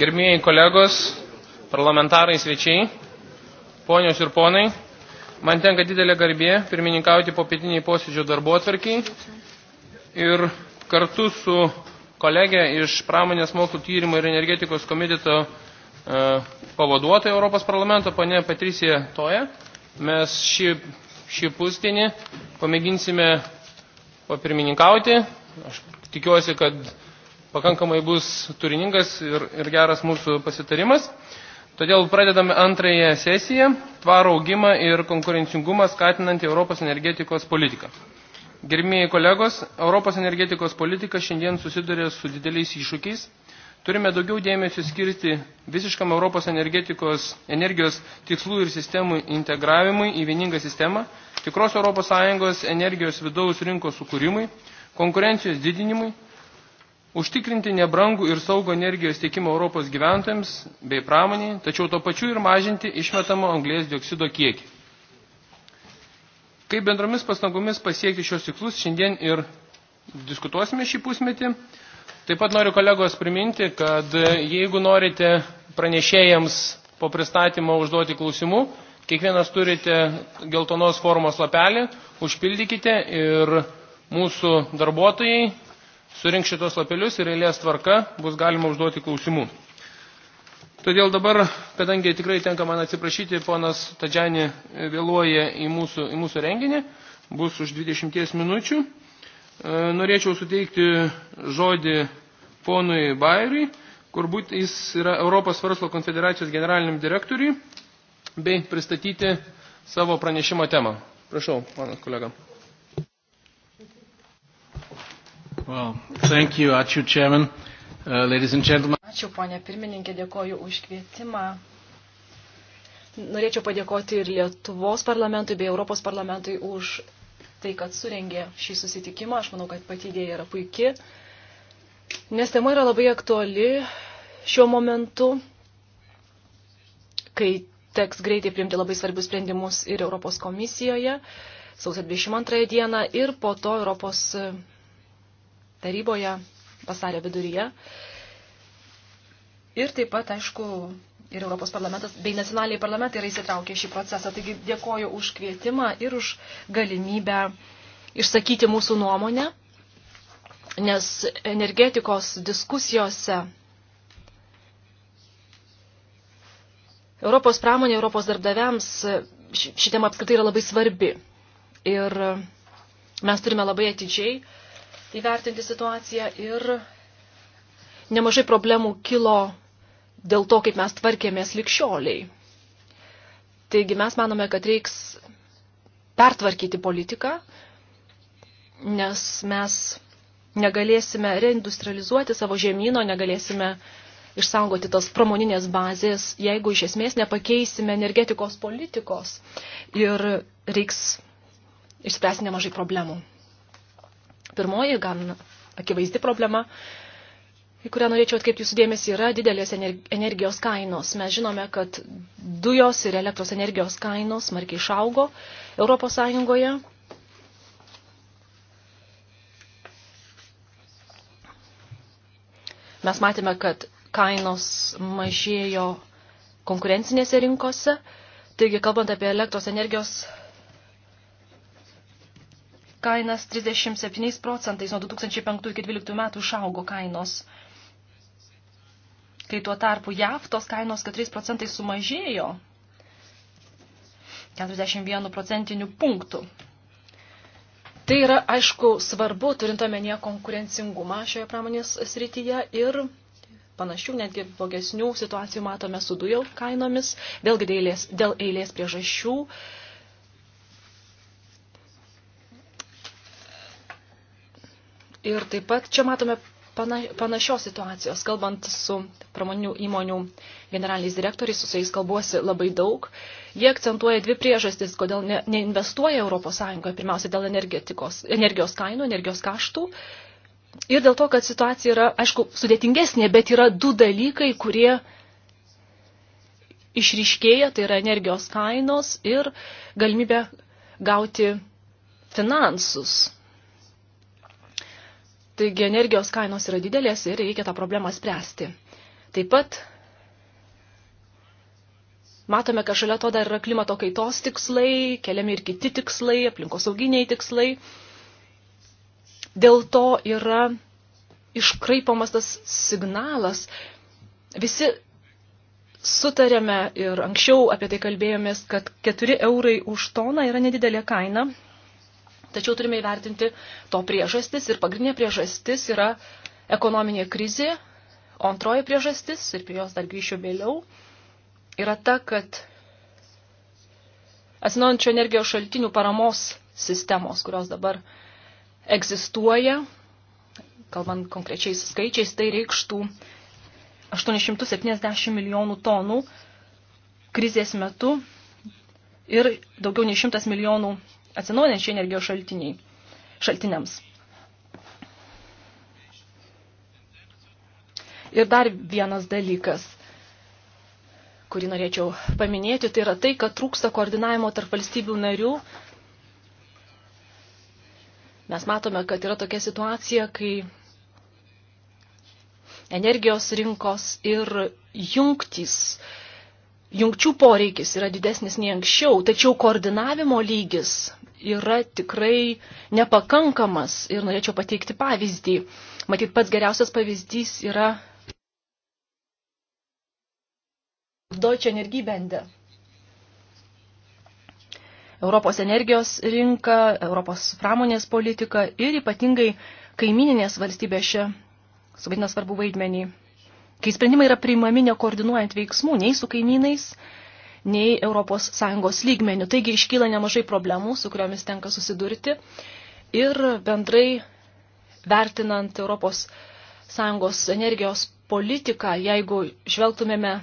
Gerbėjai kolegos, parlamentarai svečiai, ponios ir ponai, man tenka didelė garbė pirmininkauti po pietiniai posėdžio darbo atvarkiai ir kartu su kolegė iš pramonės mokslų tyrimo ir energetikos komiteto e, pavaduotoja Europos parlamento, ponė Patricija Toja. Mes šį, šį pusdienį pamėginsime papirmininkauti. Aš tikiuosi, kad pakankamai bus turiningas ir, ir geras mūsų pasitarimas. Todėl pradedame antrąją sesiją – tvaro augimą ir konkurencingumą skatinant Europos energetikos politiką. Gerbėjai kolegos, Europos energetikos politika šiandien susiduria su dideliais iššūkiais. Turime daugiau dėmesio skirti visiškam Europos energetikos energijos tikslų ir sistemų integravimui į vieningą sistemą, tikros Europos Sąjungos energijos vidaus rinkos sukūrimui, konkurencijos didinimui – užtikrinti nebrangų ir saugų energijos tiekimą Europos gyventojams bei pramoniai, tačiau to pačiu ir mažinti išmetamo anglės dioksido kiekį. Kaip bendromis pastangomis pasiekti šios tikslus, šiandien ir diskutuosime šį pusmetį. Taip pat noriu kolegos priminti, kad jeigu norite pranešėjams po pristatymo užduoti klausimų, kiekvienas turite geltonos formos lapelį, užpildykite ir mūsų darbuotojai surink šitos lapelius ir eilės tvarka bus galima užduoti klausimų. Todėl dabar, kadangi tikrai tenka man atsiprašyti, ponas Tadžiani vėluoja į mūsų, į mūsų renginį, bus už 20 minučių. E, norėčiau suteikti žodį ponui Bairiui, kur būt jis yra Europos verslo konfederacijos generaliniam direktoriui, bei pristatyti savo pranešimo temą. Prašau, mano kolega. Well, thank you, ačiū, Chairman. Uh, ladies and gentlemen. Ačiū, ponė pirmininkė, dėkoju už kvietimą. Norėčiau padėkoti ir Lietuvos parlamentui bei Europos parlamentui už tai, kad surengė šį susitikimą. Aš manau, kad pati idėja yra puiki, nes tema yra labai aktuali šiuo momentu, kai teks greitai priimti labai svarbius sprendimus ir Europos komisijoje sausio 22 dieną ir po to Europos taryboje vasario viduryje. Ir taip pat, aišku, ir Europos parlamentas bei nacionaliniai parlamentai yra įsitraukę šį procesą. Taigi dėkoju už kvietimą ir už galimybę išsakyti mūsų nuomonę, nes energetikos diskusijose Europos pramonė, Europos darbdaviams ši tema apskritai yra labai svarbi. Ir mes turime labai atidžiai uh, įvertinti situaciją ir nemažai problemų kilo dėl to, kaip mes tvarkėmės likščioliai. Taigi mes manome, kad reiks pertvarkyti politiką, nes mes negalėsime reindustrializuoti savo žemyno, negalėsime išsaugoti tos pramoninės bazės, jeigu iš esmės nepakeisime energetikos politikos ir reiks išspręsti nemažai problemų. Pirmoji, gan akivaizdi problema, į kurią norėčiau atkreipti jūsų dėmesį, yra didelės energijos kainos. Mes žinome, kad dujos ir elektros energijos kainos smarkiai išaugo Europos Sąjungoje. Mes matėme, kad kainos mažėjo konkurencinėse rinkose. Taigi, kalbant apie elektros energijos kainas 37 procentais nuo 2005 iki 2012 metų išaugo kainos. Kai tuo tarpu JAV tos kainos 4 procentais sumažėjo 41 procentinių punktų. Tai yra, aišku, svarbu, turint omenyje konkurencingumą šioje pramonės srityje ir panašių, netgi blogesnių situacijų matome su dujų kainomis, vėlgi dėl eilės, dėl eilės priežasčių. Uh, Ir taip pat čia matome panašios situacijos. Kalbant su pramoninių įmonių generaliniais direktoriais, su jais kalbuosi labai daug. Jie akcentuoja dvi priežastis, kodėl ne, neinvestuoja Europos Sąjungoje. Pirmiausia, dėl energijos kainų, energijos kaštų. Ir dėl to, kad situacija yra, aišku, sudėtingesnė, bet yra du dalykai, kurie išryškėja, tai yra energijos kainos ir galimybė gauti finansus Taigi energijos kainos yra didelės ir reikia tą problemą spręsti. Taip pat matome, kad šalia to dar yra klimato kaitos tikslai, keliami ir kiti tikslai, aplinkosauginiai tikslai. Dėl to yra iškraipomas tas signalas. Visi sutarėme ir anksčiau apie tai kalbėjomės, kad 4 eurai už toną yra nedidelė kaina Tačiau turime įvertinti to priežastis ir pagrindinė priežastis yra ekonominė krizė, o antroji priežastis, ir prie jos dar grįšiu vėliau, yra ta, kad atsinaujančio energijos šaltinių paramos sistemos, kurios dabar egzistuoja, kalbant konkrečiais skaičiais, tai reikštų 870 milijonų tonų krizės metu ir daugiau nei 100 milijonų atsinaujinančiai energijos šaltiniai, šaltiniams. Ir dar vienas dalykas, kurį norėčiau paminėti, tai yra tai, kad trūksta koordinavimo tarp valstybių narių. Mes matome, kad yra tokia situacija, kai energijos rinkos ir jungtys uh, jungčių poreikis yra didesnis nei anksčiau, tačiau koordinavimo lygis yra tikrai nepakankamas ir norėčiau pateikti pavyzdį. Matyt, pats geriausias pavyzdys yra Deutsche Energiebende. Europos energijos rinka, Europos pramonės politika ir ypatingai kaimininės valstybės čia suvaidina svarbu vaidmenį kai sprendimai yra priimami nekoordinuojant veiksmų nei su kaimynais, nei ES lygmenių. Taigi iškyla nemažai problemų, su kuriomis tenka susidurti. Ir bendrai vertinant ES energijos politiką, jeigu žvelgtumėme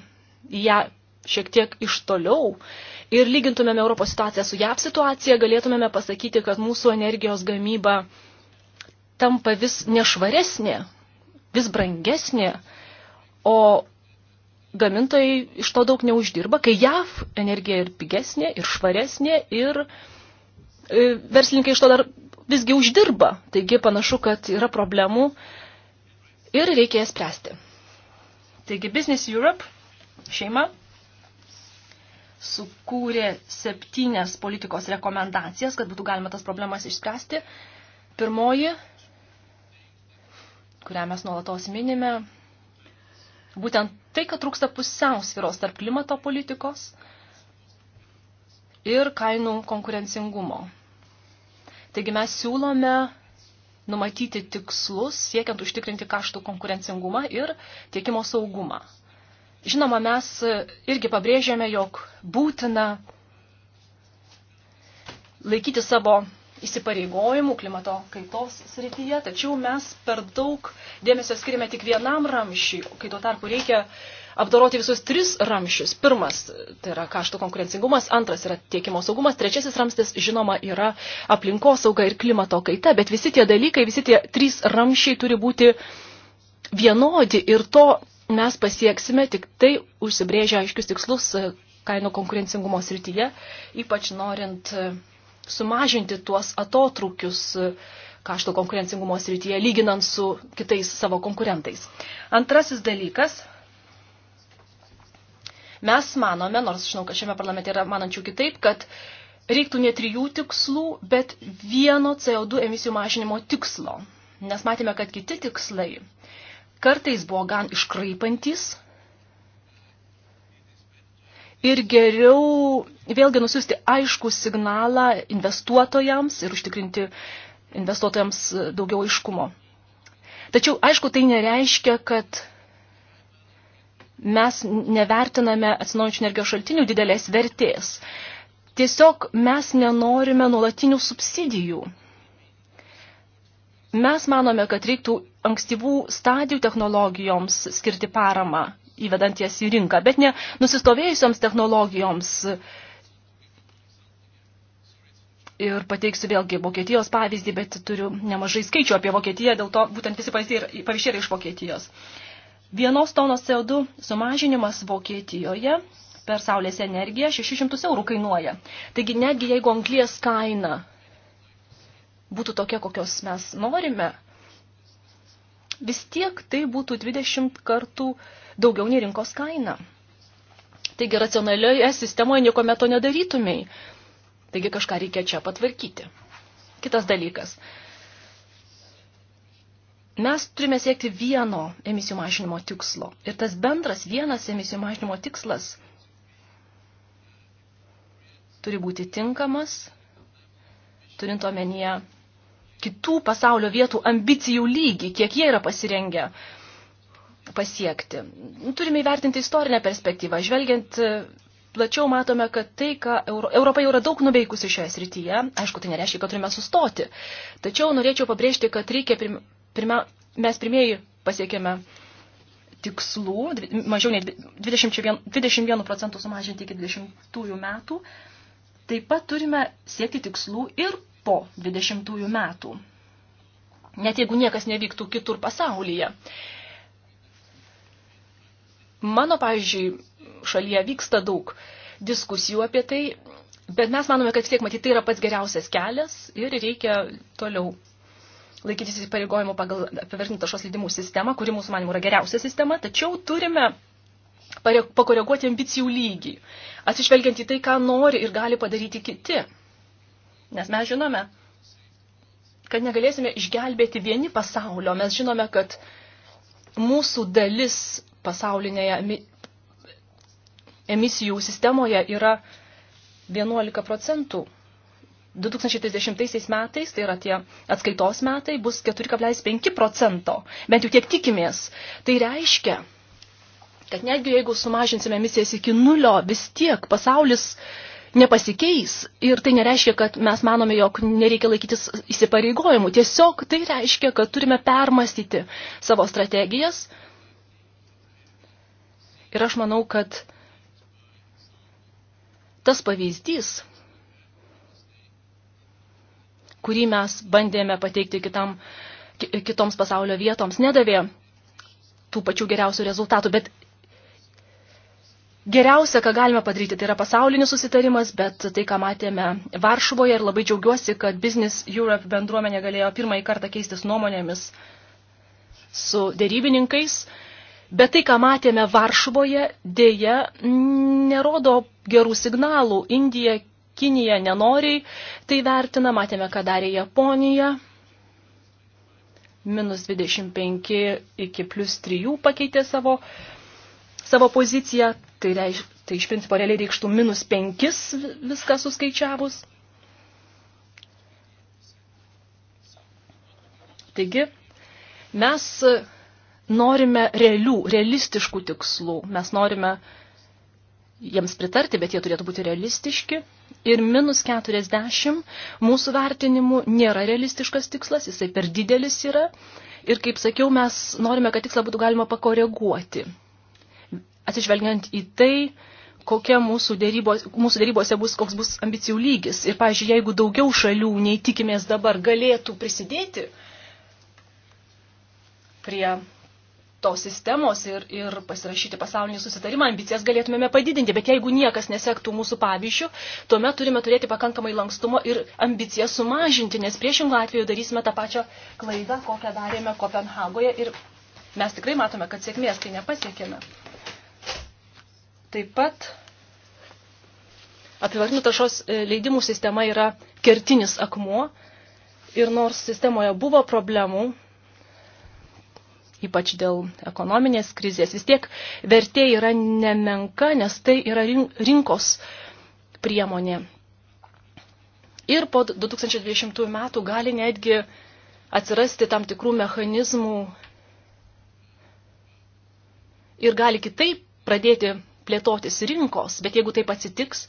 į ją šiek tiek iš toliau ir lygintumėme Europos situaciją su JAV situacija, galėtumėme pasakyti, kad mūsų energijos gamyba tampa vis nešvaresnė, vis brangesnė, o gamintojai iš to daug neuždirba, kai JAV energija ir pigesnė, ir švaresnė, ir e, verslininkai iš to dar visgi uždirba. Taigi panašu, kad yra problemų ir reikia jas spręsti. Taigi Business Europe šeima sukūrė septynias politikos rekomendacijas, kad būtų galima tas problemas išspręsti. Pirmoji, kurią mes nuolatos minime, būtent tai, kad trūksta pusiausviros tarp klimato politikos ir kainų konkurencingumo. Taigi mes siūlome numatyti tikslus, siekiant užtikrinti kaštų konkurencingumą ir tiekimo saugumą. Žinoma, mes irgi pabrėžėme, jog būtina laikyti savo įsipareigojimų klimato kaitos srityje, tačiau mes per daug dėmesio skiriame tik vienam ramšiui, kai tuo tarpu reikia apdoroti visus tris ramšius. Pirmas tai yra kaštų konkurencingumas, antras yra tiekimo saugumas, trečiasis ramstis, žinoma, yra aplinkosauga ir klimato kaita, bet visi tie dalykai, visi tie trys ramšiai turi būti vienodi ir to mes pasieksime tik tai užsibrėžę aiškius tikslus e, kainų konkurencingumo srityje, ypač norint uh, sumažinti tuos atotrukius e, kaštų konkurencingumo srityje, lyginant su kitais savo konkurentais. Antrasis dalykas. Mes manome, nors žinau, kad šiame parlamente yra manančių kitaip, kad reiktų ne trijų tikslų, bet vieno CO2 emisijų mažinimo tikslo. Nes matėme, kad kiti tikslai kartais buvo gan iškraipantis ir geriau vėlgi nusiųsti aišku signalą investuotojams ir užtikrinti investuotojams daugiau aiškumo. Tačiau, aišku, tai nereiškia, kad mes nevertiname atsinaujančių energijos šaltinių didelės vertės. Tiesiog mes nenorime nuolatinių subsidijų. Mes manome, kad reiktų ankstyvų stadijų technologijoms skirti paramą, įvedant jas į rinką, bet ne nusistovėjusioms technologijoms. Ir pateiksiu vėlgi Vokietijos pavyzdį, bet turiu nemažai skaičių apie Vokietiją, dėl to būtent visi pavyzdžiai yra iš Vokietijos. Vienos tonos CO2 sumažinimas Vokietijoje per saulės energiją 600 eurų kainuoja. Taigi netgi jeigu anglies kaina būtų tokia, kokios mes norime, vis tiek tai būtų 20 kartų uh, daugiau nei rinkos kaina. Taigi racionalioje sistemoje nieko meto nedarytumėj. Taigi kažką reikia čia patvarkyti. Kitas dalykas. Mes turime siekti vieno emisijų mažinimo tikslo. Ir tas bendras vienas emisijų mažinimo tikslas turi būti tinkamas, turint omenyje kitų pasaulio vietų ambicijų lygį, kiek jie yra pasirengę uh, pasiekti. Turime įvertinti istorinę perspektyvą. Žvelgiant e, plačiau matome, kad tai, ką Euro, Europa jau yra daug nuveikusi šioje srityje, aišku, tai nereiškia, kad turime sustoti. Tačiau norėčiau pabrėžti, kad reikia pirma, pirma, mes pirmieji pasiekėme tikslų, mažiau nei 21, 21 procentų sumažinti iki 20 metų. Taip pat turime siekti tikslų ir po 20 metų. Net jeigu niekas nevyktų kitur pasaulyje. Mano, pavyzdžiui, šalyje vyksta daug diskusijų apie tai, bet mes manome, kad vis tiek matyti tai yra pats geriausias kelias ir reikia toliau laikytis įsipareigojimų pagal apivertintą taršos leidimų sistemą, kuri mūsų manimų yra geriausia sistema, tačiau turime pakoreguoti ambicijų lygį, atsižvelgiant į tai, ką nori ir gali padaryti kiti. Nes mes žinome, kad negalėsime išgelbėti vieni pasaulio, mes žinome, kad mūsų dalis pasaulinėje emisijų sistemoje yra 11 procentų. 2030 metais, tai yra tie atskaitos metai, bus 4,5 procento, bent jau tiek tikimės. Tai reiškia, kad netgi jeigu sumažinsime emisijas iki nulio, vis tiek pasaulis nepasikeis ir tai nereiškia, kad mes manome, jog nereikia laikytis įsipareigojimų. Tiesiog tai reiškia, kad turime permastyti savo strategijas, Ir aš manau, kad tas pavyzdys, kurį mes bandėme pateikti kitam, kitoms pasaulio vietoms, nedavė tų pačių geriausių rezultatų, bet geriausia, ką galime padaryti, tai yra pasaulinis susitarimas, bet tai, ką matėme Varšuvoje ir labai džiaugiuosi, kad Business Europe bendruomenė galėjo pirmąjį kartą keistis nuomonėmis su dėrybininkais Bet tai, ką matėme Varšuvoje, dėja nerodo gerų signalų. Indija, Kinija nenoriai tai vertina, matėme, ką darė Japonija. Minus 25 iki plus 3 pakeitė savo, savo poziciją. Tai, reiš, tai iš principo realiai reikštų minus 5 viską suskaičiavus. Taigi, mes norime realių, realistiškų tikslų. Mes norime jiems pritarti, bet jie turėtų būti realistiški. Ir minus 40 mūsų vertinimu nėra realistiškas tikslas, jisai per didelis yra. Ir kaip sakiau, mes norime, kad tikslą būtų galima pakoreguoti. Atsižvelgiant į tai, kokia mūsų, dėrybos, mūsų dėrybose bus, koks bus ambicijų lygis. Ir, pažiūrėjau, jeigu daugiau šalių, nei tikimės dabar, galėtų prisidėti prie tos sistemos ir, ir pasirašyti pasaulinį susitarimą, ambicijas galėtumėme padidinti, bet jeigu niekas nesektų mūsų pavyzdžių, tuomet turime turėti pakankamai lankstumo ir ambiciją sumažinti, nes priešingų atveju darysime tą pačią klaidą, kokią darėme Kopenhagoje ir mes tikrai matome, kad sėkmės tai nepasiekėme. Taip pat apivartinių taršos e, leidimų sistema yra kertinis akmuo ir nors sistemoje buvo problemų, ypač dėl ekonominės krizės, vis tiek vertė yra nemenka, nes tai yra rinkos priemonė. Ir po 2020 metų gali netgi atsirasti tam tikrų mechanizmų ir gali kitaip pradėti plėtotis rinkos, bet jeigu taip atsitiks,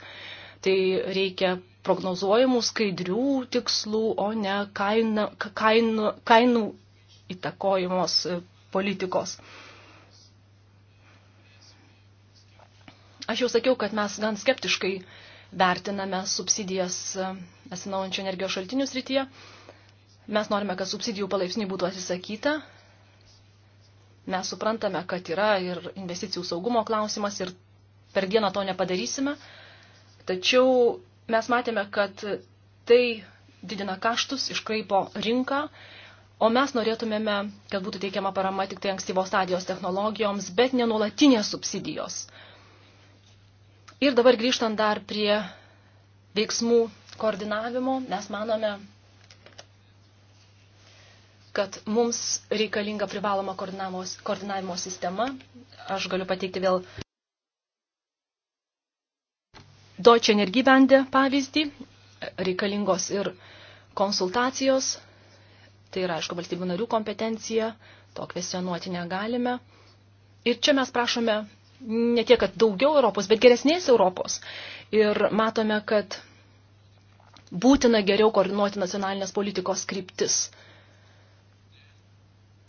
tai reikia prognozuojamų skaidrių tikslų, o ne kaina, kainų, kainų įtakojamos politikos. Aš jau sakiau, kad mes gan skeptiškai vertiname subsidijas e, atsinaujančio energijos šaltinių srityje. Mes norime, kad subsidijų palaipsniui būtų atsisakyta. Mes suprantame, kad yra ir investicijų saugumo klausimas ir per dieną to nepadarysime. Tačiau mes matėme, kad tai didina kaštus, iškraipo rinką O mes norėtumėme, kad būtų teikiama parama tik tai ankstyvos stadijos technologijoms, bet ne nuolatinės subsidijos. Ir dabar grįžtant dar prie veiksmų koordinavimo, mes manome, kad mums reikalinga privaloma koordinavimo, koordinavimo sistema. Aš galiu pateikti vėl Deutsche Energiebande pavyzdį, reikalingos ir konsultacijos Tai yra, aišku, valstybių narių kompetencija, to kvestionuoti negalime. Ir čia mes prašome ne tiek, kad daugiau Europos, bet geresnės Europos. Ir matome, kad būtina geriau koordinuoti nacionalinės politikos kryptis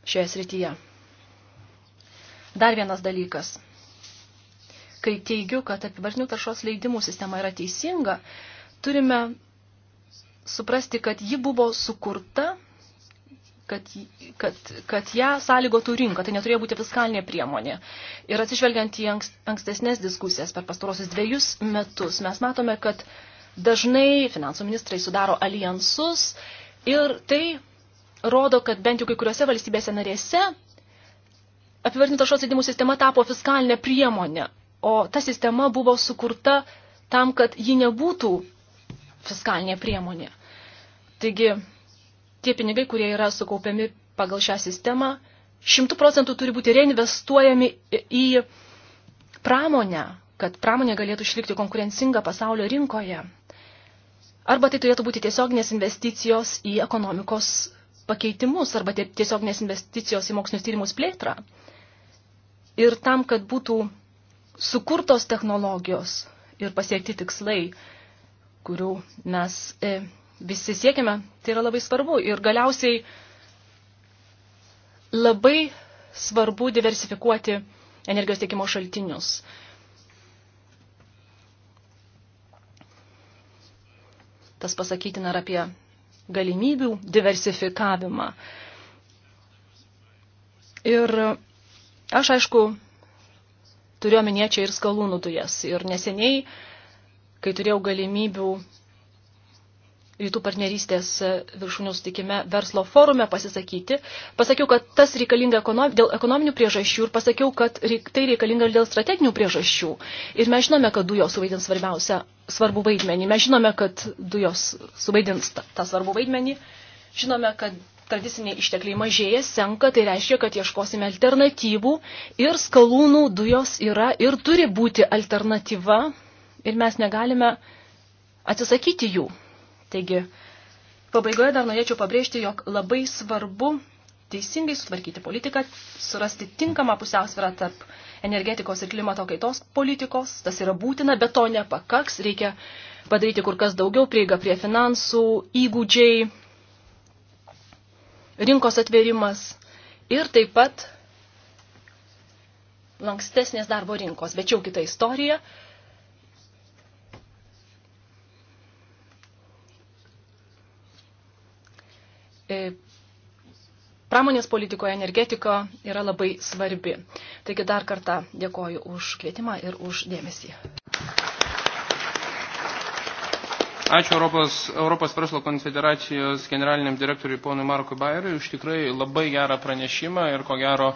šioje srityje. Dar vienas dalykas. Kai teigiu, kad apibarnių taršos leidimų sistema yra teisinga, turime suprasti, kad ji buvo sukurta kad, kad, kad ją sąlygotų rinka, tai neturėjo būti fiskalinė priemonė. Ir atsižvelgiant į ankstesnės diskusijas per pastarosius dviejus metus, mes matome, kad dažnai finansų ministrai sudaro alijansus ir tai rodo, kad bent jau kai kuriuose valstybėse narėse apivartinta šios leidimų sistema tapo fiskalinė priemonė, o ta sistema buvo sukurta tam, kad ji nebūtų fiskalinė priemonė. Taigi, tie pinigai, kurie yra sukaupiami pagal šią sistemą, šimtų procentų turi būti reinvestuojami į pramonę, kad pramonė galėtų išlikti konkurencingą pasaulio rinkoje. Arba tai turėtų būti tiesioginės investicijos į ekonomikos pakeitimus, arba tiesioginės investicijos į mokslinius tyrimus plėtrą. Ir tam, kad būtų sukurtos technologijos ir pasiekti tikslai, kurių mes e, visi siekiame, tai yra labai svarbu. Ir galiausiai labai svarbu diversifikuoti energijos tiekimo šaltinius. Tas pasakytina ir apie galimybių diversifikavimą. Ir aš, aišku, turiu omenyje čia ir skalūnų dujas. Ir neseniai, kai turėjau galimybių rytų partnerystės viršūnių sutikime verslo forume pasisakyti. Pasakiau, kad tas reikalinga ekonom, dėl ekonominių priežasčių ir pasakiau, kad reik, tai reikalinga ir dėl strateginių priežasčių. Ir mes žinome, kad dujos suvaidins svarbiausią svarbų vaidmenį. Mes žinome, kad dujos suvaidins tą, tą svarbų vaidmenį. Žinome, kad tradiciniai ištekliai mažėja, senka, tai reiškia, kad ieškosime alternatyvų ir skalūnų dujos yra ir turi būti alternatyva ir mes negalime atsisakyti jų. Taigi, pabaigoje dar norėčiau pabrėžti, jog labai svarbu teisingai sutvarkyti politiką, surasti tinkamą pusiausvyrą tarp energetikos ir klimato kaitos politikos. Tas yra būtina, bet to nepakaks. Reikia padaryti kur kas daugiau prieiga prie finansų, įgūdžiai, rinkos atverimas ir taip pat lankstesnės darbo rinkos. Bet jau kita istorija. E, pramonės politikoje energetiko yra labai svarbi. Taigi dar kartą dėkoju už kvietimą ir už dėmesį. Ačiū Europos, Europos verslo konfederacijos generaliniam direktoriui ponui Markui Bairiui už tikrai labai gerą pranešimą ir ko gero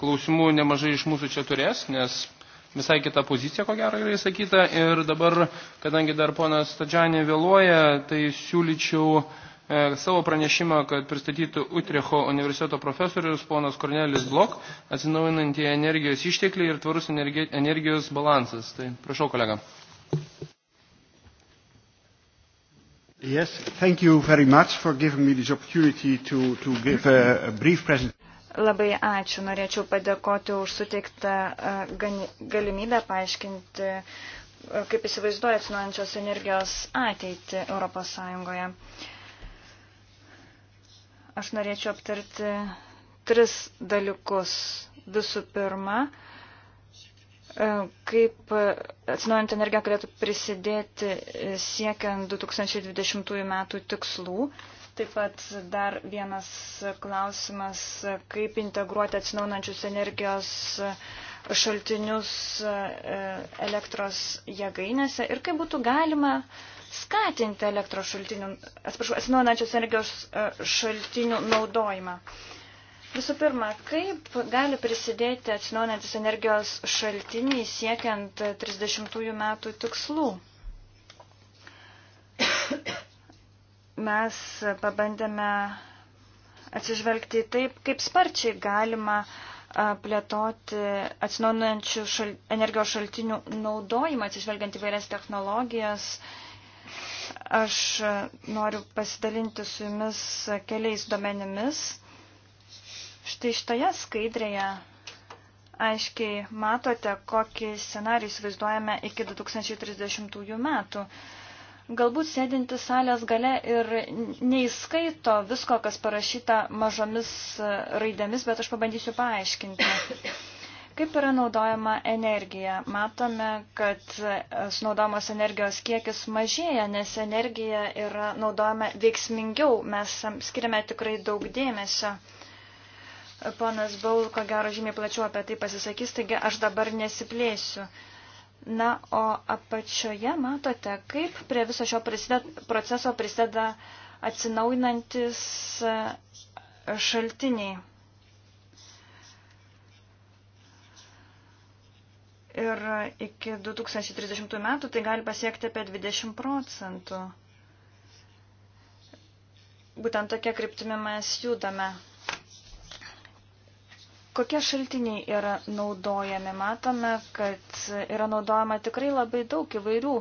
klausimų nemažai iš mūsų čia turės, nes visai kita pozicija, ko gero, yra įsakyta. Ir dabar, kadangi dar ponas Tadžianė vėluoja, tai siūlyčiau E, savo pranešimą, kad pristatytų Utrecho universiteto profesorius ponas Kornelis Blok, atsinaujinantį energijos ištekliai ir tvarus energijos balansas. Tai prašau, kolega. Yes, thank you very much for giving me this opportunity to, to give a, a brief presentation. Labai ačiū. Norėčiau padėkoti už suteiktą e, galimybę paaiškinti, e, kaip įsivaizduoja atsinaujančios energijos ateitį Europos Sąjungoje. Uh, Aš norėčiau aptarti tris dalykus. Visų pirma, e, kaip atsinaujant energiją galėtų prisidėti e, siekiant 2020 metų tikslų. Taip pat dar vienas klausimas, kaip integruoti atsinaunančius energijos šaltinius e, elektros jėgainėse ir kaip būtų galima uh, skatinti elektros šaltinių, atsiprašau, atsinaujinančios energijos e, šaltinių naudojimą. Visų pirma, kaip gali prisidėti atsinaujantis energijos šaltiniai siekiant 30 metų tikslų? Mes pabandėme atsižvelgti į taip, kaip sparčiai galima e, plėtoti atsinaujančių šal, energijos šaltinių naudojimą, atsižvelgiant į vairias technologijas, uh, Aš noriu pasidalinti su jumis keliais duomenimis. Štai šitoje skaidrėje aiškiai matote, kokį scenarijų įsivaizduojame iki 2030 metų. Galbūt sėdinti salės gale ir neįskaito visko, kas parašyta mažomis raidėmis, bet aš pabandysiu paaiškinti. Kaip yra naudojama energija? Matome, kad e, sunaudojamos energijos kiekis mažėja, nes energija yra naudojama veiksmingiau, mes skiriame tikrai daug dėmesio. Ponas Baul, ko gero, žymiai plačiau apie tai pasisakys, taigi aš dabar nesiplėsiu. Na, o apačioje matote, kaip prie viso šio prisideda, proceso prisideda atsinaujinantis e, šaltiniai. ir iki 2030 metų tai gali pasiekti apie 20 procentų. Būtent tokia kryptimi mes judame. Kokie šaltiniai yra naudojami? Matome, kad yra naudojama tikrai labai daug įvairių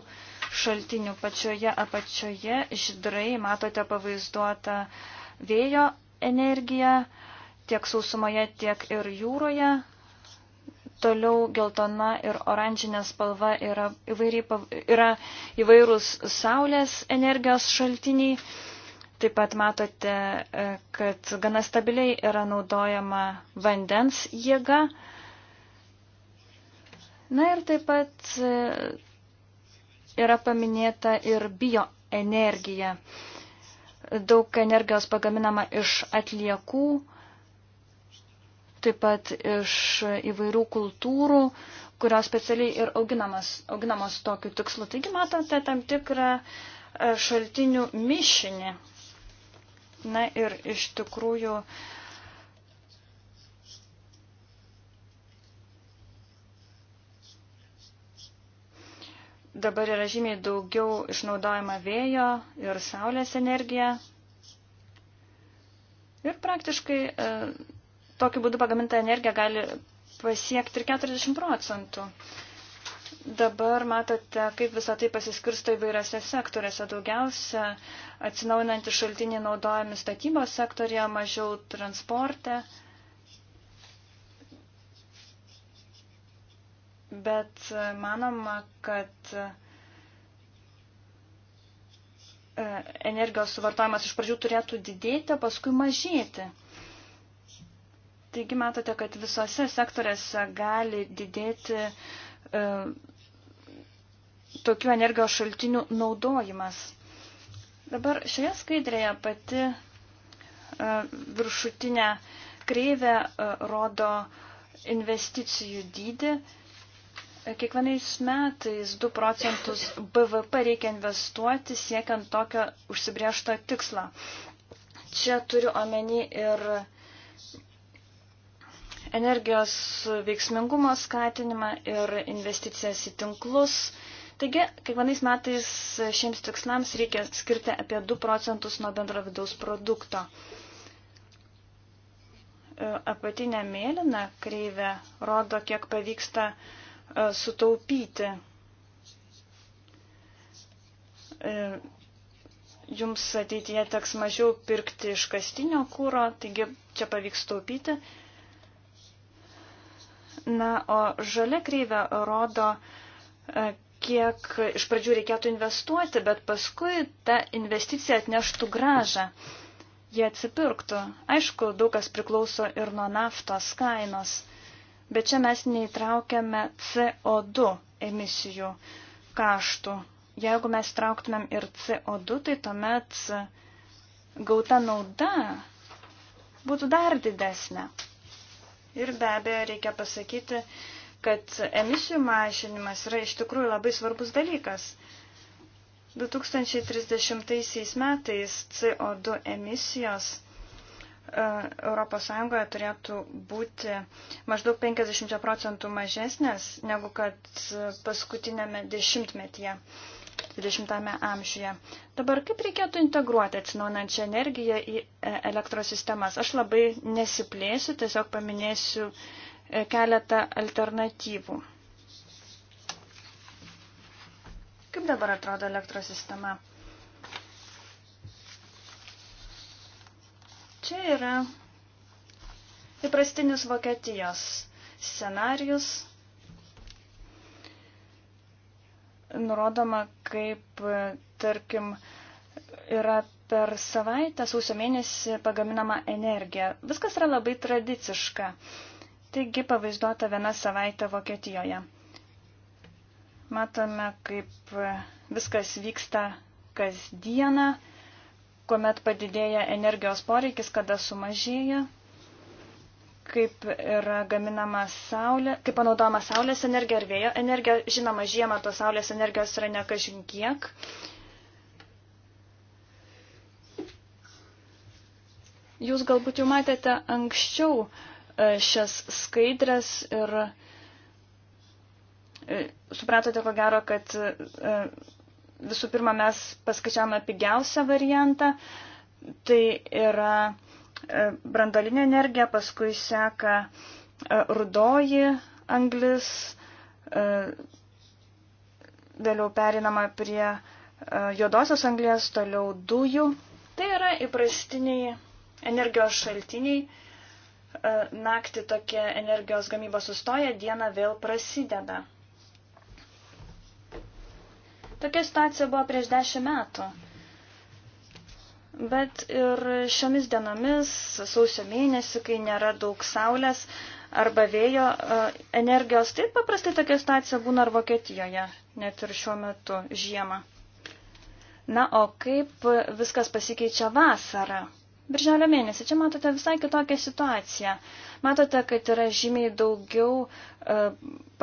šaltinių. Pačioje apačioje žydrai matote pavaizduotą vėjo energiją tiek sausumoje, tiek ir jūroje. Toliau geltona ir oranžinė spalva yra, įvairiai, yra įvairūs saulės energijos šaltiniai. Taip pat matote, e, kad gana stabiliai yra naudojama vandens jėga. Na ir taip pat e, yra paminėta ir bioenergija. Daug energijos pagaminama iš atliekų taip pat iš įvairių kultūrų, kurios specialiai ir auginamas, auginamos tokiu tikslu. Taigi matote tam tikrą e, šaltinių mišinį. Na ir iš tikrųjų. Dabar yra žymiai daugiau išnaudojama vėjo ir saulės energija. Ir praktiškai e, tokiu būdu pagaminta energija gali pasiekti ir 40 procentų. Dabar matote, kaip visą tai pasiskirsto įvairiose sektoriuose. Daugiausia atsinaujinantys šaltiniai naudojami statybos sektorija, mažiau transporte. Bet e, manoma, kad e, energijos suvartojimas iš pradžių turėtų didėti, o paskui mažėti. Taigi matote, kad visose sektoriuose gali didėti e, tokių energijos šaltinių naudojimas. Dabar šioje skaidrėje pati e, viršutinė kreivė e, rodo investicijų dydį. E, kiekvienais metais 2 procentus BVP reikia investuoti siekiant tokio užsibriešto tikslo. Čia turiu omeny ir e, energijos veiksmingumo skatinimą ir investicijas į tinklus. Taigi, kiekvienais metais šiems tikslams reikia skirti apie 2 procentus nuo bendro vidaus produkto. E, apatinė mėlyna kreivė rodo, kiek pavyksta e, sutaupyti. E, jums ateityje teks mažiau pirkti iš kastinio kūro, taigi čia pavyks taupyti. Na, o žalia kreivė rodo, e, kiek iš pradžių reikėtų investuoti, bet paskui ta investicija atneštų gražą. Jie atsipirktų. Aišku, daug kas priklauso ir nuo naftos kainos, bet čia mes neįtraukiame CO2 emisijų kaštų. Jeigu mes trauktumėm ir CO2, tai tuomet gauta nauda būtų dar didesnė. Ir be abejo, reikia pasakyti, kad emisijų mažinimas yra iš tikrųjų labai svarbus dalykas. 2030 metais CO2 emisijos ES turėtų būti maždaug 50 procentų mažesnės negu kad paskutinėme dešimtmetyje. 20-ame amžiuje. Dabar kaip reikėtų integruoti atsinaunančią energiją į e, elektros sistemas? Aš labai nesiplėsiu, tiesiog paminėsiu e, keletą alternatyvų. Kaip dabar atrodo elektros sistema? Čia yra įprastinis Vokietijos scenarius nurodoma, kaip, tarkim, yra per savaitę, sausio mėnesį pagaminama energija. Viskas yra labai tradiciška. Taigi pavaizduota viena savaitė Vokietijoje. Matome, kaip viskas vyksta kasdieną, kuomet padidėja energijos poreikis, kada sumažėja kaip yra gaminama saulė, kaip panaudojama saulės energija ar vėjo energija. Žinoma, žiemą tos saulės energijos yra nekažin kiek. Jūs galbūt jau matėte anksčiau e, šias skaidrės ir e, supratote ko gero, kad e, visų pirma mes paskaičiavome pigiausią variantą. Tai yra E, brandolinė energija, paskui seka e, rudoji anglis, e, vėliau perinama prie juodosios anglės, toliau dujų. Tai yra įprastiniai energijos šaltiniai. Naktį tokia energijos gamyba sustoja, diena vėl prasideda. Tokia situacija buvo prieš dešimt metų. Bet ir šiomis dienomis, sausio mėnesį, kai nėra daug saulės arba vėjo e, energijos, taip paprastai tokia situacija būna ir Vokietijoje, net ir šiuo metu žiemą. Na, o kaip viskas pasikeičia vasarą? Birželio mėnesį čia matote visai kitokią situaciją. Matote, kad yra žymiai daugiau e,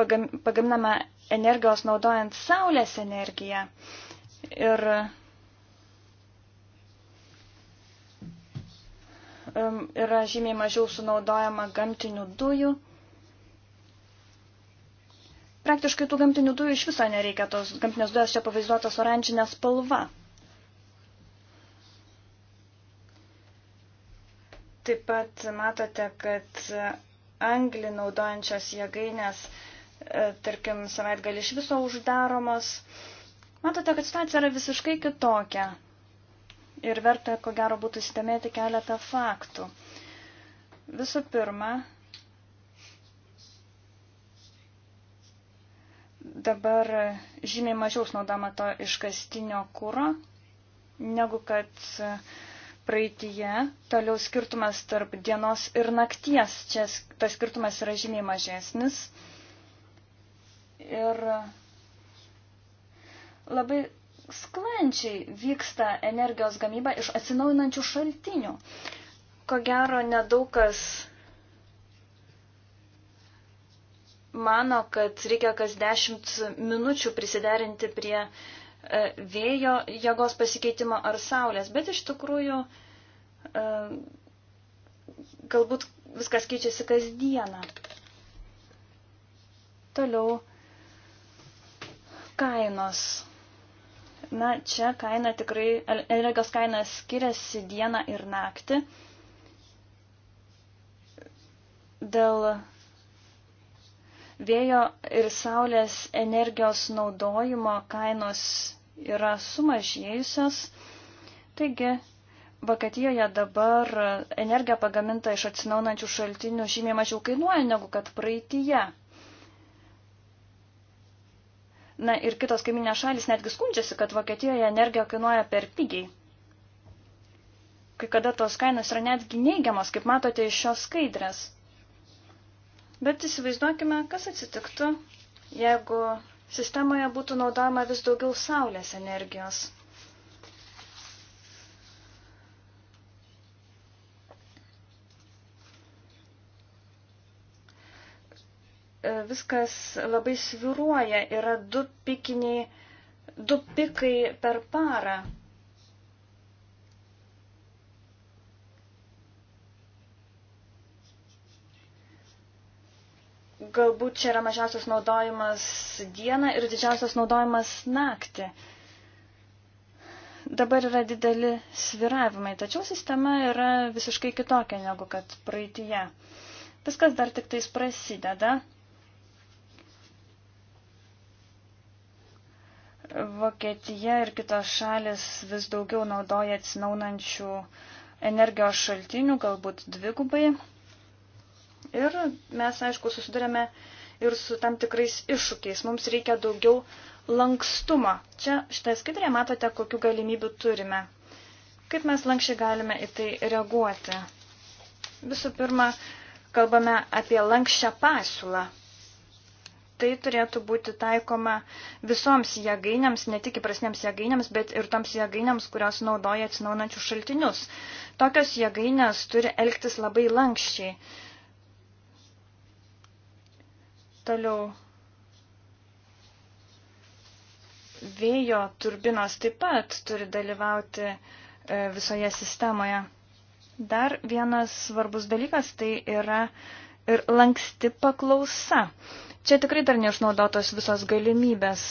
pagaminama energijos naudojant saulės energiją. Ir Um, yra žymiai mažiau sunaudojama gamtinių dujų. Praktiškai tų gamtinių dujų iš viso nereikia, tos gamtinės dujos čia pavaizduotos oranžinė spalva. Taip pat matote, kad anglį naudojančios jėgainės, e, tarkim, savaitgalį iš viso uždaromos. Matote, kad situacija yra visiškai kitokia ir verta, ko gero, būtų įsidėmėti keletą faktų. Visų pirma, dabar žymiai mažiau snaudama to iškastinio kūro, negu kad praeitie. Toliau skirtumas tarp dienos ir nakties, čia tas skirtumas yra žymiai mažesnis. Ir labai sklančiai vyksta energijos gamyba iš atsinaujinančių šaltinių. Ko gero, nedaug kas mano, kad reikia kas dešimt minučių prisiderinti prie e, vėjo jėgos pasikeitimo ar saulės, bet iš tikrųjų e, galbūt viskas keičiasi kasdieną. Toliau kainos Na, čia kaina tikrai, energijos kaina skiriasi dieną ir naktį. Dėl vėjo ir saulės energijos naudojimo kainos yra sumažėjusios. Taigi, Vokietijoje dabar energija pagaminta iš atsinaunančių šaltinių žymiai mažiau kainuoja negu kad praeitįje. Na ir kitos kaiminės šalis netgi skundžiasi, kad Vokietijoje energija kainuoja per pigiai. Kai kada tos kainos yra netgi neigiamas, kaip matote iš šios skaidrės. Bet įsivaizduokime, kas atsitiktų, jeigu sistemoje būtų naudojama vis daugiau saulės energijos. E, viskas labai sviruoja, yra du pikiniai, du pikai per parą. Galbūt čia yra mažiausias naudojimas dieną ir didžiausias naudojimas naktį. Dabar yra dideli sviravimai, tačiau sistema yra visiškai kitokia negu kad praeitie. Viskas dar tik tais prasideda. Vokietija ir kitos šalis vis daugiau naudoja atsinaunančių energijos šaltinių, galbūt dvigubai. Ir mes, aišku, susidurėme ir su tam tikrais iššūkiais. Mums reikia daugiau lankstumo. Čia šitą skaidrę matote, kokiu galimybių turime. Kaip mes lankščiai galime į tai reaguoti? Visų pirma, kalbame apie lankščią pasiūlą tai turėtų būti taikoma visoms jėgainėms, ne tik įprasnėms jėgainėms, bet ir toms jėgainėms, kurios naudoja atsinaunančius šaltinius. Tokios jėgainės turi elgtis labai lankščiai. Toliau. Vėjo turbinos taip pat turi dalyvauti e, visoje sistemoje. Dar vienas svarbus dalykas tai yra ir lanksti paklausa. Čia tikrai dar neišnaudotos visos galimybės.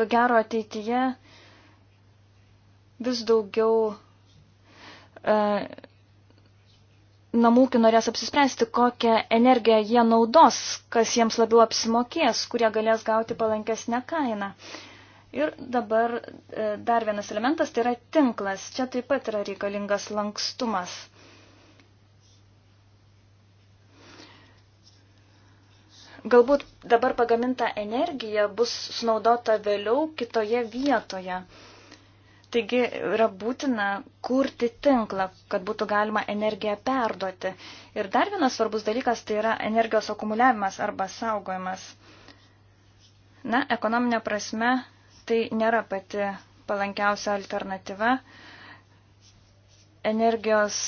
Ko gero ateityje vis daugiau e, namūkių norės apsispręsti, kokią energiją jie naudos, kas jiems labiau apsimokės, kurie galės gauti palankesnę kainą. Ir dabar e, dar vienas elementas tai yra tinklas. Čia taip pat yra reikalingas lankstumas. Galbūt dabar pagaminta energija bus sunaudota vėliau kitoje vietoje. Taigi yra būtina kurti tinklą, kad būtų galima energiją perduoti. Ir dar vienas svarbus dalykas tai yra energijos akumuliavimas arba saugojimas. Na, ekonominė prasme tai nėra pati palankiausia alternatyva. Energijos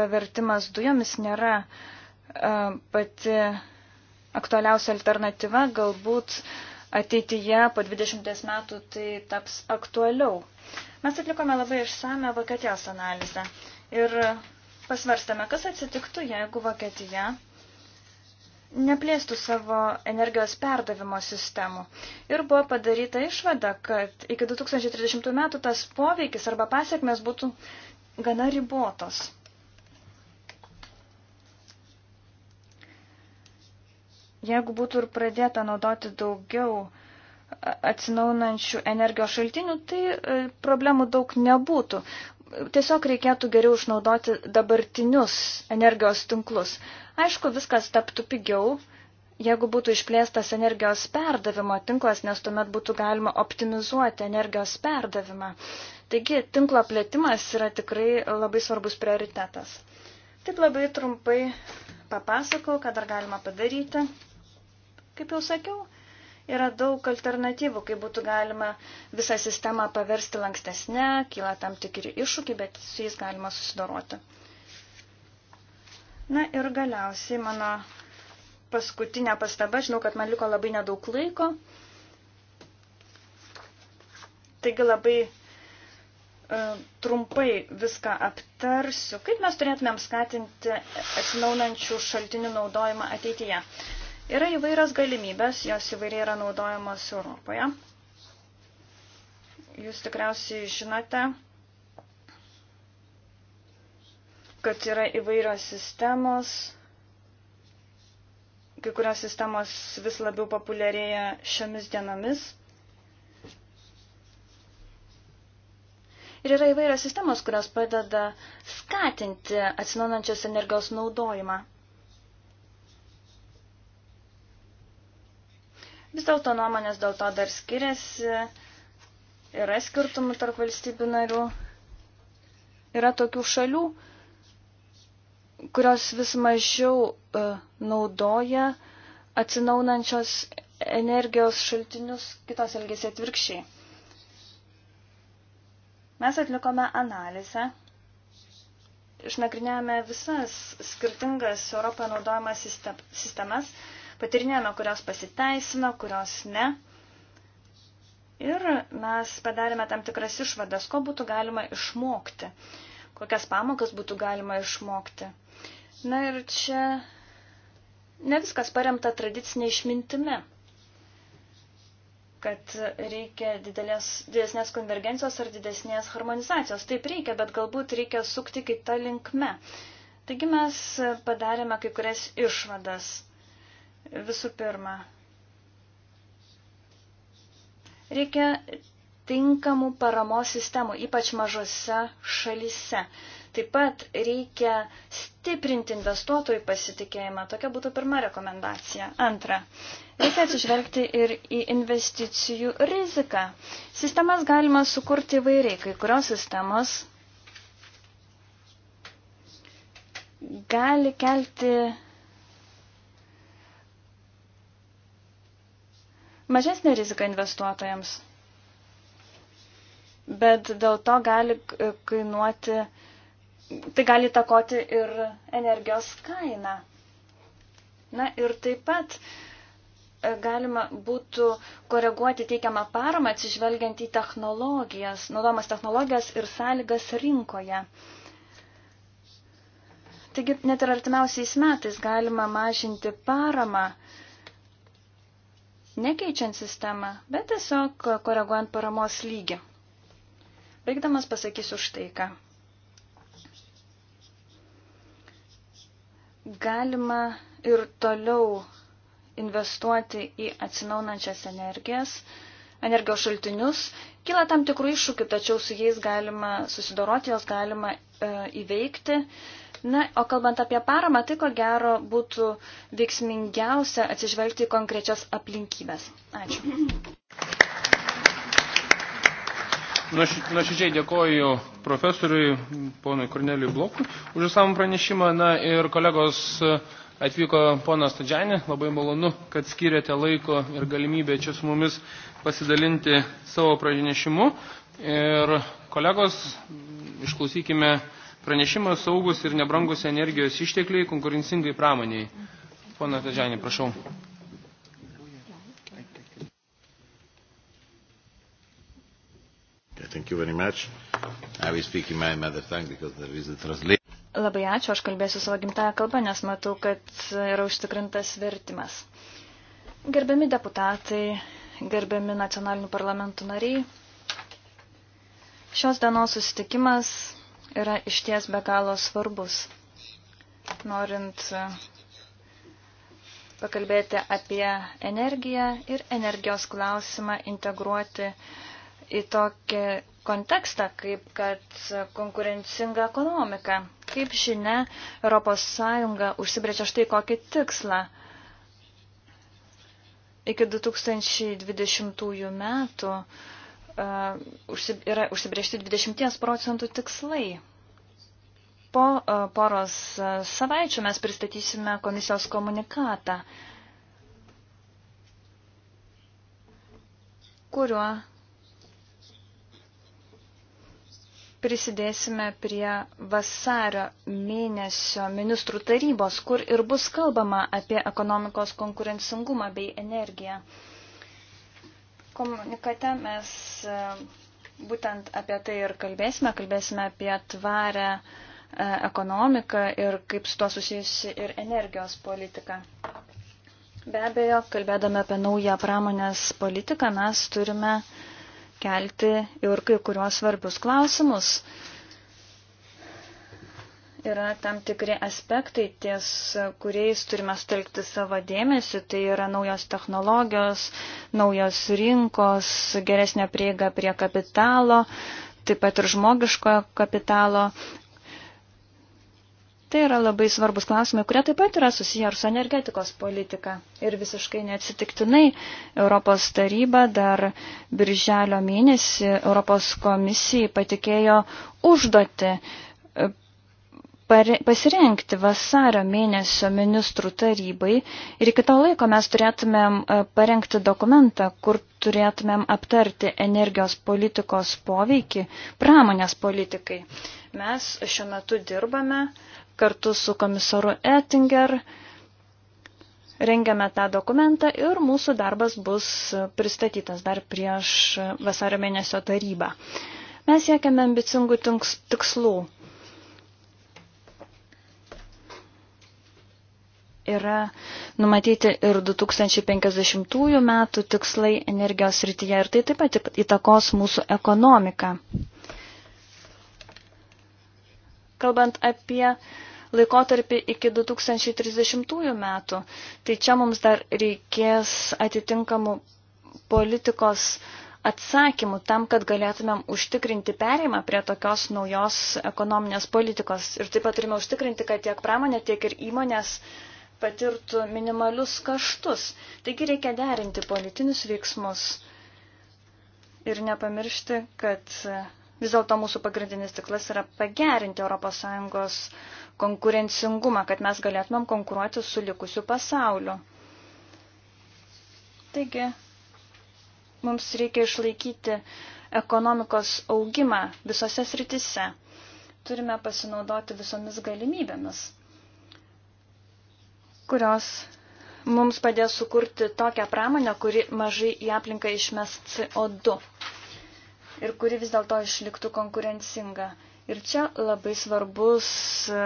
pavertimas dujomis nėra uh, pati aktualiausia alternatyva, galbūt ateityje po 20 metų tai taps aktualiau. Mes atlikome labai išsame Vokietijos analizę ir pasvarstame, kas atsitiktų, jeigu Vokietija neplėstų savo energijos perdavimo sistemų. Ir buvo padaryta išvada, kad iki 2030 metų tas poveikis arba pasiekmes būtų gana ribotos. Jeigu būtų ir pradėta naudoti daugiau atsinaunančių energijos šaltinių, tai e, problemų daug nebūtų. Tiesiog reikėtų geriau išnaudoti dabartinius energijos tinklus. Aišku, viskas taptų pigiau, jeigu būtų išplėstas energijos perdavimo tinklas, nes tuomet būtų galima optimizuoti energijos perdavimą. Taigi, tinklo plėtimas yra tikrai labai svarbus prioritetas. Taip labai trumpai papasakau, ką dar galima padaryti. Kaip jau sakiau, yra daug alternatyvų, kaip būtų galima visą sistemą paversti lankstesnę, kyla tam tikri iššūkiai, bet su jais galima susidoroti. Na ir galiausiai mano paskutinė pastaba, žinau, kad man liko labai nedaug laiko. Taigi labai e, trumpai viską aptarsiu, kaip mes turėtumėm skatinti atsinaunančių šaltinių naudojimą ateityje. Yra įvairios galimybės, jos įvairiai yra naudojamos Europoje. Jūs tikriausiai žinote, kad yra įvairios sistemos, kai kurios sistemos vis labiau populiarėja šiomis dienomis. Ir yra įvairios sistemos, kurios padeda skatinti atsinaujančios energijos naudojimą. Vis dėlto nuomonės dėl to dar skiriasi, yra skirtumų tarp valstybių narių, yra tokių šalių, kurios vis mažiau uh, naudoja atsinaunančios energijos šaltinius, kitos elgėsi atvirkščiai. Mes atlikome analizę, išnagrinėjome visas skirtingas Europoje naudojamas sistemas patirinėjome, kurios pasiteisino, kurios ne. Ir mes padarėme tam tikras išvadas, ko būtų galima išmokti, kokias pamokas būtų galima išmokti. Na ir čia ne viskas paremta tradicinė išmintime kad reikia didelės, didesnės konvergencijos ar didesnės harmonizacijos. Taip reikia, bet galbūt reikia sukti kitą linkme. Taigi mes padarėme kai kurias išvadas. Visų pirma, reikia tinkamų paramos sistemų, ypač mažose šalyse. Taip pat reikia stiprinti investuotojų pasitikėjimą. Tokia būtų pirma rekomendacija. Antra, reikia atsižvelgti ir į investicijų riziką. Sistemas galima sukurti įvairiai. Kai kurios sistemos gali kelti mažesnė rizika investuotojams, bet dėl to gali e, kainuoti, tai gali takoti ir energijos kainą. Na ir taip pat e, galima būtų koreguoti teikiamą paramą atsižvelgiant į technologijas, naudomas technologijas ir sąlygas rinkoje. Taigi net ir artimiausiais metais galima mažinti paramą uh, nekeičiant sistemą, bet tiesiog koreguojant paramos lygį. Baigdamas pasakysiu štai ką. Galima ir toliau investuoti į atsinaunančias energijas, energijos šaltinius. Kyla tam tikrų iššūkių, tačiau su jais galima susidoroti, jos galima e, įveikti. E, Na, o kalbant apie paramą, tai ko gero būtų veiksmingiausia atsižvelgti į konkrečias aplinkybės. Ačiū. Nuoširdžiai dėkoju profesoriui, ponui Korneliui Blokui, už įsamų pranešimą. Na ir kolegos atvyko ponas Tadžianė, labai malonu, kad skiriate laiko ir galimybę čia su mumis pasidalinti savo pranešimu. Ir kolegos, išklausykime Pranešimas saugus ir nebrangus energijos ištekliai konkurencingai pramoniai. Pana Tadžianė, prašau. Thank you very much. I will speak in my mother tongue because there is a translation. Labai ačiū, aš kalbėsiu savo gimtąją kalbą, nes matau, kad yra užtikrintas vertimas. Gerbiami deputatai, gerbiami nacionalinių parlamentų nariai, šios dienos susitikimas yra išties be galo svarbus. Norint e, pakalbėti apie energiją ir energijos klausimą integruoti į tokį kontekstą, kaip kad konkurencinga ekonomika. Kaip žinia, ES užsibrėčia štai kokį tikslą. Iki 2020 metų E, yra užsibriežti 20 procentų tikslai. Po e, poros e, savaičių mes pristatysime komisijos komunikatą, kuriuo prisidėsime prie vasario mėnesio ministrų tarybos, kur ir bus kalbama apie ekonomikos konkurencingumą bei energiją. Komunikate mes e, būtent apie tai ir kalbėsime, kalbėsime apie tvarę e, ekonomiką ir kaip su to susijusi ir energijos politika. Be abejo, kalbėdami apie naują pramonės politiką, mes turime kelti ir kai kuriuos svarbius klausimus. Uh, yra tam tikri aspektai, ties kuriais turime stelkti savo dėmesį. Tai yra naujos technologijos, naujos rinkos, geresnė prieiga prie kapitalo, taip pat ir žmogiškojo kapitalo. Tai yra labai svarbus klausimai, kurie taip pat yra susiję ir su energetikos politika. Ir visiškai neatsitiktinai Europos taryba dar birželio mėnesį Europos komisijai patikėjo užduoti pasirengti vasario mėnesio ministrų tarybai ir iki to laiko mes turėtumėm e, parengti dokumentą, kur turėtumėm aptarti energijos politikos poveikį pramonės politikai. Mes šiuo metu dirbame kartu su komisaru Ettinger, rengiame tą dokumentą ir mūsų darbas bus pristatytas dar prieš vasario mėnesio tarybą. Mes siekiame ambicingų tikslų yra numatyti ir 2050 metų tikslai energijos rytyje ir tai taip pat įtakos mūsų ekonomiką. Kalbant apie laikotarpį iki 2030 metų, tai čia mums dar reikės atitinkamų politikos atsakymų tam, kad galėtumėm užtikrinti perėjimą prie tokios naujos ekonominės politikos. Ir taip pat turime užtikrinti, kad tiek pramonė, tiek ir įmonės uh, patirtų minimalius kaštus. Taigi reikia derinti politinius veiksmus ir nepamiršti, kad vis dėlto mūsų pagrindinis tiklas yra pagerinti ES konkurencingumą, kad mes galėtumėm konkuruoti su likusiu pasauliu. Taigi, mums reikia išlaikyti ekonomikos augimą visose sritise. Turime pasinaudoti visomis galimybėmis kurios mums padės sukurti tokią pramonę, kuri mažai į aplinką išmes CO2 ir kuri vis dėlto išliktų konkurencinga. Ir čia labai svarbus e,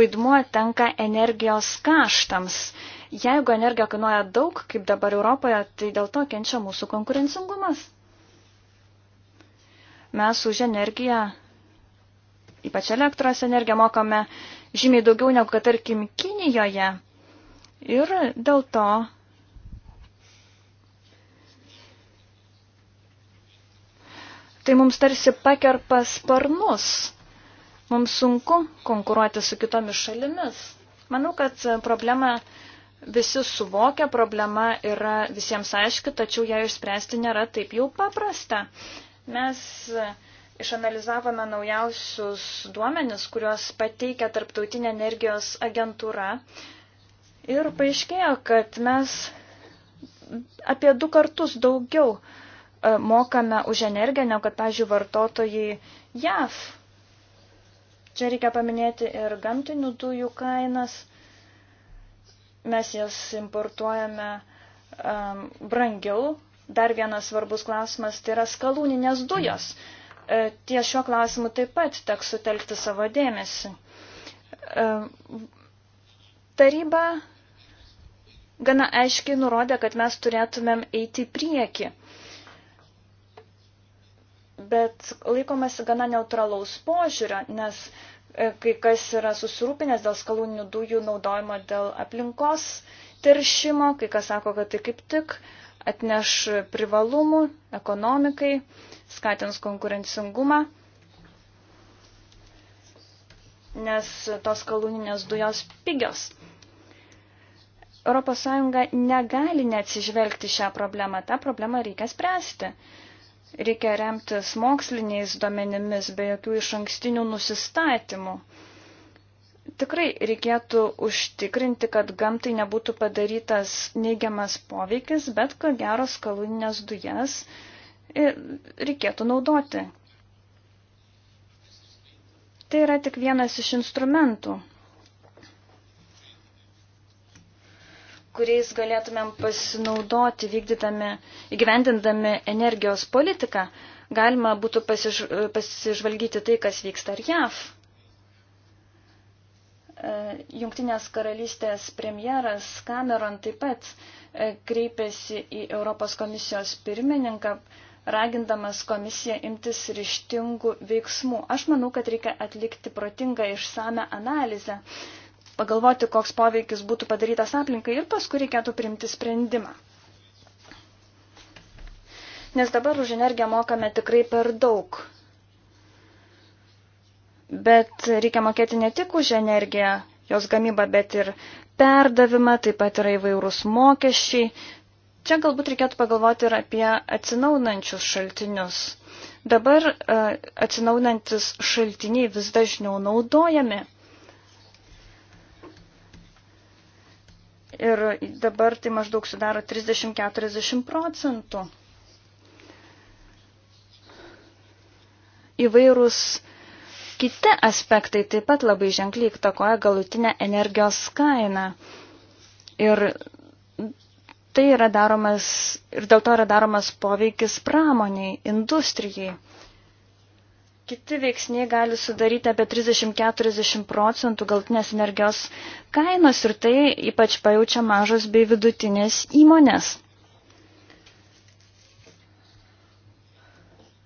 vaidmuo tenka energijos kaštams. Jeigu energija kainuoja daug, kaip dabar Europoje, tai dėl to kenčia mūsų konkurencingumas. Mes už energiją, ypač elektros energiją, mokame žymiai daugiau negu, kad tarkim, Kinijoje. Ir dėl to tai mums tarsi pakerpa sparnus. Mums sunku konkuruoti su kitomis šalimis. Manau, kad problema visi suvokia, problema yra visiems aiški, tačiau ją išspręsti nėra taip jau paprasta. Mes išanalizavome naujausius duomenis, kuriuos pateikia Tarptautinė energijos agentūra. Ir paaiškėjo, kad mes apie du kartus daugiau e, mokame už energiją, negu kad, pažiūrėjau, vartotojai JAV. Čia reikia paminėti ir gamtinių dujų kainas. Mes jas importuojame um, brangiau. Dar vienas svarbus klausimas tai yra skalūninės dujos. E, ties šiuo klausimu taip pat teks sutelkti savo dėmesį. E, taryba gana aiškiai nurodė, kad mes turėtumėm eiti į priekį. Bet laikomasi gana neutralaus požiūrio, nes e, kai kas yra susirūpinęs dėl skalūninių dujų naudojimo dėl aplinkos teršimo, kai kas sako, kad tai kaip tik atneš privalumų ekonomikai, skatins konkurencingumą, nes tos kaluninės dujos pigios. ES negali neatsižvelgti šią problemą. Ta problema reikia spręsti. Reikia remtis moksliniais duomenimis be jokių iš ankstinių nusistatymų. Tikrai reikėtų užtikrinti, kad gamtai nebūtų padarytas neigiamas poveikis, bet ko geros kaluninės dujas e, reikėtų naudoti. Tai yra tik vienas iš instrumentų kuriais galėtumėm pasinaudoti vykdydami, įgyvendindami energijos politiką, galima būtų pasiž, pasižvalgyti tai, kas vyksta ar JAV. E, Jungtinės karalystės premjeras Cameron taip pat e, kreipėsi į Europos komisijos pirmininką, ragindamas komisiją imtis ryštingų veiksmų. Aš manau, kad reikia atlikti protingą išsame analizę. Uh, pagalvoti, koks poveikis būtų padarytas aplinkai ir paskui reikėtų priimti sprendimą. Nes dabar už energiją mokame tikrai per daug. Bet reikia mokėti ne tik už energiją, jos gamybą, bet ir perdavimą, taip pat yra įvairūs mokesčiai. Čia galbūt reikėtų pagalvoti ir apie atsinaunančius šaltinius. Dabar e, atsinaunantis šaltiniai vis dažniau naudojami. Ir dabar tai maždaug sudaro 30-40 procentų. Įvairūs kiti aspektai taip pat labai ženkliai įtakoja galutinę energijos kainą. Ir tai yra daromas, ir dėl to yra daromas poveikis pramoniai, industrijai. Kiti veiksniai gali sudaryti apie 30-40 procentų galtinės energijos kainos ir tai ypač pajaučia mažos bei vidutinės įmonės.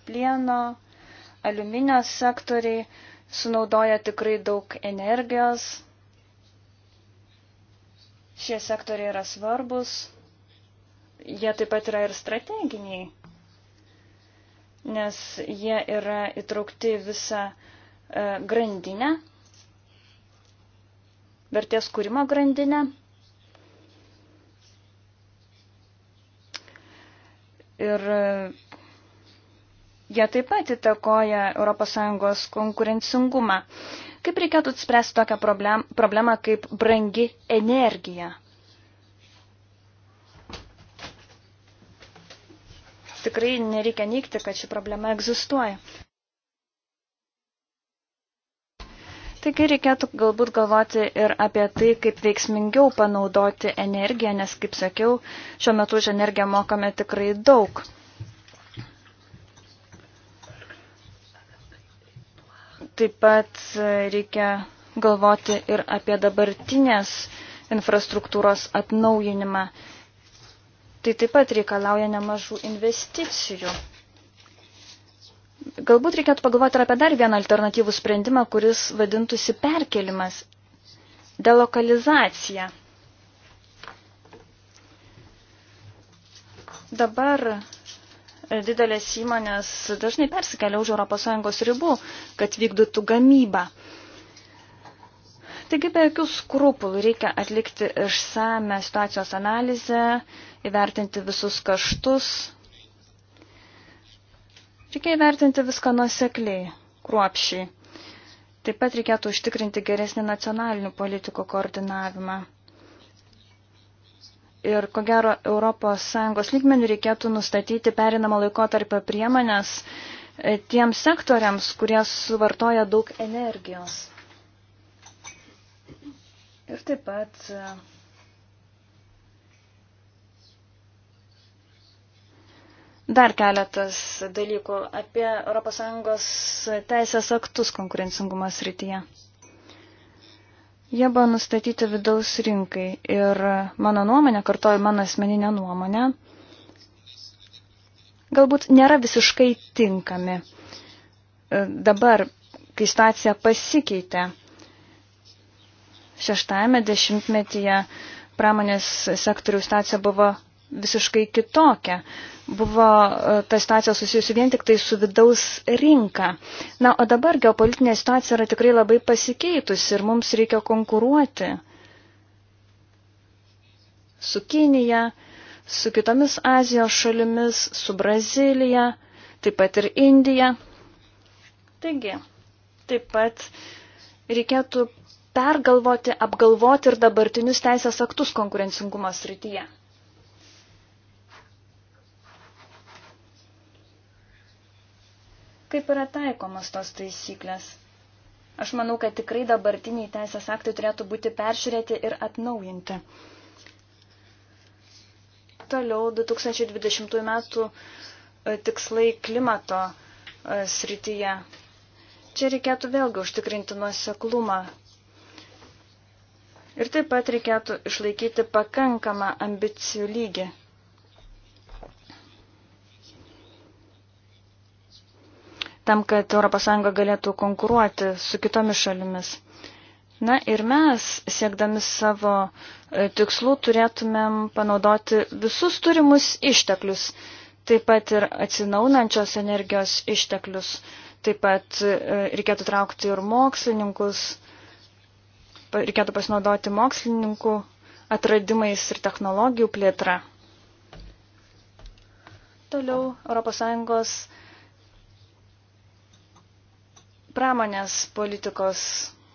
Plieno, aliuminio sektoriai sunaudoja tikrai daug energijos. Šie sektoriai yra svarbus. Jie taip pat yra ir strateginiai nes jie yra įtraukti visą e, grandinę, vertės kūrimo grandinę. Ir e, jie taip pat įtakoja ES konkurencingumą. Kaip reikėtų spręsti tokią problemą kaip brangi energija? tikrai nereikia neikti, kad ši problema egzistuoja. Taigi reikėtų galbūt galvoti ir apie tai, kaip veiksmingiau panaudoti energiją, nes, kaip sakiau, šiuo metu už energiją mokame tikrai daug. Taip pat reikia galvoti ir apie dabartinės infrastruktūros atnaujinimą. Tai taip pat reikalauja nemažų investicijų. Galbūt reikėtų pagalvoti ir apie dar vieną alternatyvų sprendimą, kuris vadintųsi perkelimas – delokalizacija. Dabar didelės įmonės dažnai persikelia už ES ribų, kad vykdytų gamybą. Taigi be jokių skrupulų reikia atlikti išsame situacijos analizę, įvertinti visus kaštus. Reikia įvertinti viską nuosekliai, kruopšiai. Taip pat reikėtų užtikrinti geresnį nacionalinių politikų koordinavimą. Ir ko gero ES lygmenių reikėtų nustatyti perinamą laikotarpio priemonės e, tiems sektoriams, kurie suvartoja daug energijos. Ir taip pat e, dar keletas dalykų apie ES teisės aktus konkurencingumas rytyje. Jie buvo nustatyti vidaus rinkai ir mano nuomonė, kartoju mano asmeninę nuomonę, galbūt nėra visiškai tinkami. E, dabar, kai situacija pasikeitė, šeštame dešimtmetyje pramonės sektorių situacija buvo visiškai kitokia. Buvo e, ta situacija susijusi vien tik tai su vidaus rinka. Na, o dabar geopolitinė situacija yra tikrai labai pasikeitusi ir mums reikia konkuruoti su Kinija, su kitomis Azijos šalimis, su Brazilija, taip pat ir Indija. Taigi, taip pat reikėtų pergalvoti, apgalvoti ir dabartinius teisės aktus konkurencingumo srityje. Kaip yra taikomas tos taisyklės? Aš manau, kad tikrai dabartiniai teisės aktai turėtų būti peržiūrėti ir atnaujinti. Toliau 2020 metų e, tikslai klimato e, srityje. Čia reikėtų vėlgi užtikrinti nuoseklumą Ir taip pat reikėtų išlaikyti pakankamą ambicijų lygį. Tam, kad ES galėtų konkuruoti su kitomis šalimis. Na ir mes, siekdami savo e, tikslų, turėtumėm panaudoti visus turimus išteklius, taip pat ir atsinaunančios energijos išteklius, taip pat e, reikėtų traukti ir mokslininkus, reikėtų pasinaudoti mokslininkų atradimais ir technologijų plėtra. Toliau ES pramonės politikos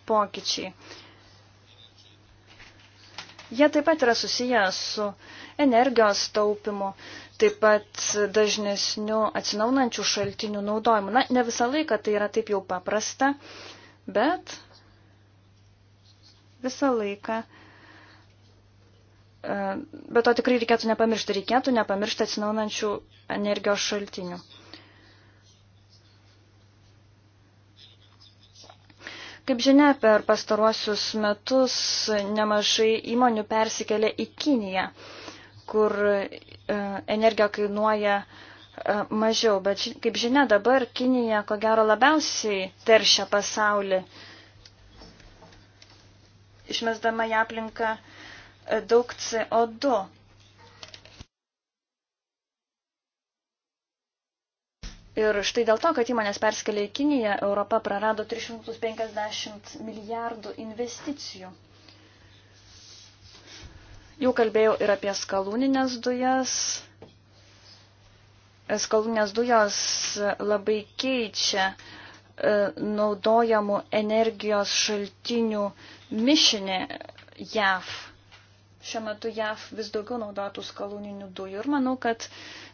pokyčiai. Jie taip pat yra susiję su energijos taupimu, taip pat dažnesnių atsinaunančių šaltinių naudojimu. Na, ne visą laiką tai yra taip jau paprasta, bet visą laiką. E, Bet to tikrai reikėtų nepamiršti, reikėtų nepamiršti atsinaunančių energijos šaltinių. Kaip žinia, per pastaruosius metus nemažai įmonių persikėlė į Kiniją, kur e, energija kainuoja e, mažiau. Bet kaip žinia, dabar Kinija ko gero labiausiai teršia pasaulį išmesdama į aplinką e, daug CO2. Ir štai dėl to, kad įmonės perskelia į Kiniją, Europa prarado 350 milijardų investicijų. Jau kalbėjau ir apie skalūninės dujas. E, skalūninės dujos labai keičia uh, E, naudojamų energijos šaltinių mišinį JAV. Šiuo metu JAV vis daugiau naudotų skaluninių dujų ir manau, kad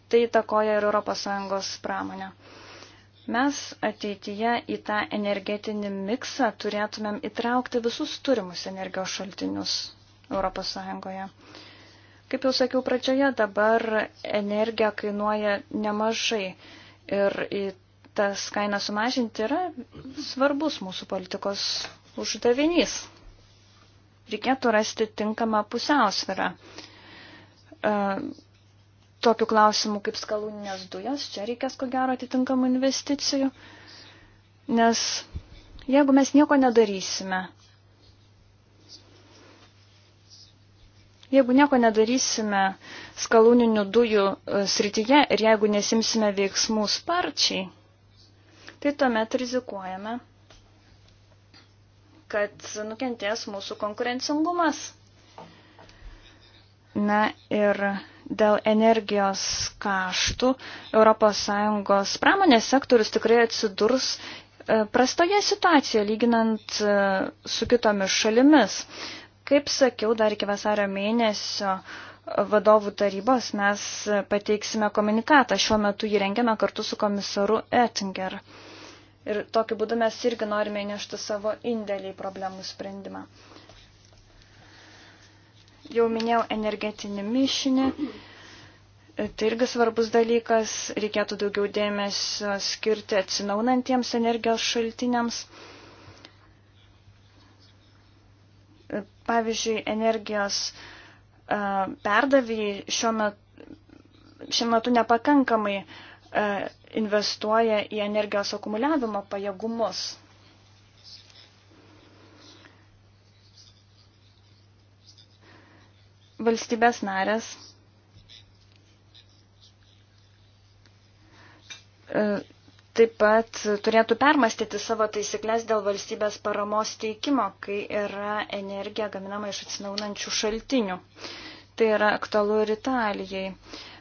tai takoja ir ES pramonę. Mes ateityje į tą energetinį miksą turėtumėm įtraukti visus turimus energijos šaltinius ES. Kaip jau sakiau pradžioje, dabar energija kainuoja nemažai ir į tas kainas sumažinti yra svarbus mūsų politikos uždavinys. Reikėtų rasti tinkamą pusiausvirą. E, tokių klausimų kaip skalūninės dujos, čia reikės ko gero atitinkamų investicijų, nes jeigu mes nieko nedarysime, jeigu nieko nedarysime skalūninių dujų e, srityje ir jeigu nesimsime veiksmų sparčiai, tai tuomet rizikuojame, kad nukentės mūsų konkurencingumas. Na ir dėl energijos kaštų ES pramonės sektorius tikrai atsidurs e, prastoje situacijoje lyginant e, su kitomis šalimis. Kaip sakiau, dar iki vasario mėnesio vadovų tarybos mes pateiksime komunikatą. Šiuo metu jį rengiame kartu su komisaru Ettinger. Ir tokiu būdu mes irgi norime įnešti savo indėlį į problemų sprendimą. Jau minėjau energetinį mišinį. Tai irgi svarbus dalykas. Reikėtų daugiau dėmesio skirti atsinaunantiems energijos šaltiniams. Pavyzdžiui, energijos e, perdavėjai šiuo metu, šiuo metu nepakankamai e, investuoja į energijos akumuliavimo pajėgumus. Valstybės narės e, taip pat turėtų permastyti savo taisyklės dėl valstybės paramos teikimo, kai yra energija gaminama iš atsinaunančių šaltinių. Tai yra aktualu ir Italijai.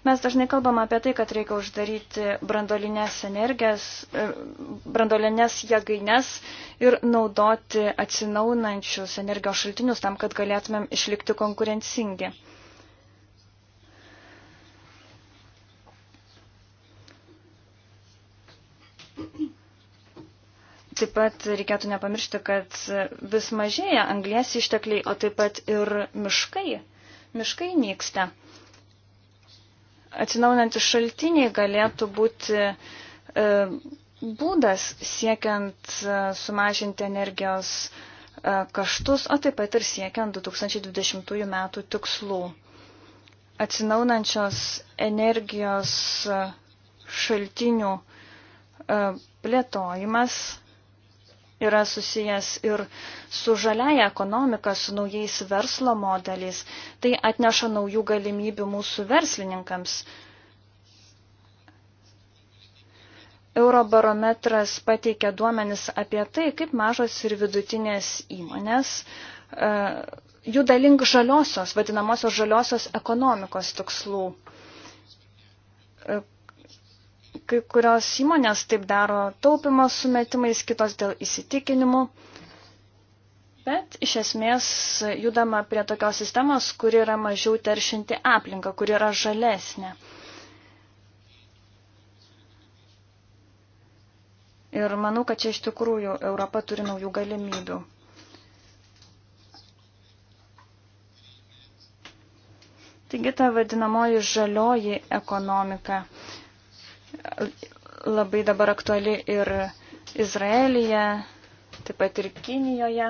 Mes dažnai kalbam apie tai, kad reikia uždaryti brandolinės energijas, e, brandolinės jėgainės ir naudoti atsinaunančius energijos šaltinius tam, kad galėtumėm išlikti konkurencingi. Taip pat reikėtų nepamiršti, kad vis mažėja anglės ištekliai, o taip pat ir miškai. Miškai nyksta atsinaujinantys šaltiniai galėtų būti e, būdas siekiant e, sumažinti energijos e, kaštus, o taip pat ir siekiant 2020 metų tikslų. Atsinaunančios energijos šaltinių plėtojimas yra susijęs ir su žaliaja ekonomika, su naujais verslo modeliais. Tai atneša naujų galimybių mūsų verslininkams. Eurobarometras pateikia duomenis apie tai, kaip mažos ir vidutinės įmonės e, juda link žaliosios, vadinamosios žaliosios ekonomikos tikslų e, Kai kurios įmonės taip daro taupimo sumetimais, kitos dėl įsitikinimų. Bet iš esmės judama prie tokios sistemos, kuri yra mažiau teršinti aplinką, kuri yra žalesnė. Ir manau, kad čia iš tikrųjų Europa turi naujų galimybių. Taigi ta vadinamoji žalioji ekonomika labai dabar aktuali ir Izraelyje, taip pat ir Kinijoje.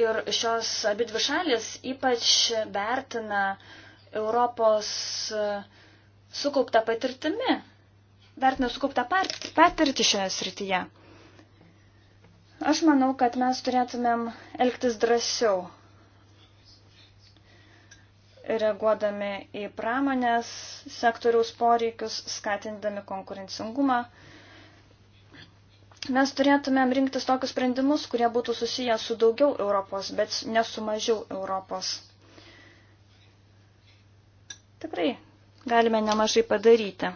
Ir šios abidvi šalis ypač vertina Europos sukauptą patirtimi, vertina sukauptą patirtį šioje srityje. Aš manau, kad mes turėtumėm elgtis drąsiau reaguodami į pramonės sektoriaus poreikius, skatindami konkurencingumą. Mes turėtumėm rinktis tokius sprendimus, kurie būtų susiję su daugiau Europos, bet ne su mažiau Europos. Tikrai galime nemažai padaryti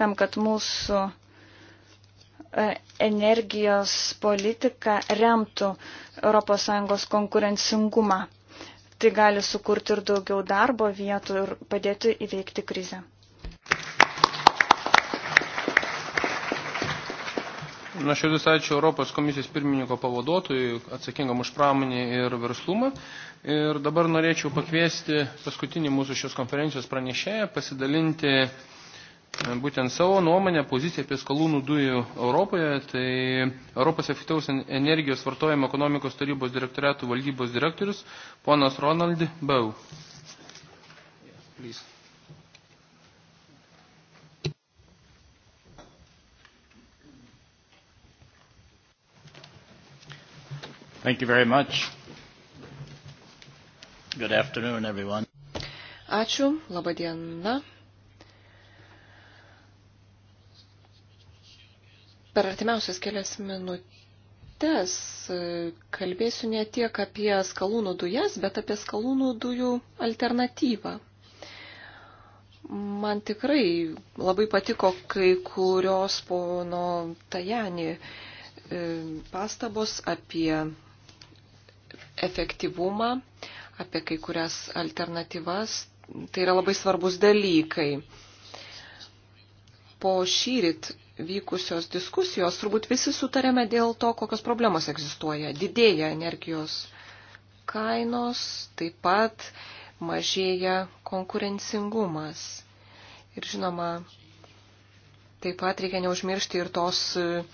tam, kad mūsų e, energijos politika remtų ES konkurencingumą. Tai gali sukurti ir daugiau darbo vietų ir padėti įveikti krizę. Nuoširdus ačiū Europos komisijos pirmininko pavaduotojui, atsakingam už pramonį ir verslumą. Ir dabar norėčiau pakviesti paskutinį mūsų šios konferencijos pranešėją pasidalinti būtent savo nuomonę, poziciją apie skalūnų dujų Europoje, tai Europos efektyvaus energijos vartojimo ekonomikos tarybos direktoriatų valdybos direktorius, ponas Ronald Bau. Yes, Thank you very much. Good afternoon, everyone. Ačiū, laba diena Per artimiausias kelias minutės e, kalbėsiu ne tiek apie skalūnų dujas, bet apie skalūnų dujų alternatyvą. Man tikrai labai patiko kai kurios pono Tajani e, pastabos apie efektyvumą, apie kai kurias alternatyvas. Tai yra labai svarbus dalykai. Po šyrit vykusios diskusijos, turbūt visi sutarėme dėl to, kokios problemos egzistuoja. Didėja energijos kainos, taip pat mažėja konkurencingumas. Ir žinoma, taip pat reikia neužmiršti ir tos e,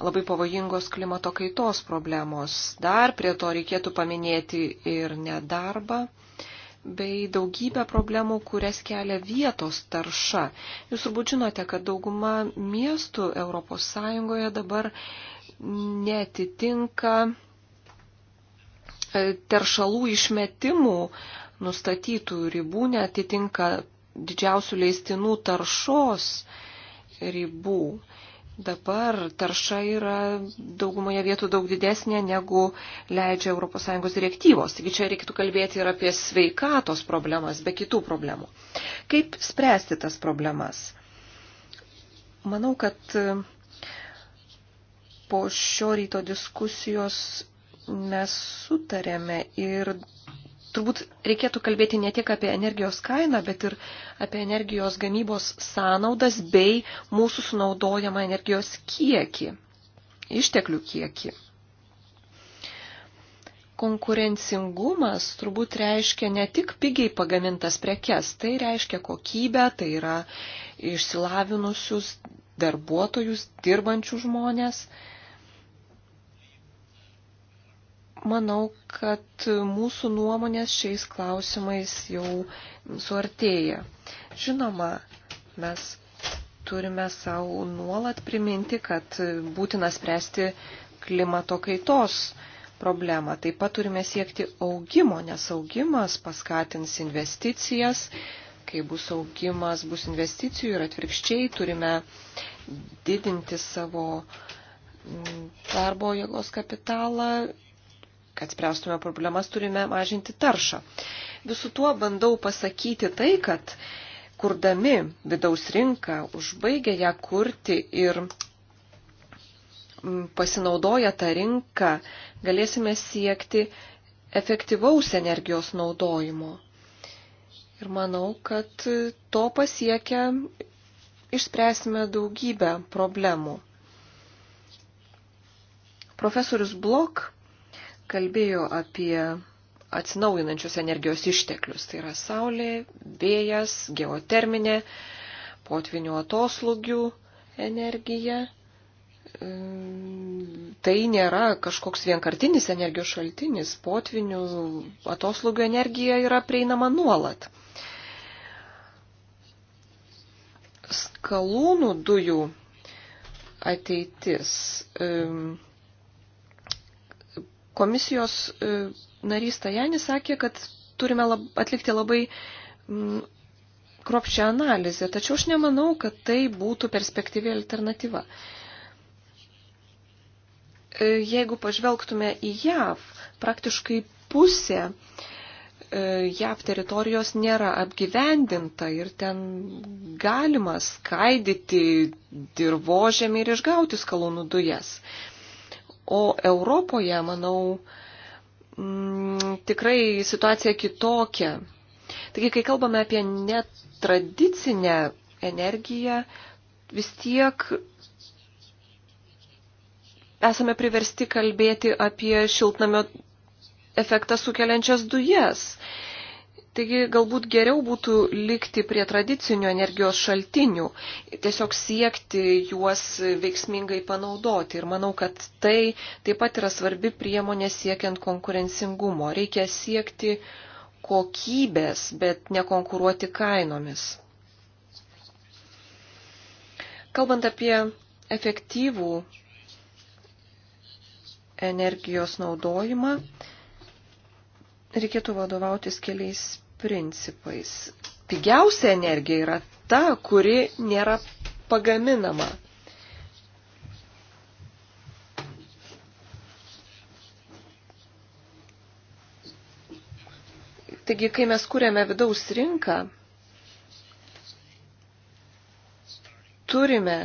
labai pavojingos klimato kaitos problemos. Dar prie to reikėtų paminėti ir nedarbą bei daugybę problemų, kurias kelia vietos tarša. Jūs turbūt žinote, kad dauguma miestų ES dabar netitinka e, teršalų išmetimų nustatytų ribų, netitinka didžiausių leistinų taršos ribų. Dabar tarša yra daugumoje vietų daug didesnė negu leidžia ES direktyvos. Taigi čia reikėtų kalbėti ir apie sveikatos problemas, be kitų problemų. Kaip spręsti tas problemas? Manau, kad e, po šio ryto diskusijos mes sutarėme ir turbūt reikėtų kalbėti ne tik apie energijos kainą, bet ir apie energijos gamybos sąnaudas bei mūsų sunaudojamą energijos kiekį, išteklių kiekį. Konkurencingumas turbūt reiškia ne tik pigiai pagamintas prekes, tai reiškia kokybę, tai yra išsilavinusius darbuotojus, dirbančių žmonės manau, kad mūsų nuomonės šiais klausimais jau suartėja. Žinoma, mes turime savo nuolat priminti, kad būtina spręsti klimato kaitos problemą. Taip pat turime siekti augimo, nes augimas paskatins investicijas. Kai bus augimas, bus investicijų ir atvirkščiai turime didinti savo darbo jėgos kapitalą kad spręstume problemas, turime mažinti taršą. Visų tuo bandau pasakyti tai, kad kurdami vidaus rinką, užbaigę ją kurti ir mm, pasinaudoję tą rinką, galėsime siekti efektyvaus energijos naudojimo. Ir manau, kad to pasiekę išspręsime daugybę problemų. Profesorius Blok kalbėjo apie atsinaujinančius energijos išteklius. Tai yra saulė, vėjas, geoterminė, potvinių atoslūgių energija. Tai nėra kažkoks vienkartinis energijos šaltinis. Potvinių atoslūgių energija yra prieinama nuolat. Skalūnų dujų ateitis. Um, Komisijos e, narys Tajani sakė, kad turime lab, atlikti labai mm, kropščią analizę, tačiau aš nemanau, kad tai būtų perspektyvi alternatyva. E, jeigu pažvelgtume į JAV, praktiškai pusė e, JAV teritorijos nėra apgyvendinta ir ten galima skaidyti dirbožėmį ir išgauti skalonų dujas. O Europoje, manau, m, mm, tikrai situacija kitokia. Taigi, kai kalbame apie netradicinę energiją, vis tiek esame priversti kalbėti apie šiltnamio efektą sukeliančias dujas. Taigi galbūt geriau būtų likti prie tradicinių energijos šaltinių, tiesiog siekti juos veiksmingai panaudoti. Ir manau, kad tai taip pat yra svarbi priemonė siekiant konkurencingumo. Reikia siekti kokybės, bet nekonkuruoti kainomis. Kalbant apie efektyvų energijos naudojimą, reikėtų vadovautis keliais principais. Pigiausia energija yra ta, kuri nėra pagaminama. Taigi, kai mes kūrėme vidaus rinką, turime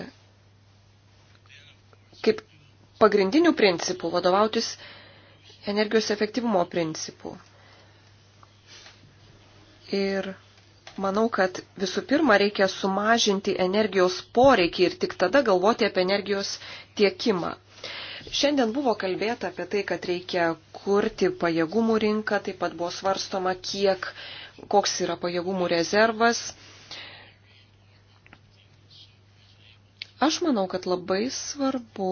kaip pagrindinių principų vadovautis energijos efektyvumo principų. Ir manau, kad visų pirma reikia sumažinti energijos poreikį ir tik tada galvoti apie energijos tiekimą. Šiandien buvo kalbėta apie tai, kad reikia kurti pajėgumų rinką, taip pat buvo svarstoma, kiek, koks yra pajėgumų rezervas. Aš manau, kad labai svarbu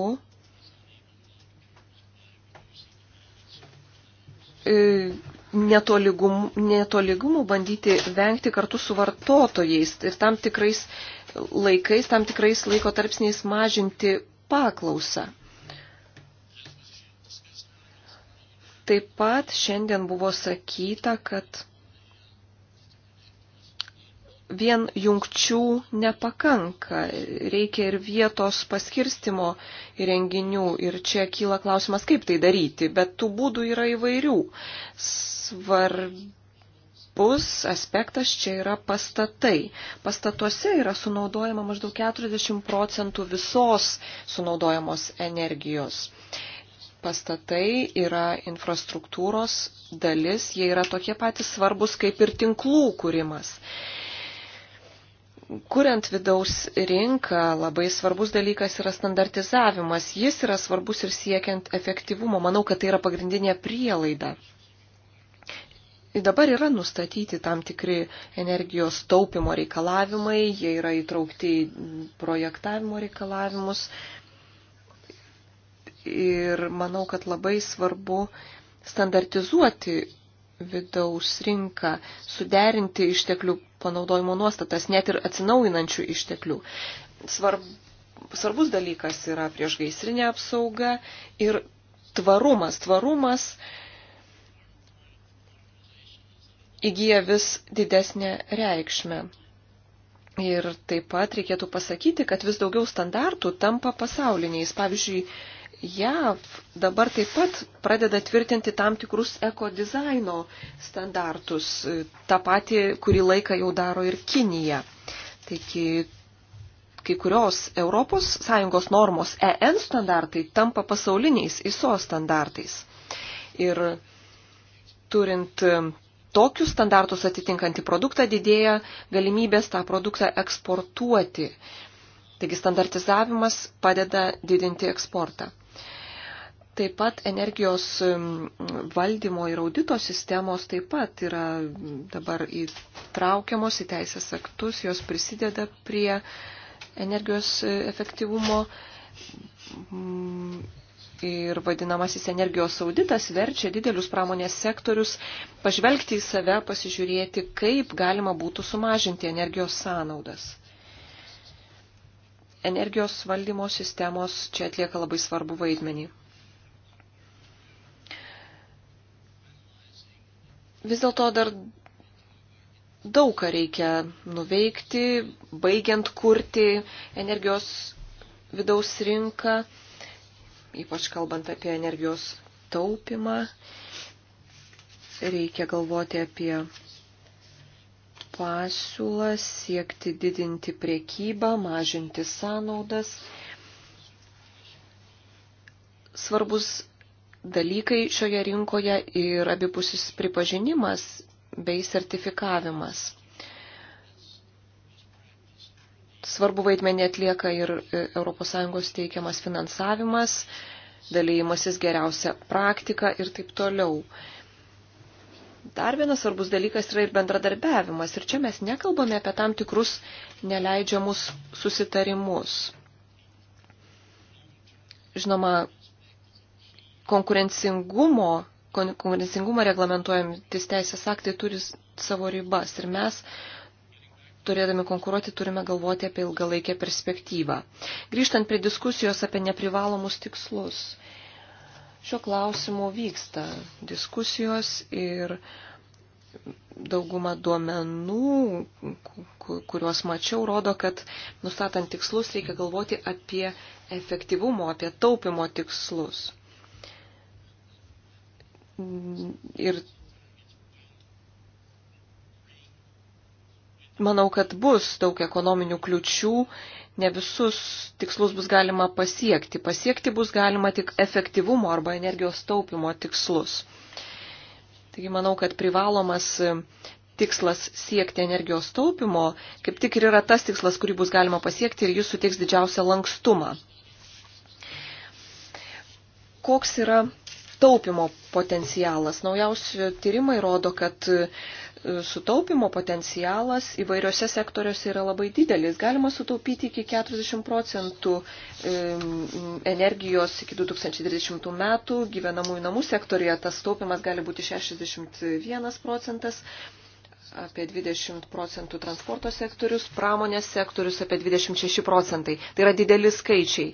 e, netolygumų, netolygumų bandyti vengti kartu su vartotojais ir tam tikrais laikais, tam tikrais laiko tarpsniais mažinti paklausą. Taip pat šiandien buvo sakyta, kad vien jungčių nepakanka, reikia ir vietos paskirstimo įrenginių ir čia kyla klausimas, kaip tai daryti, bet tų būdų yra įvairių. Svarbus aspektas čia yra pastatai. Pastatuose yra sunaudojama maždaug 40 procentų visos sunaudojamos energijos pastatai yra infrastruktūros dalis, jie yra tokie patys svarbus kaip ir tinklų kūrimas. Kuriant vidaus rinką, labai svarbus dalykas yra standartizavimas. Jis yra svarbus ir siekiant efektyvumo. Manau, kad tai yra pagrindinė prielaida. Ir dabar yra nustatyti tam tikri energijos taupimo reikalavimai, jie yra įtraukti į projektavimo reikalavimus. Ir manau, kad labai svarbu standartizuoti vidaus rinką, suderinti išteklių panaudojimo nuostatas, net ir atsinaujinančių išteklių. Svarb, svarbus dalykas yra priešgaisrinė apsauga ir tvarumas. Tvarumas įgyja vis didesnę reikšmę. Ir taip pat reikėtų pasakyti, kad vis daugiau standartų tampa pasauliniais. Pavyzdžiui, JAV dabar taip pat pradeda tvirtinti tam tikrus ekodizaino standartus, tą patį, kurį laiką jau daro ir Kinija. Taigi kai kurios ES normos EN standartai tampa pasauliniais ISO standartais. Ir turint tokius standartus atitinkantį produktą didėja galimybės tą produktą eksportuoti. Taigi standartizavimas padeda didinti eksportą. Taip pat energijos valdymo ir audito sistemos taip pat yra dabar įtraukiamos į teisės aktus, jos prisideda prie energijos e, efektyvumo ir vadinamasis energijos auditas verčia didelius pramonės sektorius pažvelgti į save, pasižiūrėti, kaip galima būtų sumažinti energijos sąnaudas. Energijos valdymo sistemos čia atlieka labai svarbu vaidmenį. vis dėlto dar daug ką reikia nuveikti, baigiant kurti energijos vidaus rinką, ypač kalbant apie energijos taupimą. Reikia galvoti apie pasiūlą, siekti didinti priekybą, mažinti sąnaudas. Svarbus dalykai šioje rinkoje ir abipusis pripažinimas bei sertifikavimas. Svarbu vaidmenį atlieka ir ES teikiamas finansavimas, dalyjimasis geriausia praktika ir taip toliau. Dar vienas svarbus dalykas yra ir bendradarbiavimas. Ir čia mes nekalbame apie tam tikrus neleidžiamus susitarimus. Žinoma, konkurencingumo, konkurencingumą reglamentuojantis teisės aktai turi savo ribas ir mes, turėdami konkuruoti, turime galvoti apie ilgalaikę perspektyvą. Grįžtant prie diskusijos apie neprivalomus tikslus. Šio klausimu vyksta diskusijos ir dauguma duomenų, kuriuos mačiau, rodo, kad nustatant tikslus reikia galvoti apie efektyvumo, apie taupimo tikslus ir manau, kad bus daug ekonominių kliučių, ne visus tikslus bus galima pasiekti. Pasiekti bus galima tik efektyvumo arba energijos taupimo tikslus. Taigi manau, kad privalomas tikslas siekti energijos taupimo kaip tik ir yra tas tikslas, kurį bus galima pasiekti ir jis suteiks didžiausią lankstumą. Koks yra taupimo potencialas. Naujausi tyrimai rodo, kad e, sutaupimo potencialas įvairiose sektoriuose yra labai didelis. Galima sutaupyti iki 40 procentų e, energijos iki 2030 metų. Gyvenamųjų namų sektoriuje tas taupimas gali būti 61 procentas apie 20 procentų transporto sektorius, pramonės sektorius apie 26 procentai. Tai yra dideli skaičiai.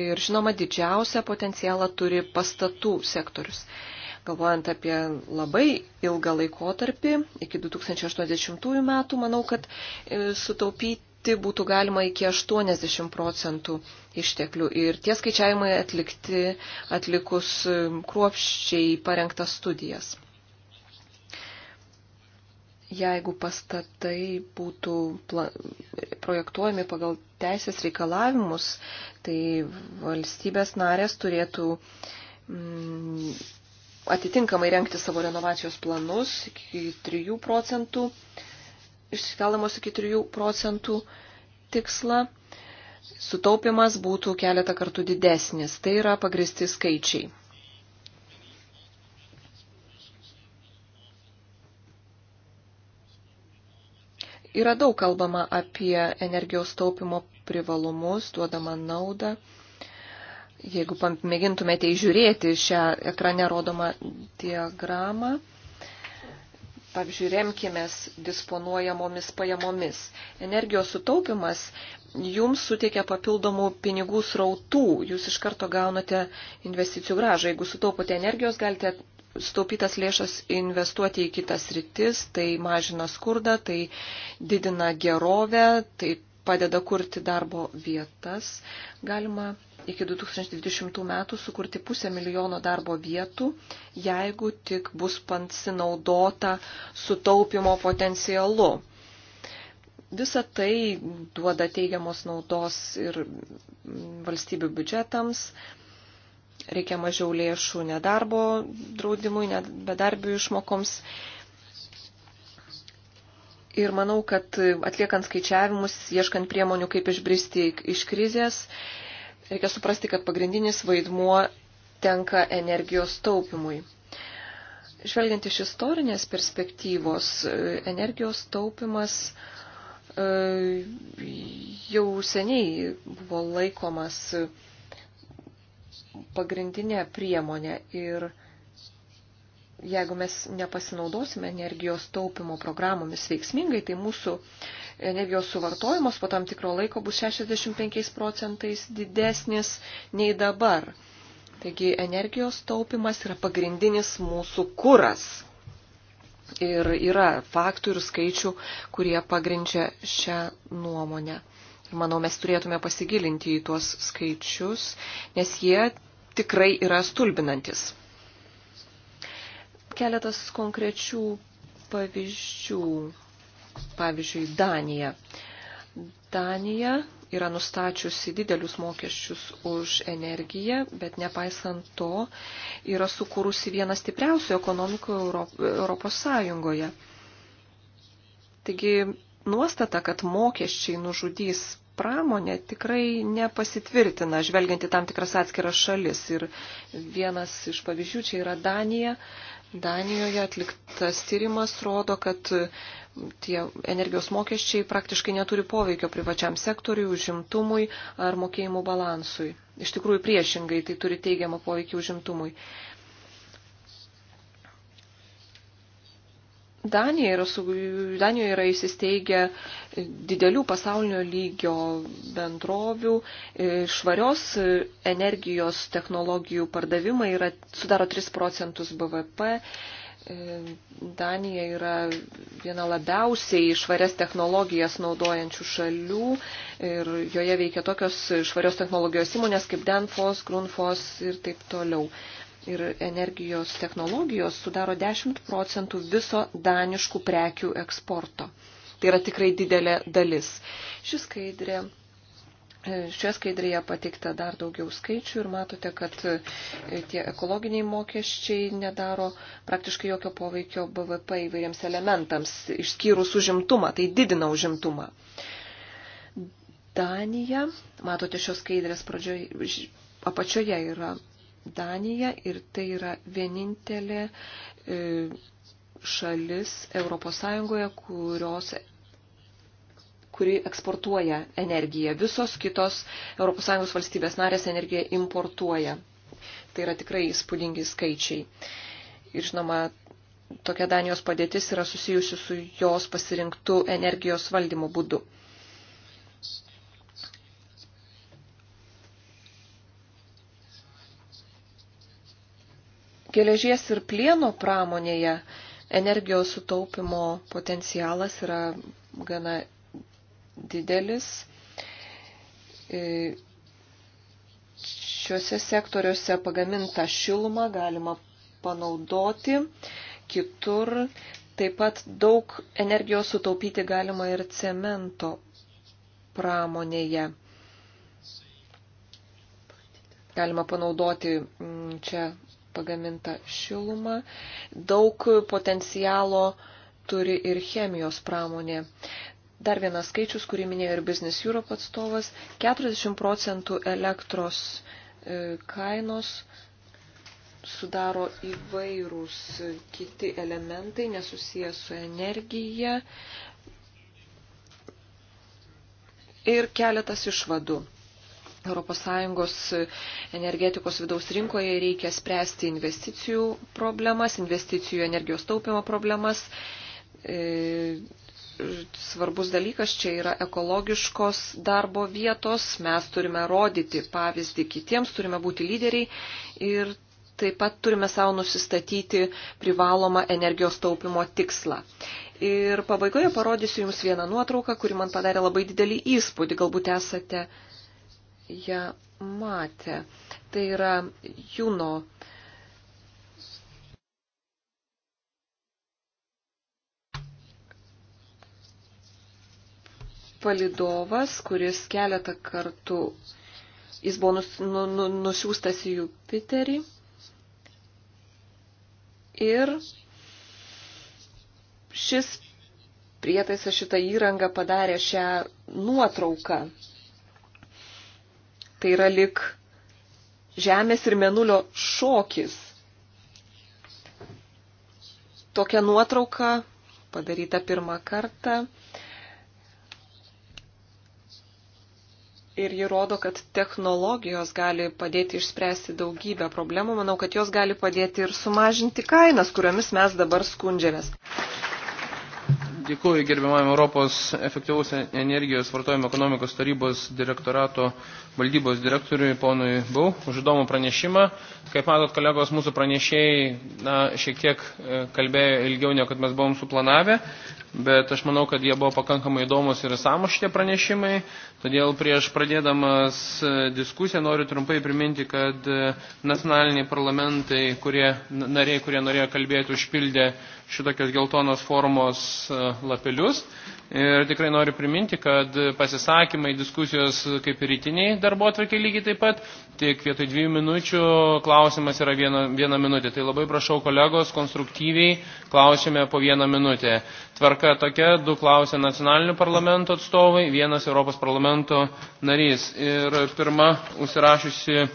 Ir žinoma, didžiausią potencialą turi pastatų sektorius. Galvojant apie labai ilgą laikotarpį, iki 2080 metų, manau, kad e, sutaupyti būtų galima iki 80 procentų išteklių. Ir tie skaičiavimai atlikti atlikus e, kruopščiai parengtas studijas jeigu pastatai būtų projektuojami pagal teisės reikalavimus, tai valstybės narės turėtų mm, atitinkamai renkti savo renovacijos planus iki 3 procentų, išsikelamos iki 3 procentų tikslą. Sutaupimas būtų keletą kartų didesnis. Tai yra pagristi skaičiai. Yra daug kalbama apie energijos taupimo privalumus, duodama naudą. Jeigu mėgintumėte įžiūrėti šią ekrane rodomą diagramą, pavyzdžiui, remkimės disponuojamomis pajamomis. Energijos sutaupimas jums suteikia papildomų pinigų srautų, jūs iš karto gaunate investicijų gražą. Jeigu sutaupote energijos, galite staupytas lėšas investuoti į kitas rytis, tai mažina skurdą, tai didina gerovę, tai padeda kurti darbo vietas. Galima iki 2020 metų sukurti pusę milijono darbo vietų, jeigu tik bus pansinaudota sutaupimo potencialu. Visa tai duoda teigiamos naudos ir valstybių biudžetams, reikia mažiau lėšų nedarbo draudimui, net bedarbių išmokoms. Ir manau, kad atliekant skaičiavimus, ieškant priemonių, kaip išbristi iš krizės, reikia suprasti, kad pagrindinis vaidmuo tenka energijos taupimui. Žvelgiant iš istorinės perspektyvos, energijos taupimas e, jau seniai buvo laikomas pagrindinė priemonė ir jeigu mes nepasinaudosime energijos taupimo programomis veiksmingai, tai mūsų energijos suvartojimas po tam tikro laiko bus 65 procentais didesnis nei dabar. Taigi energijos taupimas yra pagrindinis mūsų kuras. Ir yra faktų ir skaičių, kurie pagrindžia šią nuomonę. Manau, mes turėtume pasigilinti į tuos skaičius, nes jie tikrai yra stulbinantis. Keletas konkrečių pavyzdžių. Pavyzdžiui, Danija. Danija yra nustačiusi didelius mokesčius už energiją, bet nepaisant to yra sukūrusi vieną stipriausių ekonomikų Europos Sąjungoje. Taigi nuostata, kad mokesčiai nužudys pramonė tikrai nepasitvirtina, žvelgiant į tam tikras atskiras šalis. Ir vienas iš pavyzdžių čia yra Danija. Danijoje atliktas tyrimas rodo, kad tie energijos mokesčiai praktiškai neturi poveikio privačiam sektoriui, užimtumui ar mokėjimų balansui. Iš tikrųjų priešingai tai turi teigiamą poveikį užimtumui. Danija yra, Danijoje yra įsisteigę didelių pasaulinio lygio bendrovių, e, švarios energijos technologijų pardavimai yra, sudaro 3 procentus BVP. E, Danija yra viena labiausiai švarias technologijas naudojančių šalių ir joje veikia tokios švarios technologijos įmonės kaip Denfos, Grunfos ir taip toliau ir energijos technologijos sudaro 10 procentų viso daniškų prekių eksporto. Tai yra tikrai didelė dalis. Ši skaidrė, e, šioje skaidrėje pateikta dar daugiau skaičių ir matote, kad e, tie ekologiniai mokesčiai nedaro praktiškai jokio poveikio BVP įvairiems elementams, išskyrus užimtumą, tai didina užimtumą. Danija, matote šios skaidrės pradžioje, apačioje yra Danija ir tai yra vienintelė e, šalis ES, kurios kuri eksportuoja energiją. Visos kitos ES valstybės narės energiją importuoja. Tai yra tikrai įspūdingi skaičiai. Ir žinoma, tokia Danijos padėtis yra susijusi su jos pasirinktų energijos valdymo būdu. geležies ir plieno pramonėje energijos sutaupimo potencialas yra gana didelis. E, šiuose sektoriuose pagamintą šilumą galima panaudoti kitur. Taip pat daug energijos sutaupyti galima ir cemento pramonėje. Galima panaudoti mm, čia pagamintą šilumą. Daug potencialo turi ir chemijos pramonė. Dar vienas skaičius, kurį minėjo ir Business Europe atstovas - 40 procentų elektros e, kainos sudaro įvairūs kiti elementai nesusijęs su energija. Ir keletas išvadų. ES energetikos vidaus rinkoje reikia spręsti investicijų problemas, investicijų energijos taupimo problemas. E, svarbus dalykas čia yra ekologiškos darbo vietos, mes turime rodyti pavyzdį kitiems, turime būti lyderiai ir taip pat turime savo nusistatyti privalomą energijos taupimo tikslą. Ir pabaigoje parodysiu Jums vieną nuotrauką, kuri man padarė labai didelį įspūdį, galbūt esate ją matę. Tai yra Juno palidovas, kuris keletą kartų jis buvo nus, nu, nu, nusiųstas į Jupiterį. Ir šis prietaisas šitą įrangą padarė šią nuotrauką Tai yra lik žemės ir menulio šokis. Tokia nuotrauka padaryta pirmą kartą. Ir ji rodo, kad technologijos gali padėti išspręsti daugybę problemų. Manau, kad jos gali padėti ir sumažinti kainas, kuriomis mes dabar skundžiamės. Dėkuoju gerbiamam Europos efektyvaus energijos vartojimo ekonomikos tarybos direktorato valdybos direktoriui ponui Bau už įdomų pranešimą. Kaip matot, kolegos mūsų pranešėjai na, šiek tiek e, kalbėjo ilgiau, negu kad mes buvom suplanavę, bet aš manau, kad jie buvo pakankamai įdomus ir samu šitie pranešimai. Todėl prieš pradėdamas e, diskusiją noriu trumpai priminti, kad e, nacionaliniai parlamentai, kurie, nariai, kurie norėjo kalbėti, užpildė šitokios geltonos formos e, lapelius. Ir tikrai noriu priminti, kad pasisakymai, diskusijos e, kaip ir rytiniai darbo atvarkiai lygiai taip pat, tik vietoj dviejų minučių klausimas yra viena, viena minutė. Tai labai prašau kolegos konstruktyviai klausime po vieną minutę. Tvarka tokia, du klausia nacionalinių parlamento atstovai, vienas Europos parlamento narys. Ir pirma užsirašusi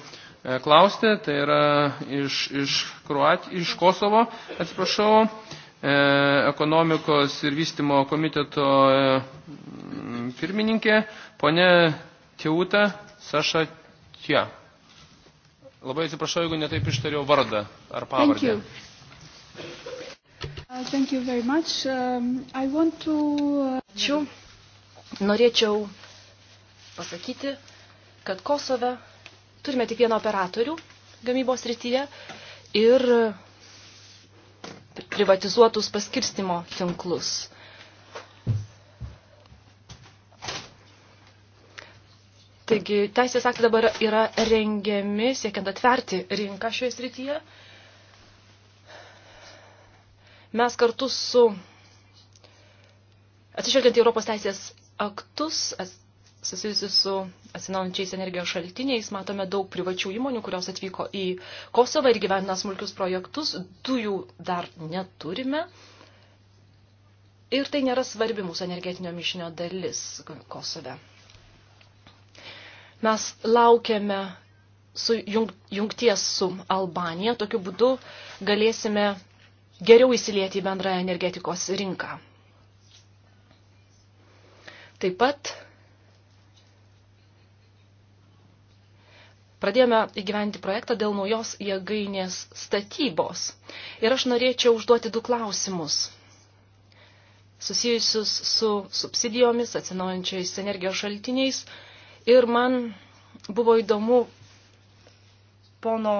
E, klausti, tai yra iš, iš, Kruat, iš Kosovo, atsiprašau, e, ekonomikos ir vystimo komiteto e, pirmininkė, ponė Teuta Saša Tia. Labai atsiprašau, jeigu netaip ištariau vardą ar pavardę. Uh, thank you very much. Um, I want to... Uh, Ačiū. Norėčiau pasakyti, kad Kosove Turime tik vieną operatorių gamybos rytyje ir privatizuotus paskirstimo tinklus. Taigi, teisės aktai dabar yra rengiami, siekiant atverti rinką šioje srityje. Mes kartu su, atsižvelgiant į Europos teisės aktus, susijusi su atsinaujančiais energijos šaltiniais. Matome daug privačių įmonių, kurios atvyko į Kosovą ir gyvena smulkius projektus. Dujų dar neturime. Ir tai nėra svarbi mūsų energetinio mišinio dalis Kosove. Mes laukiame su jung, jungties su Albanija. Tokiu būdu galėsime geriau įsilieti į bendrą energetikos rinką. Taip pat pradėjome įgyventi projektą dėl naujos jėgainės statybos. Ir aš norėčiau užduoti du klausimus susijusius su subsidijomis, atsinaujančiais energijos šaltiniais. Ir man buvo įdomu pono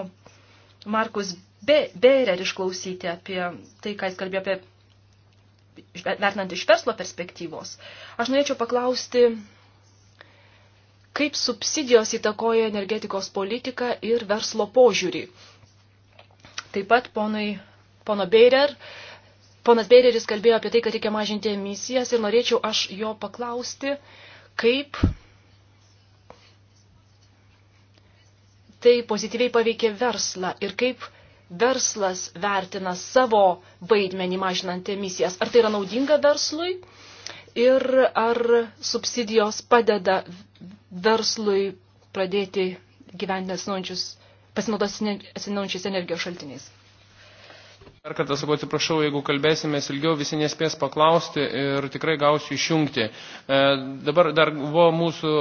Markus Berer išklausyti apie tai, ką jis kalbėjo apie vertinant iš verslo perspektyvos. Aš norėčiau paklausti kaip subsidijos įtakoja energetikos politiką ir verslo požiūrį. Taip pat ponai, pono Beirer, ponas Beireris kalbėjo apie tai, kad reikia mažinti emisijas ir norėčiau aš jo paklausti, kaip tai pozityviai paveikė verslą ir kaip verslas vertina savo vaidmenį mažinant emisijas. Ar tai yra naudinga verslui ir ar subsidijos padeda verslui pradėti gyventi pasinaudos atsinaujančiais energijos šaltiniais. Dar kartą sakau, atsiprašau, jeigu kalbėsime ilgiau, visi nespės paklausti ir tikrai gausiu išjungti. E, dabar dar buvo mūsų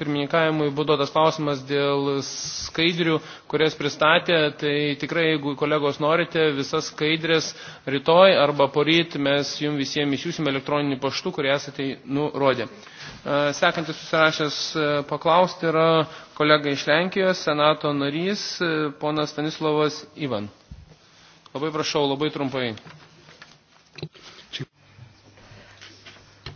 pirmininkavimui būdotas klausimas dėl skaidrių, kurias pristatė. Tai tikrai, jeigu kolegos norite, visas skaidrės rytoj arba poryt mes jums visiems išsiųsime elektroninį paštu, kurį esate nurodę. E, sekantis susirašęs e, paklausti yra kolega iš Lenkijos, senato narys, e, ponas Stanislavas Ivan. Labai prašau, labai trumpai.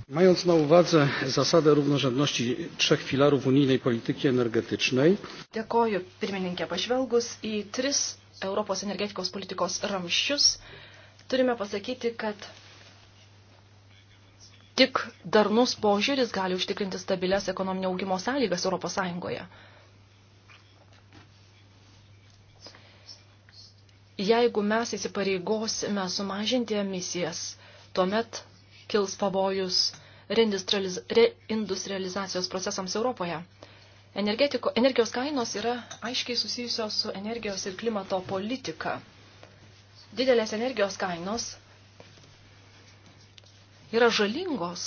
Mając na uwadze zasadę równorzędności trzech filarów unijnej polityki energetycznej. Dėkoju, pirmininkė, pažvelgus į tris Europos energetikos politikos ramščius, turime pasakyti, kad tik darnus požiūris gali užtikrinti stabilias ekonominio augimo sąlygas Europos Sąjungoje. jeigu mes įsipareigosime sumažinti emisijas, tuomet kils pavojus reindustrializacijos procesams Europoje. Energetiko, energijos kainos yra aiškiai susijusios su energijos ir klimato politika. Didelės energijos kainos yra žalingos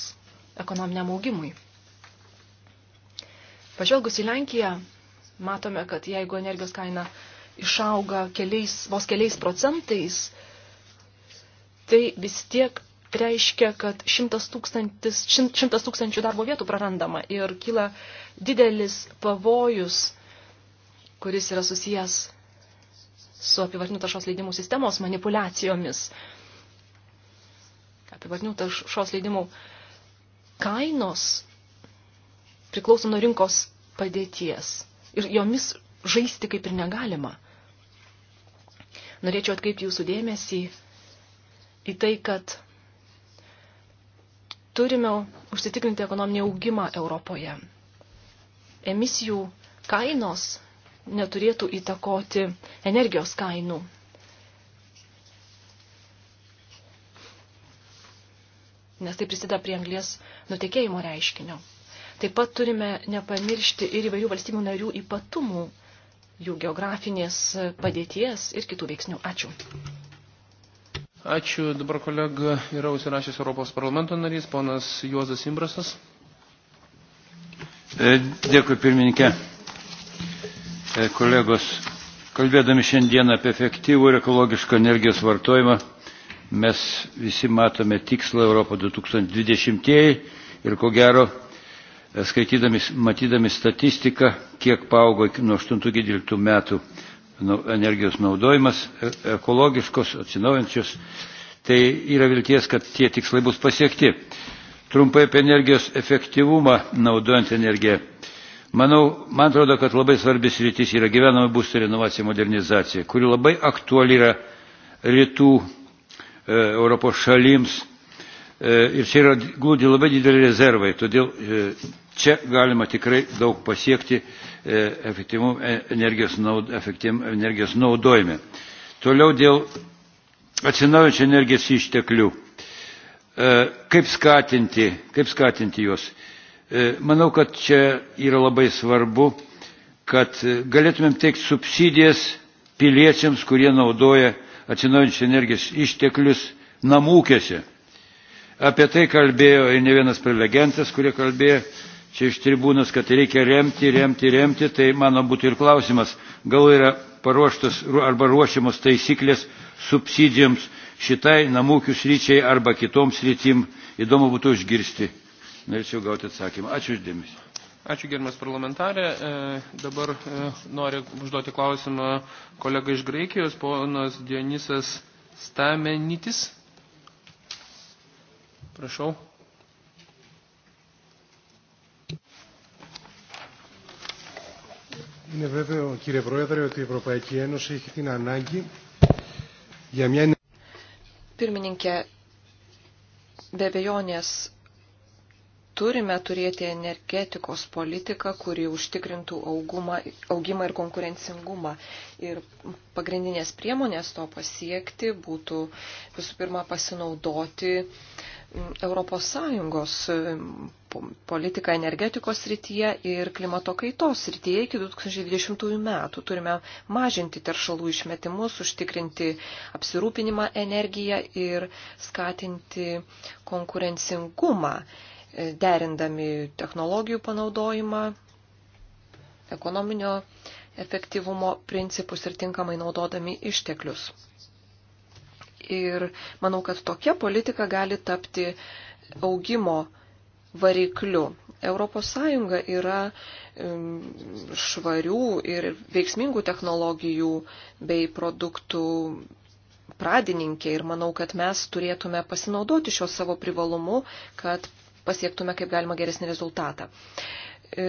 ekonominiam augimui. Pažvelgus į Lenkiją, matome, kad jeigu energijos kaina išauga keliais, vos keliais procentais, tai vis tiek reiškia, kad šimtas, šimtas tūkstančių darbo vietų prarandama ir kyla didelis pavojus, kuris yra susijęs su apivartinių taršos leidimų sistemos manipulacijomis. Apivartinių taršos leidimų kainos priklauso nuo rinkos padėties ir jomis žaisti kaip ir negalima. Norėčiau atkreipti jūsų dėmesį į tai, kad turime užsitikrinti ekonominį augimą Europoje. Emisijų kainos neturėtų įtakoti energijos kainų. Nes tai prisideda prie anglės nutekėjimo reiškinio. Taip pat turime nepamiršti ir įvairių valstybių narių ypatumų jų geografinės padėties ir kitų veiksnių. Ačiū. Ačiū. Dabar kolega yra užsirašęs Europos parlamento narys, ponas Juozas Imbrasas. E, dėkui pirmininkė. E, kolegos, kalbėdami šiandien apie efektyvų ir ekologišką energijos vartojimą, mes visi matome tikslą Europo 2020 ir ko gero skaitydami, matydami statistiką, kiek paaugo nuo 8 iki 12 metų nu, energijos naudojimas, e, ekologiškos, atsinaujančios, tai yra vilties, kad tie tikslai bus pasiekti. Trumpai apie energijos efektyvumą naudojant energiją. Manau, man atrodo, kad labai svarbis rytis yra gyvenamo būsto renovacija modernizacija, kuri labai aktuali yra rytų e, Europos šalims E, ir čia yra glūdi labai dideli rezervai, todėl e, čia galima tikrai daug pasiekti e, energijos, naud, energijos naudojime. Toliau dėl atsinaujančių energijos išteklių. Kaip skatinti, kaip skatinti juos? Manau, kad čia yra labai svarbu, kad galėtumėm teikti subsidijas piliečiams, kurie naudoja atsinaujančius energijos išteklius namūkėse Apie tai kalbėjo ir ne vienas prelegentas, kurie kalbėjo čia iš tribūnos, kad reikia remti, remti, remti. Tai mano būtų ir klausimas, gal yra paruoštas arba ruošiamos taisyklės subsidijoms šitai namūkių sryčiai arba kitoms sritim. Įdomu būtų išgirsti. Norėčiau gauti atsakymą. Ačiū uždėmesi. Ačiū gerbiamas parlamentarė. E, dabar e, noriu užduoti klausimą kolega iš Graikijos, ponas Dionisas Stamenytis. Prašau. Είναι βέβαιο, κύριε Πρόεδρε, ότι η Ευρωπαϊκή Ένωση έχει την ανάγκη για μια... Pirmininkė, be abejonės turime turėti energetikos politiką, kuri užtikrintų augumą, augimą ir konkurencingumą. Ir pagrindinės priemonės to pasiekti būtų visų pirma pasinaudoti uh, ES politiką energetikos srityje ir klimato kaitos srityje iki 2020 metų. Turime mažinti teršalų išmetimus, užtikrinti apsirūpinimą energiją ir skatinti konkurencingumą, e, derindami technologijų panaudojimą, ekonominio efektyvumo principus ir tinkamai naudodami išteklius ir manau, kad tokia politika gali tapti augimo varikliu. ES yra švarių ir veiksmingų technologijų bei produktų pradininkė ir manau, kad mes turėtume pasinaudoti šio savo privalumu, kad pasiektume kaip galima geresnį rezultatą. E,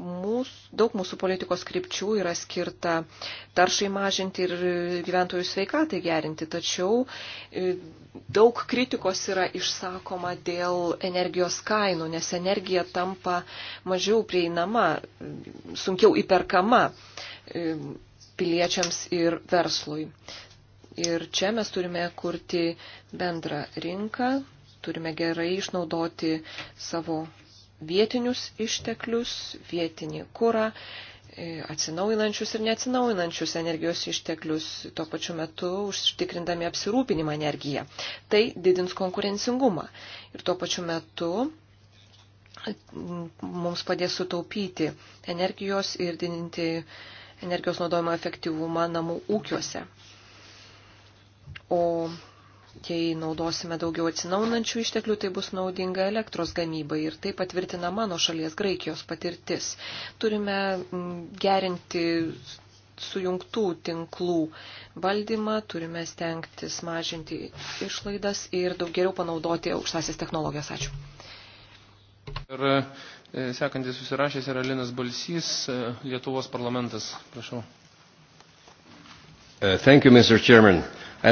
mūsų, daug mūsų politikos krypčių yra skirta taršai mažinti ir gyventojų sveikatai gerinti, tačiau e, daug kritikos yra išsakoma dėl energijos kainų, nes energija tampa mažiau prieinama, sunkiau įperkama e, piliečiams ir verslui. Ir čia mes turime kurti bendrą rinką, turime gerai išnaudoti savo vietinius išteklius, vietinį kurą, e, atsinaujinančius ir neatsinaujinančius energijos išteklius, tuo pačiu metu užtikrindami apsirūpinimą energiją. Tai didins konkurencingumą ir tuo pačiu metu mm, mums padės sutaupyti energijos ir didinti energijos naudojimo efektyvumą namų ūkiuose. O Jei naudosime daugiau atsinaunančių išteklių, tai bus naudinga elektros gamybai ir tai patvirtina mano šalies Graikijos patirtis. Turime mm, gerinti sujungtų tinklų valdymą, turime stengtis mažinti išlaidas ir daug geriau panaudoti aukštasis technologijas. Ačiū. Ir e, sekantis susirašęs yra Linas Balsys, e, Lietuvos parlamentas. Prašau. Uh, thank you, Mr. Chairman.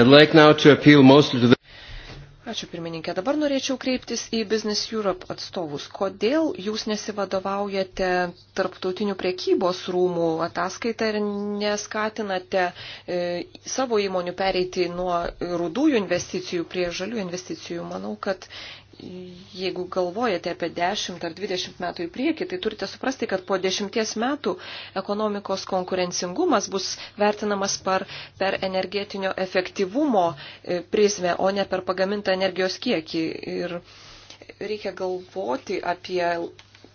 Like the... Ačiū pirmininkė. Dabar norėčiau kreiptis į Business Europe atstovus. Kodėl jūs nesivadovaujate tarptautinių priekybos rūmų ataskaitą ir neskatinate e, savo įmonių pereiti nuo rudųjų investicijų prie žalių investicijų? Manau, kad jeigu galvojate apie 10 ar 20 metų į priekį, tai turite suprasti, kad po 10 metų ekonomikos konkurencingumas bus vertinamas per, per energetinio efektyvumo e, prizmę, o ne per pagamintą energijos kiekį. Ir reikia galvoti apie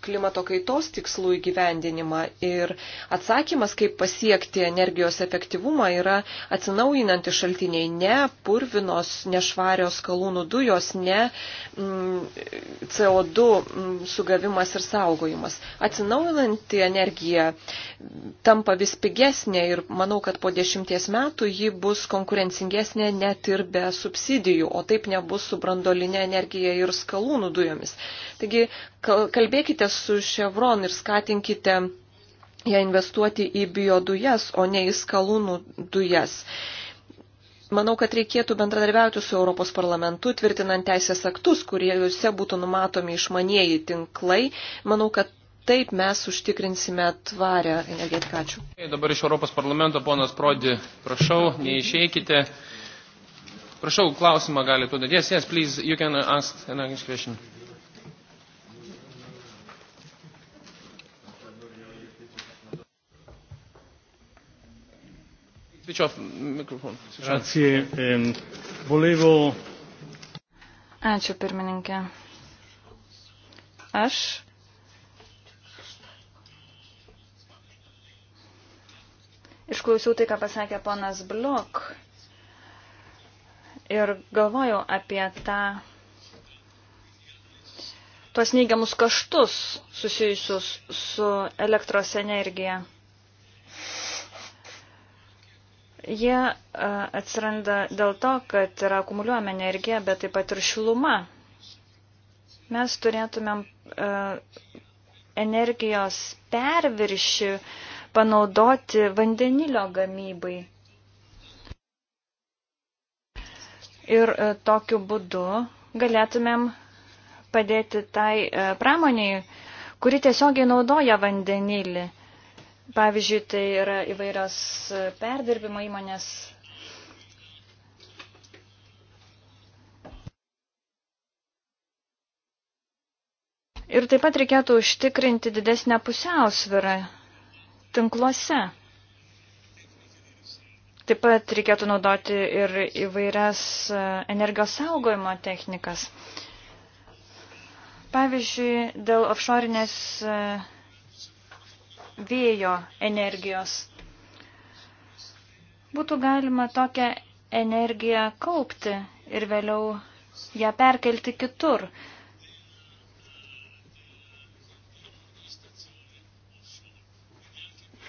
klimato kaitos tikslų įgyvendinimą. Ir atsakymas, kaip pasiekti energijos efektyvumą, yra atsinaujinantys šaltiniai, ne purvinos, nešvarios kalūnų dujos, ne mm, CO2 mm, sugavimas ir saugojimas. Atsinaujinanti energija tampa vis pigesnė ir manau, kad po dešimties metų ji bus konkurencingesnė net ir be subsidijų, o taip nebus su brandolinė energija ir skalūnų dujomis. Taigi, Kalbėkite su Chevron ir skatinkite ją investuoti į biodujas, o ne į skalūnų dujas. Manau, kad reikėtų bendradarbiauti su Europos parlamentu, tvirtinant teisės aktus, kuriuose būtų numatomi išmanieji tinklai. Manau, kad taip mes užtikrinsime tvarę energetiką. Ačiū. Dabar iš Europos parlamento ponas Prodi, prašau, neišeikite. Prašau, klausimą galite. Yes, yes, please, you can ask an English question. Ehm, Ačiū pirmininkė. Aš išklausiau tai, ką pasakė ponas Blok ir galvojau apie tą tuos neigiamus kaštus susijusius su elektros energija. Jie e, atsiranda dėl to, kad yra akumuliuojama energija, bet taip pat ir šiluma. Mes turėtumėm e, energijos perviršį panaudoti vandenilio gamybai. Ir e, tokiu būdu galėtumėm padėti tai pramoniai, kuri tiesiogiai naudoja vandenilį. Pavyzdžiui, tai yra įvairios perdirbimo įmonės. Ir taip pat reikėtų užtikrinti didesnę pusiausvyrą tinkluose. Taip pat reikėtų naudoti ir įvairias e, energijos saugojimo technikas. Pavyzdžiui, dėl offshore'inės e, vėjo energijos. Būtų galima tokią energiją kaupti ir vėliau ją perkelti kitur.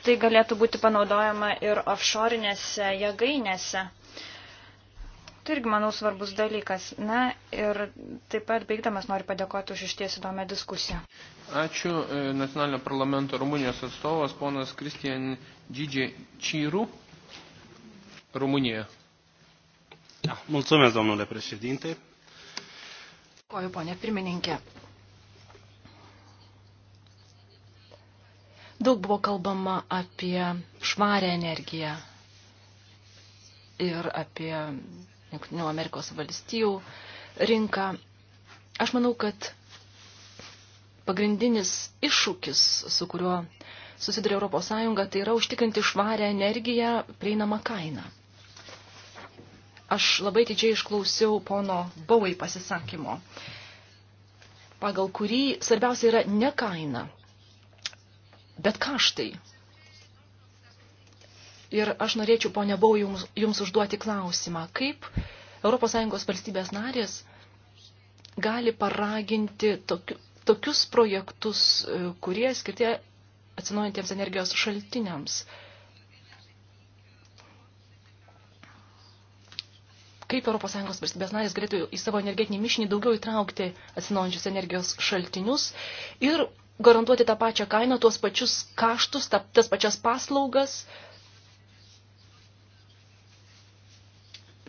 Tai galėtų būti panaudojama ir offshore'inėse jėgainėse. Tai irgi, manau, svarbus dalykas. Na ir taip pat baigdamas noriu padėkoti už išties įdomią diskusiją. Ačiū e, nacionalinio parlamento Rumunijos atstovas ponas Kristijan Džidžiai Čyru, Rumunija. Da, mulțumesc, domnule președinte. Dėkoju, ponė pirmininkė. Daug buvo kalbama apie švarę energiją ir apie Junktinių Amerikos valstijų rinką. Aš manau, kad pagrindinis iššūkis, su kuriuo susiduria Europos Sąjunga, tai yra užtikrinti švarę energiją prieinamą kainą. Aš labai didžiai išklausiau pono Bauai pasisakymo, pagal kurį svarbiausia yra ne kaina, bet kaštai, Ir aš norėčiau, ponia Bau, jums, jums užduoti klausimą, kaip ES valstybės narės gali paraginti tokiu, tokius projektus, e, kurie skirti atsinaujantiems energijos šaltiniams. Kaip ES valstybės narės galėtų į savo energetinį mišinį daugiau įtraukti atsinaujančius energijos šaltinius ir garantuoti tą pačią kainą, tuos pačius kaštus, tas pačias paslaugas,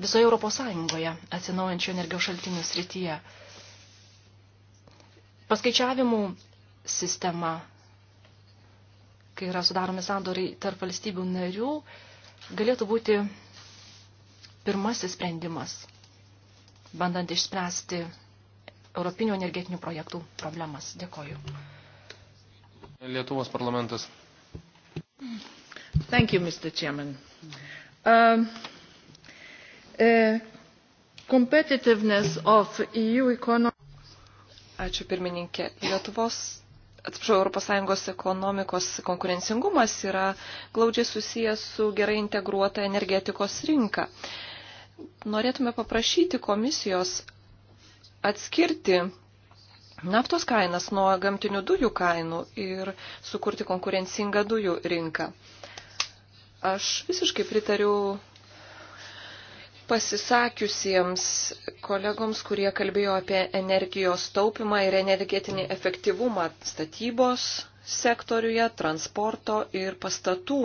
visoje Europos Sąjungoje atsinaujančių energijos šaltinių srityje. Paskaičiavimų sistema, kai yra sudaromi sandoriai tarp valstybių narių, galėtų būti pirmasis sprendimas, bandant išspręsti europinių energetinių projektų problemas. Dėkoju. Lietuvos parlamentas. Thank you, Mr. Chairman. Um, uh... Uh, competitiveness of EU economy. Ačiū pirmininkė. Lietuvos, atsiprašau, ES ekonomikos konkurencingumas yra glaudžiai susijęs su gerai integruota energetikos rinka. Norėtume paprašyti komisijos atskirti naftos kainas nuo gamtinių dujų kainų ir sukurti konkurencingą dujų rinką. Aš visiškai pritariu pasisakiusiems kolegoms, kurie kalbėjo apie energijos taupimą ir energetinį efektyvumą statybos sektoriuje, transporto ir pastatų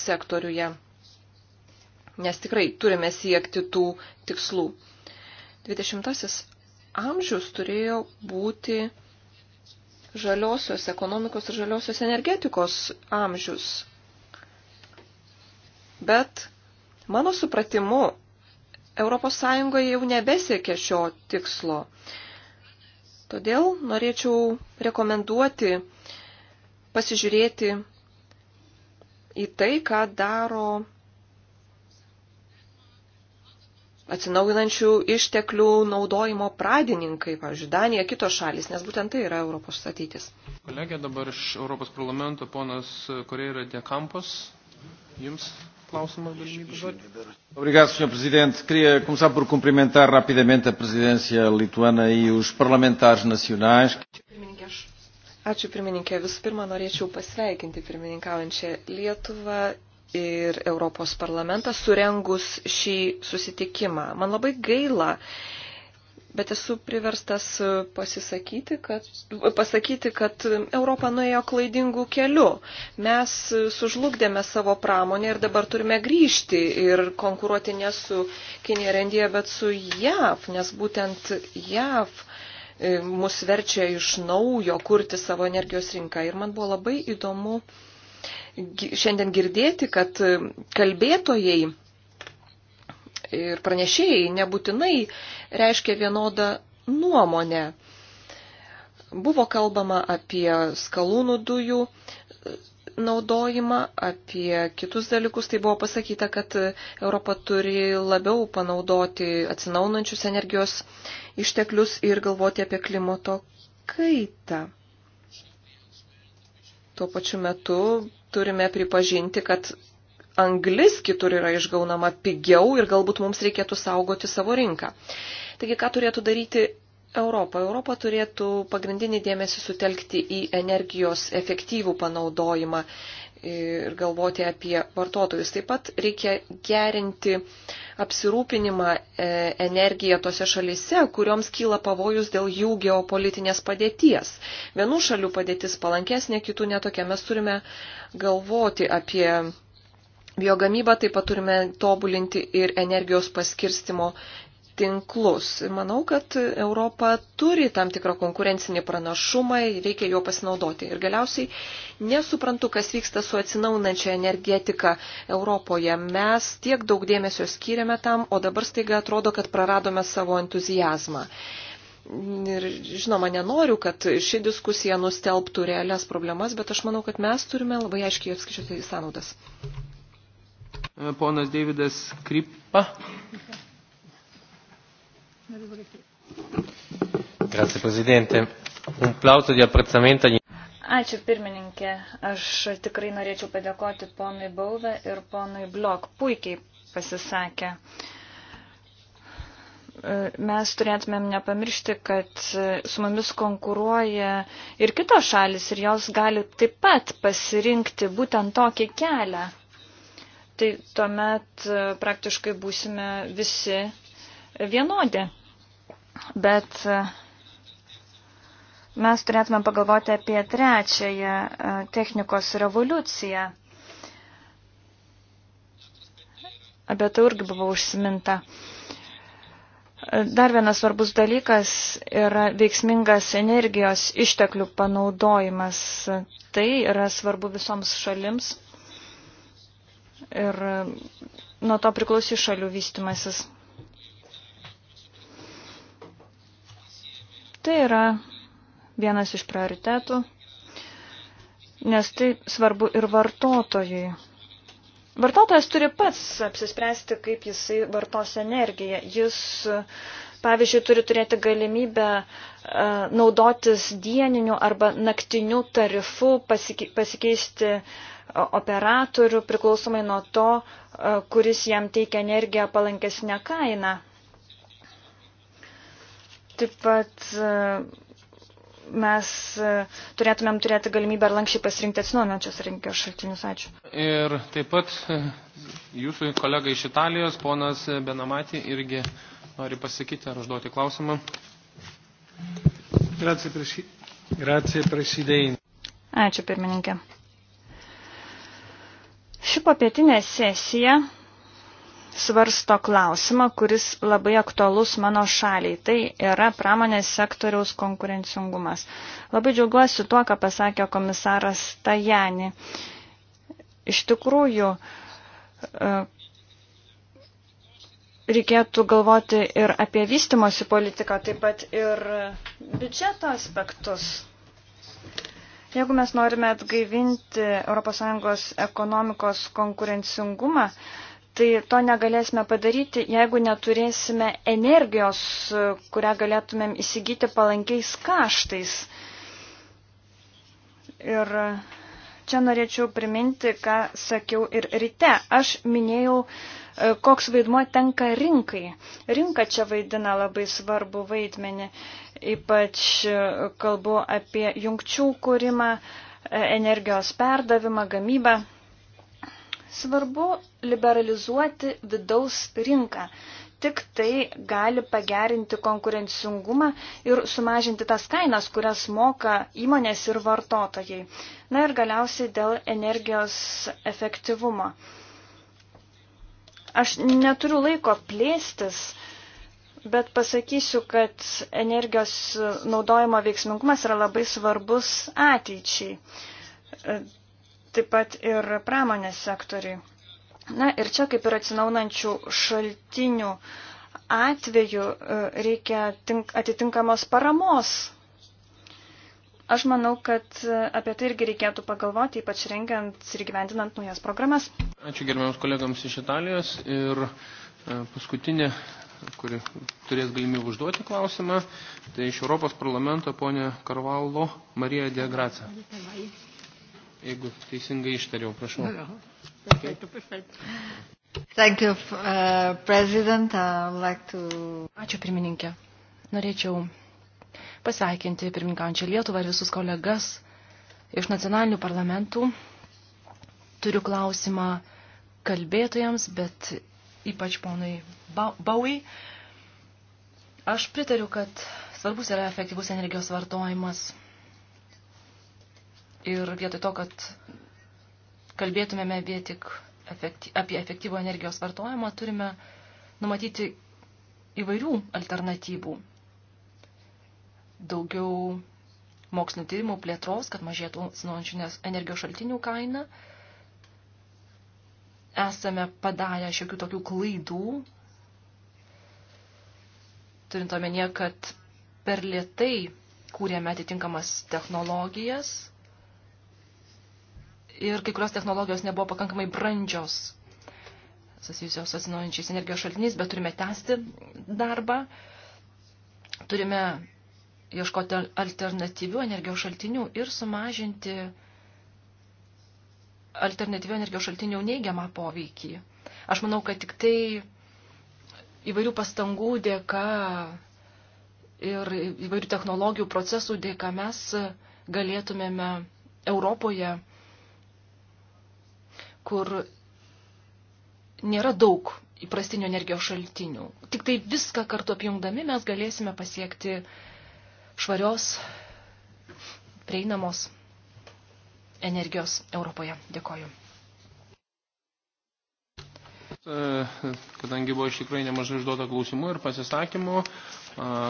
sektoriuje. Nes tikrai turime siekti tų tikslų. 20 amžius turėjo būti žaliosios ekonomikos ir žaliosios energetikos amžius. Bet mano supratimu, ES jau nebesiekia šio tikslo. Todėl norėčiau rekomenduoti pasižiūrėti į tai, ką daro atsinaujinančių išteklių naudojimo pradininkai, pavyzdžiui, Danija, kitos šalis, nes būtent tai yra Europos ateitis. Kolegė dabar iš Europos parlamento, ponas Koreira Dekampos, jums klausimą galimybę žodžiu. Obrigado, Sr. Presidente. Queria começar por cumprimentar rapidamente a presidência lituana e os parlamentares nacionais. Ačiū pirmininkė. Visų pirma, norėčiau pasveikinti pirmininkaujančią Lietuvą ir Europos parlamentą surengus šį susitikimą. Man labai gaila, Bet esu priverstas pasisakyti, kad, pasakyti, kad Europa nuėjo klaidingų kelių. Mes sužlugdėme savo pramonę ir dabar turime grįžti ir konkuruoti ne su Kinė ir Indija, bet su JAV, nes būtent JAV e, mus verčia iš naujo kurti savo energijos rinką. Ir man buvo labai įdomu šiandien girdėti, kad e, kalbėtojai ir pranešėjai nebūtinai reiškia vienodą nuomonę. Buvo kalbama apie skalūnų dujų naudojimą, apie kitus dalykus. Tai buvo pasakyta, kad Europa turi labiau panaudoti atsinaunančius energijos išteklius ir galvoti apie klimato kaitą. Tuo pačiu metu turime pripažinti, kad anglis kitur yra išgaunama pigiau ir galbūt mums reikėtų saugoti savo rinką. Taigi, ką turėtų daryti Europą. Europą turėtų pagrindinį dėmesį sutelkti į energijos efektyvų panaudojimą ir galvoti apie vartotojus. Taip pat reikia gerinti apsirūpinimą e, energiją tose šalise, kurioms kyla pavojus dėl jų geopolitinės padėties. Vienų šalių padėtis palankesnė, kitų netokia. Mes turime galvoti apie biogamybą, taip pat turime tobulinti ir energijos paskirstimo tinklus. Manau, kad Europa turi tam tikrą konkurencinį pranašumą ir reikia juo pasinaudoti. Ir galiausiai nesuprantu, kas vyksta su atsinaunančia energetika Europoje. Mes tiek daug dėmesio skiriame tam, o dabar staiga atrodo, kad praradome savo entuzijazmą. Ir žinoma, nenoriu, kad ši diskusija nustelbtų realias problemas, bet aš manau, kad mes turime labai aiškiai apskaičiuoti sąnaudas. E, ponas Davidas Kripa. Grazie, prezidente. Un plauto di apprezzamento. Ačiū pirmininkė. Aš tikrai norėčiau padėkoti ponui Bauve ir ponui Blok. Puikiai pasisakė. E, mes turėtumėm nepamiršti, kad su mumis konkuruoja ir kitos šalis ir jos gali taip pat pasirinkti būtent tokį kelią tai tuomet e, praktiškai būsime visi vienodi. Bet e, mes turėtume pagalvoti apie trečiąją e, technikos revoliuciją. Apie tai irgi buvo užsiminta. Dar vienas svarbus dalykas yra veiksmingas energijos išteklių panaudojimas. Tai yra svarbu visoms šalims ir e, nuo to priklausys šalių vystimasis. Tai yra vienas iš prioritetų, nes tai svarbu ir vartotojui. Vartotojas turi pats apsispręsti, kaip jisai vartos energiją. Jis, pavyzdžiui, turi turėti galimybę e, naudotis dieniniu arba naktiniu tarifu, pasikeisti operatorių priklausomai nuo to, e, kuris jam teikia energiją palankesnę kainą. Taip pat e, mes e, turėtumėm turėti galimybę ar lankščiai pasirinkti atsinaujinančios rinkos šaltinius. Ačiū. Ir taip pat jūsų kolega iš Italijos, ponas Benamati, irgi nori pasakyti ar užduoti klausimą. Grazie, presi... Grazie, Ačiū, pirmininkė. Ši popietinė sesija svarsto klausimą, kuris labai aktualus mano šaliai. Tai yra pramonės sektoriaus konkurencingumas. Labai džiaugiuosi tuo, ką pasakė komisaras Tajani. Iš tikrųjų, e, reikėtų galvoti ir apie vystimosi politiką, taip pat ir biudžeto aspektus. Jeigu mes norime atgaivinti ES ekonomikos konkurencingumą, tai to negalėsime padaryti, jeigu neturėsime energijos, kurią galėtumėm įsigyti palankiais kaštais. Ir čia norėčiau priminti, ką sakiau ir ryte. Aš minėjau, e, koks vaidmuo tenka rinkai. Rinka čia vaidina labai svarbu vaidmenį. Ypač kalbu apie jungčių kūrimą, energijos perdavimą, gamybą. Svarbu liberalizuoti vidaus rinką. Tik tai gali pagerinti konkurencingumą ir sumažinti tas kainas, kurias moka įmonės ir vartotojai. Na ir galiausiai dėl energijos efektyvumo. Aš neturiu laiko plėstis, bet pasakysiu, kad energijos naudojimo veiksmingumas yra labai svarbus ateičiai, e, taip pat ir pramonės sektoriai. Na ir čia kaip ir atsinaunančių šaltinių atveju e, reikia atitinkamos paramos. Aš manau, kad e, apie tai irgi reikėtų pagalvoti, ypač rengiant ir gyvendinant naujas programas. Ačiū gerbiams kolegams iš Italijos ir paskutinė kuri turės galimybę užduoti klausimą. Tai iš Europos parlamento ponė Karvalo Marija de Graca. Jeigu teisingai ištariau, prašau. Thank you, uh, President. I would like to... Ačiū, pirmininkė. Norėčiau pasveikinti pirmininkaujančią Lietuvą ir visus kolegas iš nacionalinių parlamentų. Turiu klausimą kalbėtojams, bet ypač ponui Bowie. Aš pritariu, kad svarbus yra efektyvus energijos vartojimas. Ir vietoj to, kad kalbėtumėme vien tik apie efektyvų energijos vartojimą, turime numatyti įvairių alternatyvų. Daugiau mokslinio tyrimų plėtros, kad mažėtų atsinaujančių energijos šaltinių kaina, esame padarę šiokių tokių klaidų, turint omenyje, kad per lietai kūrėme atitinkamas technologijas ir kai kurios technologijos nebuvo pakankamai brandžios susijusios su atsinaujančiais energijos šaltiniais, bet turime tęsti darbą, turime ieškoti alternatyvių energijos šaltinių ir sumažinti uh, alternatyvių energijos šaltinių neigiamą poveikį. Aš manau, kad tik tai įvairių pastangų dėka ir įvairių technologijų procesų dėka mes galėtumėme Europoje, kur nėra daug įprastinių energijos šaltinių. Tik tai viską kartu apjungdami mes galėsime pasiekti švarios, prieinamos energijos Europoje. Dėkoju. E, kadangi buvo iš tikrai nemažai išduota klausimų ir pasisakymų,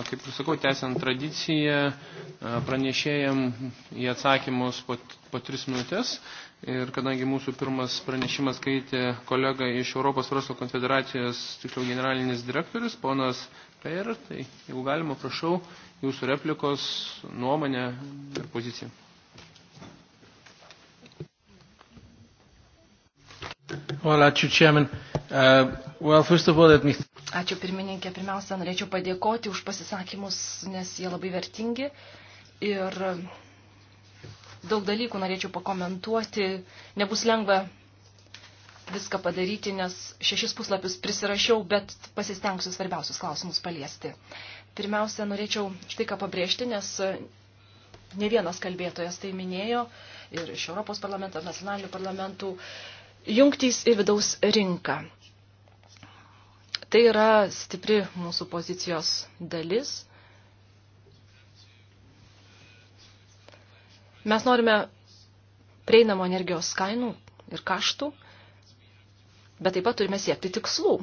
kaip ir sakau, tęsiant tradiciją, pranešėjam į atsakymus po, po tris minutės. Ir kadangi mūsų pirmas pranešimas skaitė kolega iš Europos verslo konfederacijos, tiksliau generalinis direktorius, ponas Peir, tai jeigu galima, prašau jūsų replikos, nuomonę ir poziciją. Well, ačiū, Chairman. Uh, well, first of all, let me... Ačiū, pirmininkė. Pirmiausia, norėčiau padėkoti už pasisakymus, nes jie labai vertingi. Ir daug dalykų norėčiau pakomentuoti. Nebus lengva viską padaryti, nes šešis puslapius prisirašiau, bet pasistengsiu svarbiausius klausimus paliesti. Pirmiausia, norėčiau štai ką pabrėžti, nes ne vienas kalbėtojas tai minėjo ir iš Europos parlamento, nacionalinių parlamentų. parlamentų jungtys į vidaus rinką. Tai yra stipri mūsų pozicijos dalis. Mes norime prieinamo energijos kainų ir kaštų, bet taip pat turime siekti tikslų,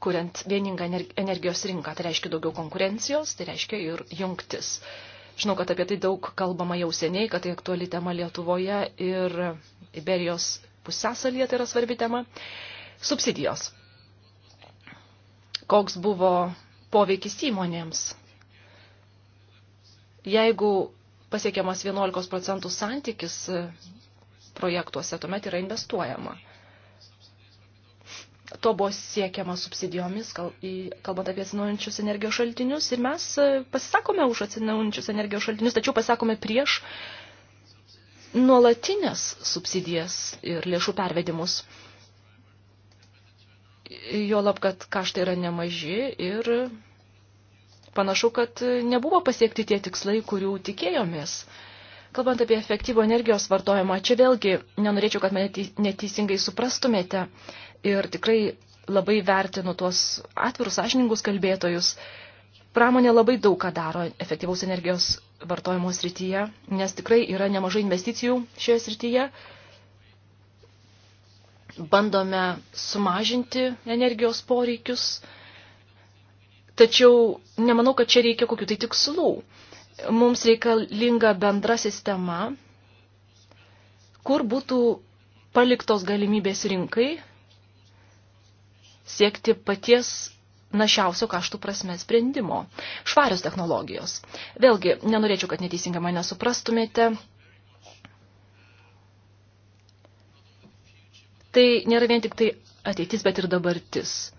kuriant vieningą energijos rinką. Tai reiškia daugiau konkurencijos, tai reiškia ir jungtis. Žinau, kad apie tai daug kalbama jau seniai, kad tai aktuali tema Lietuvoje ir Iberijos pusėsalyje tai yra svarbi tema. Subsidijos. Koks buvo poveikis įmonėms? Jeigu pasiekiamas 11 procentų santykis projektuose, tuomet yra investuojama. To buvo siekiama subsidijomis, kalbant apie atsinaujančius energijos šaltinius. Ir mes e, pasisakome už atsinaujančius energijos šaltinius, tačiau pasisakome prieš nuolatinės subsidijas ir lėšų pervedimus. Juolab, kad kaštai yra nemaži ir panašu, kad nebuvo pasiekti tie tikslai, kurių tikėjomės. Kalbant apie efektyvų energijos vartojimą, čia vėlgi nenorėčiau, kad mane neteisingai suprastumėte ir tikrai labai vertinu tuos atvirus, sąžiningus kalbėtojus. Pramonė labai daug ką daro efektyvaus energijos vartojimo srityje, nes tikrai yra nemažai investicijų šioje srityje. Bandome sumažinti energijos poreikius, tačiau nemanau, kad čia reikia kokių tai tikslų mums reikalinga bendra sistema, kur būtų paliktos galimybės rinkai siekti paties našiausio kaštų prasme sprendimo. Švarios technologijos. Vėlgi, nenorėčiau, kad neteisingai mane suprastumėte. Tai nėra vien tik tai ateitis, bet ir dabartis.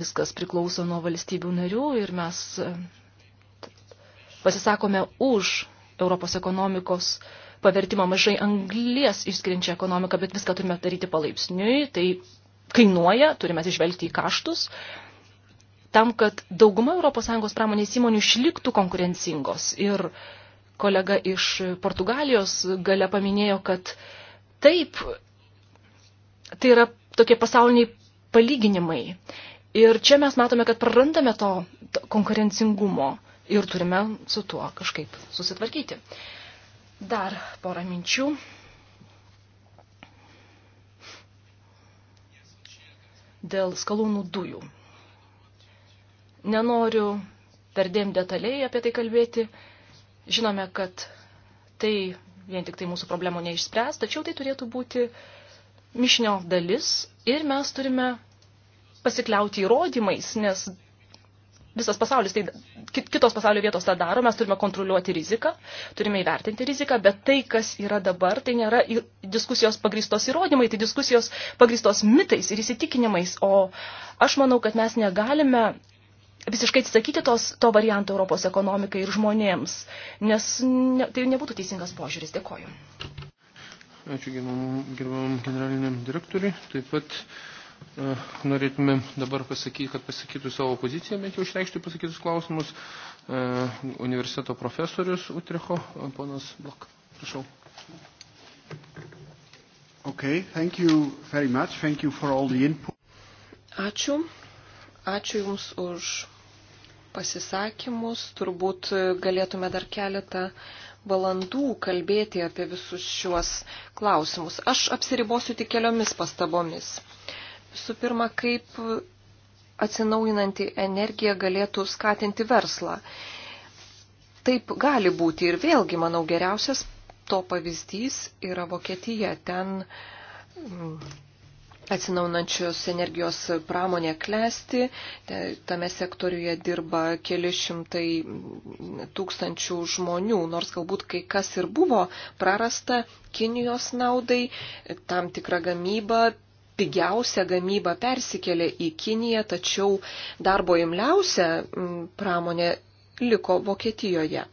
Viskas priklauso nuo valstybių narių ir mes pasisakome už Europos ekonomikos pavertimą mažai anglies išskrinčią ekonomiką, bet viską turime daryti palaipsniui, tai kainuoja, turime atsižvelgti į kaštus, tam, kad dauguma ES pramonės įmonių išliktų konkurencingos. Ir kolega iš Portugalijos gale paminėjo, kad taip, tai yra tokie pasauliniai palyginimai. Ir čia mes matome, kad prarandame to konkurencingumo ir turime su tuo kažkaip susitvarkyti. Dar porą minčių. Dėl skalūnų dujų. Nenoriu perdėm detaliai apie tai kalbėti. Žinome, kad tai vien tik tai mūsų problemų neišspręs, tačiau tai turėtų būti mišinio dalis ir mes turime pasikliauti įrodymais, nes visas pasaulis, tai kitos pasaulio vietos tą daro, mes turime kontroliuoti riziką, turime įvertinti riziką, bet tai, kas yra dabar, tai nėra diskusijos pagristos įrodymai, tai diskusijos pagristos mitais ir įsitikinimais, o aš manau, kad mes negalime visiškai atsisakyti tos, to varianto Europos ekonomikai ir žmonėms, nes ne, tai nebūtų teisingas požiūris. Dėkoju. Ačiū gerbamam generaliniam direktoriui. Taip pat Eh, norėtume dabar pasakyti, kad pasakytų savo poziciją, bet jau išreikštų pasakytus klausimus eh, universiteto profesorius Utrecho, eh, ponas Blok. Prašau. Okay, thank you very much. Thank you for all the input. Ačiū. Ačiū Jums už pasisakymus. Turbūt galėtume dar keletą valandų kalbėti apie visus šiuos klausimus. Aš apsiribosiu tik keliomis pastabomis. Uh, Visų pirma, kaip atsinaujinanti energija galėtų skatinti verslą. Taip gali būti ir vėlgi, manau, geriausias to pavyzdys yra Vokietija. Ten mm, atsinaunančios energijos pramonė klesti, tame sektoriuje dirba keli šimtai mm, tūkstančių žmonių, nors galbūt kai kas ir buvo prarasta Kinijos naudai, tam tikra gamyba pigiausia gamyba persikėlė į Kiniją, tačiau darbo imliausia mm, pramonė liko Vokietijoje.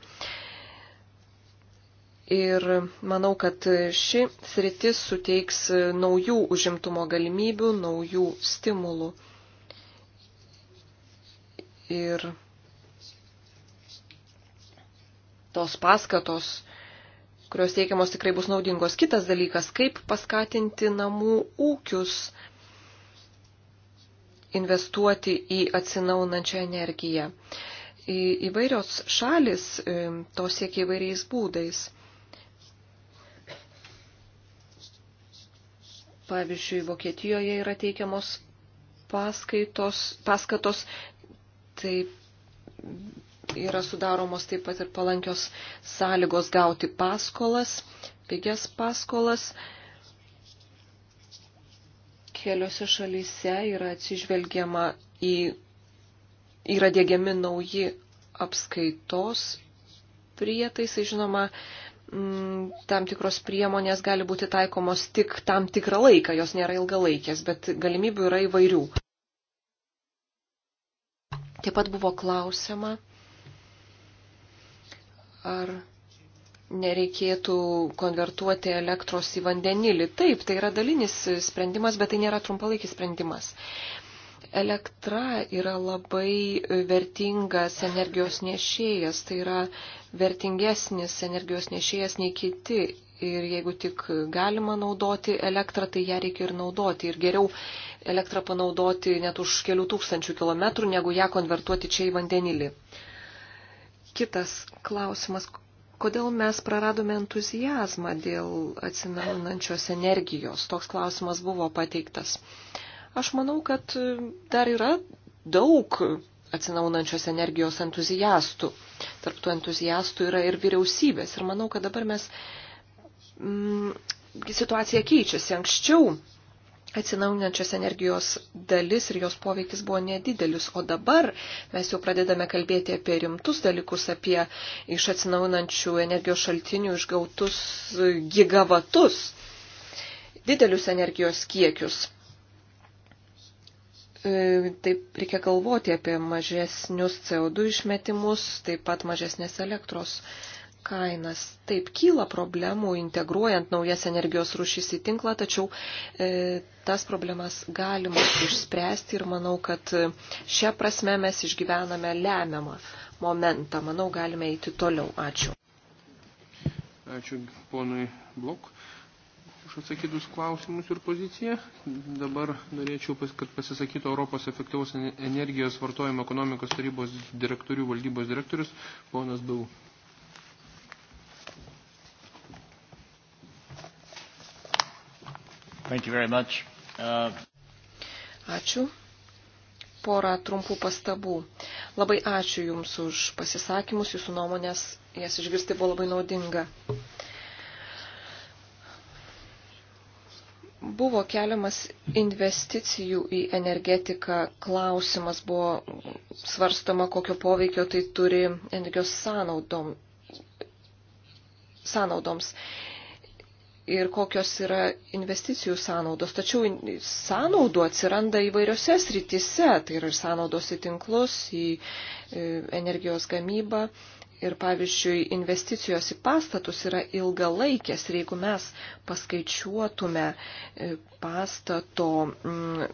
Ir manau, kad ši sritis suteiks naujų užimtumo galimybių, naujų stimulų. Ir tos paskatos kurios teikiamos tikrai bus naudingos. Kitas dalykas, kaip paskatinti namų ūkius investuoti į atsinaunančią energiją. Į, įvairios šalis e, to siekia įvairiais būdais. Pavyzdžiui, Vokietijoje yra teikiamos paskaitos, paskatos, taip yra sudaromos taip pat ir palankios sąlygos gauti paskolas, pigias paskolas. Keliose šalyse yra atsižvelgiama į, yra dėgiami nauji apskaitos prietaisai, žinoma, mm, tam tikros priemonės gali būti taikomos tik tam tikrą laiką, jos nėra ilgalaikės, bet galimybių yra įvairių. Taip pat buvo klausima ar nereikėtų konvertuoti elektros į vandenilį. Taip, tai yra dalinis sprendimas, bet tai nėra trumpalaikis sprendimas. Elektra yra labai vertingas energijos nešėjas, tai yra vertingesnis energijos nešėjas nei kiti. Ir jeigu tik galima naudoti elektrą, tai ją reikia ir naudoti. Ir geriau elektrą panaudoti net už kelių tūkstančių kilometrų, negu ją konvertuoti čia į vandenilį. Uh, kitas klausimas. Kodėl mes praradome entuzijazmą dėl atsinaujinančios energijos? Toks klausimas buvo pateiktas. Aš manau, kad dar yra daug atsinaunančios energijos entuzijastų. Tarptų entuzijastų yra ir vyriausybės. Ir manau, kad dabar mes mm, situacija keičiasi. Anksčiau atsinaujinančios energijos dalis ir jos poveikis buvo nedidelis, o dabar mes jau pradedame kalbėti apie rimtus dalykus, apie iš atsinaujinančių energijos šaltinių išgautus gigavatus, didelius energijos kiekius. E, taip reikia galvoti apie mažesnius CO2 išmetimus, taip pat mažesnės elektros uh, kainas. Taip kyla problemų integruojant naujas energijos rušys į tinklą, tačiau e, tas problemas galima išspręsti ir manau, kad šią prasme mes išgyvename lemiamą momentą. Manau, galime eiti toliau. Ačiū. Ačiū ponui Blok už atsakytus klausimus ir poziciją. Dabar norėčiau, kad pasisakytų Europos efektyvos energijos vartojimo ekonomikos tarybos direktorių valdybos direktorius ponas Bau. Thank you very much. Uh... Ačiū. Porą trumpų pastabų. Labai ačiū Jums už pasisakymus, Jūsų nuomonės, jas išgirsti buvo labai naudinga. buvo keliamas investicijų į energetiką klausimas, buvo svarstama, kokio poveikio tai turi energijos sąnaudom, sąnaudoms ir kokios yra investicijų sąnaudos. Tačiau sąnaudų atsiranda įvairiose srityse, tai yra ir sąnaudos į tinklus, į e, energijos gamybą. Ir pavyzdžiui, investicijos į pastatus yra ilgalaikės ir jeigu mes paskaičiuotume e, pastato mm,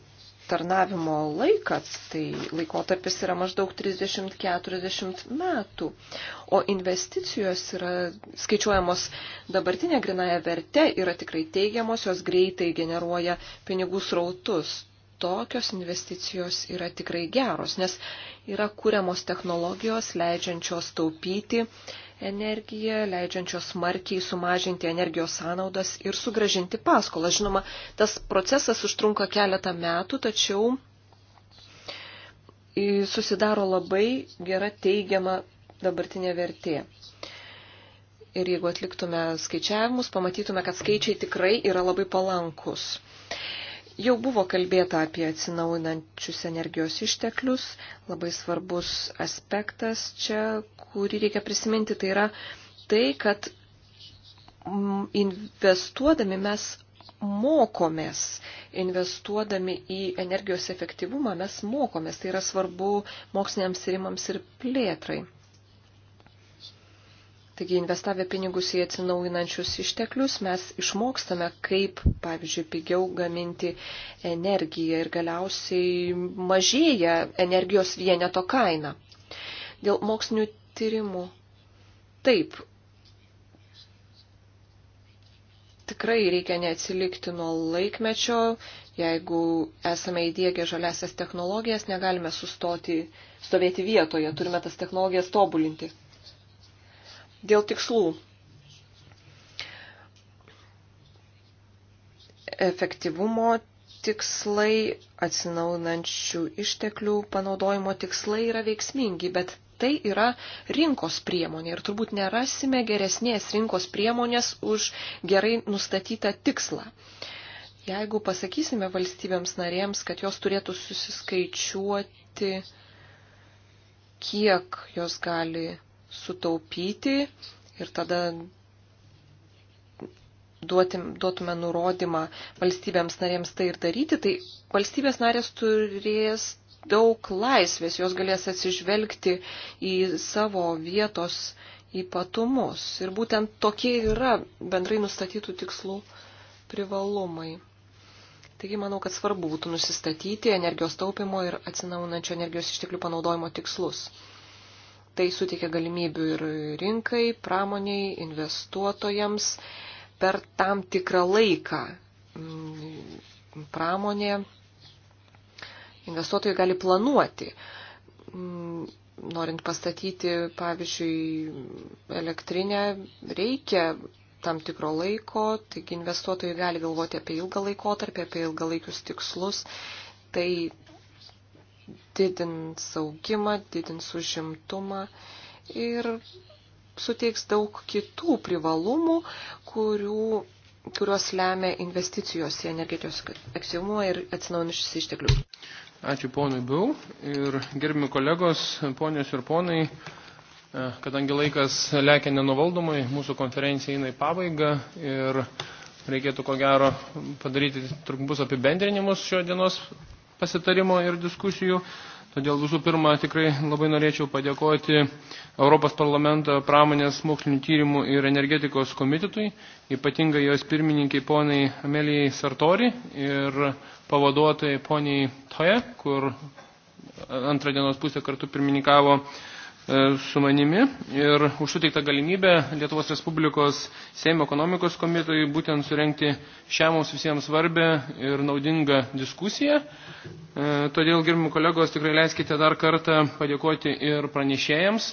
tarnavimo laikas, tai laikotarpis yra maždaug 30-40 metų, o investicijos yra skaičiuojamos dabartinė grinaja verte, yra tikrai teigiamos, jos greitai generuoja pinigų srautus. Tokios investicijos yra tikrai geros, nes yra kūriamos technologijos, leidžiančios taupyti, energiją, leidžiančios smarkiai sumažinti energijos sąnaudas ir sugražinti paskolą. Žinoma, tas procesas užtrunka keletą metų, tačiau susidaro labai gera teigiama dabartinė vertė. Ir jeigu atliktume skaičiavimus, pamatytume, kad skaičiai tikrai yra labai palankus. Jau buvo kalbėta apie atsinaujinančius energijos išteklius. Labai svarbus aspektas čia, kurį reikia prisiminti, tai yra tai, kad mm, investuodami mes mokomės, investuodami į energijos efektyvumą mes mokomės. Tai yra svarbu moksliniams tyrimams ir plėtrai. Taigi investavę pinigus į atsinaujinančius išteklius mes išmokstame, kaip, pavyzdžiui, pigiau gaminti energiją ir galiausiai mažėja energijos vieneto kaina. Dėl mokslinių tyrimų. Taip. Tikrai reikia neatsilikti nuo laikmečio. Jeigu esame įdėgę žaliasias technologijas, negalime sustoti, stovėti vietoje, turime tas technologijas tobulinti. Dėl tikslų. Efektyvumo tikslai, atsinaunančių išteklių panaudojimo tikslai yra veiksmingi, bet tai yra rinkos priemonė ir turbūt nerasime geresnės rinkos priemonės už gerai nustatytą tikslą. Jeigu pasakysime valstybėms narėms, kad jos turėtų susiskaičiuoti, kiek jos gali sutaupyti ir tada duoti, duotume nurodymą valstybėms narėms tai ir daryti, tai valstybės narės turės daug laisvės, jos galės atsižvelgti į savo vietos ypatumus. Ir būtent tokie yra bendrai nustatytų tikslų privalumai. Taigi manau, kad svarbu būtų nusistatyti energijos taupimo ir atsinaunančio energijos išteklių panaudojimo tikslus. Tai suteikia galimybių ir rinkai, pramoniai, investuotojams per tam tikrą laiką. Mm, pramonė, investuotojai gali planuoti mm, norint pastatyti, pavyzdžiui, elektrinę, reikia tam tikro laiko, taigi investuotojai gali galvoti apie ilgą laikotarpį, apie ilgalaikius tikslus. Tai didins augimą, didins užimtumą ir suteiks daug kitų privalumų, kurių, kuriuos lemia investicijos į energetijos aktyvumą ir atsinaujinančius išteklius. Ačiū ponui Bau ir gerbimi kolegos, ponios ir ponai, e, kadangi laikas lėkia nenuvaldomai, mūsų konferencija eina į pabaigą ir reikėtų ko gero padaryti trumpus apibendrinimus šio dienos pasitarimo ir diskusijų. Todėl visų pirma tikrai labai norėčiau padėkoti Europos parlamento pramonės mokslinių tyrimų ir energetikos komitetui, ypatingai jos pirmininkai poniai Amelijai Sartori ir pavaduotojai poniai Toje, kur antrą dienos pusę kartu pirmininkavo E, su manimi ir užsuteiktą galimybę Lietuvos Respublikos Seimo ekonomikos komitetui būtent surenkti šią mums visiems svarbę ir naudingą diskusiją. E, todėl, gerbimi kolegos, tikrai leiskite dar kartą padėkoti ir pranešėjams,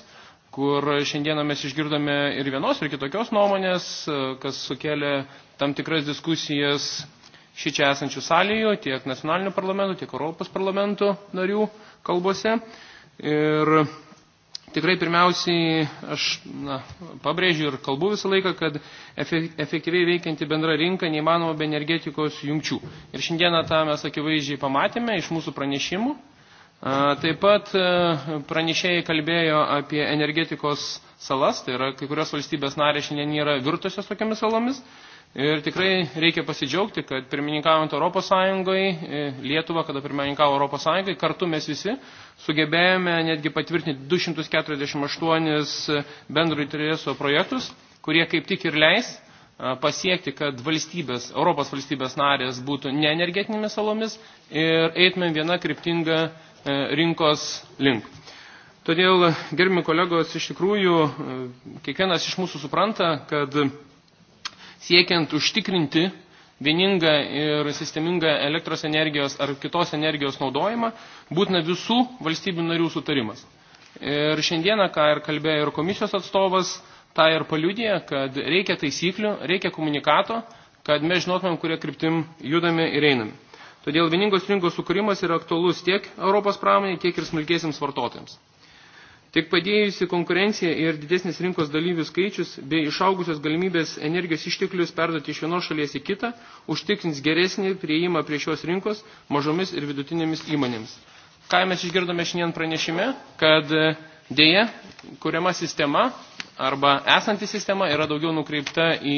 kur šiandieną mes išgirdome ir vienos, ir kitokios nuomonės, e, kas sukėlė tam tikras diskusijas šį čia esančių sąlyjų, tiek nacionalinių parlamentų, tiek Europos parlamentų narių kalbose. Ir Tikrai pirmiausiai aš na, pabrėžiu ir kalbu visą laiką, kad efektyviai veikianti bendra rinka neįmanoma be energetikos jungčių. Ir šiandieną tą mes akivaizdžiai pamatėme iš mūsų pranešimų. Taip pat e, pranešėjai kalbėjo apie energetikos salas, tai yra kai kurios valstybės narės šiandien yra virtusios tokiamis salomis, Ir tikrai reikia pasidžiaugti, kad pirmininkaujant Europos Sąjungai, e, Lietuva, kada pirmininkavo Europos Sąjungai, kartu mes visi sugebėjome netgi patvirtinti 248 bendro intereso projektus, kurie kaip tik ir leis e, pasiekti, kad valstybės, Europos valstybės narės būtų ne energetinėmis salomis ir eitumėm vieną kryptingą e, rinkos link. Todėl, gerbimi kolegos, iš tikrųjų, kiekvienas iš mūsų supranta, kad siekiant užtikrinti vieningą ir sistemingą elektros energijos ar kitos energijos naudojimą, būtina visų valstybių narių sutarimas. Ir šiandieną, ką ir kalbėjo ir komisijos atstovas, tą ir paliudė, kad reikia taisyklių, reikia komunikato, kad mes žinotumėm, kurie kryptim judame ir einame. Todėl vieningos rinkos sukūrimas yra aktualus tiek Europos pramonė, tiek ir smulkėsiams vartotojams. Tik padėjusi konkurencija ir didesnis rinkos dalyvių skaičius bei išaugusios galimybės energijos išteklius perduoti iš vienos šalies į kitą užtikrins geresnį prieimą prie šios rinkos mažomis ir vidutinėmis įmonėmis. Ką mes išgirdome šiandien pranešime, kad e, dėja kuriama sistema arba esanti sistema yra daugiau nukreipta į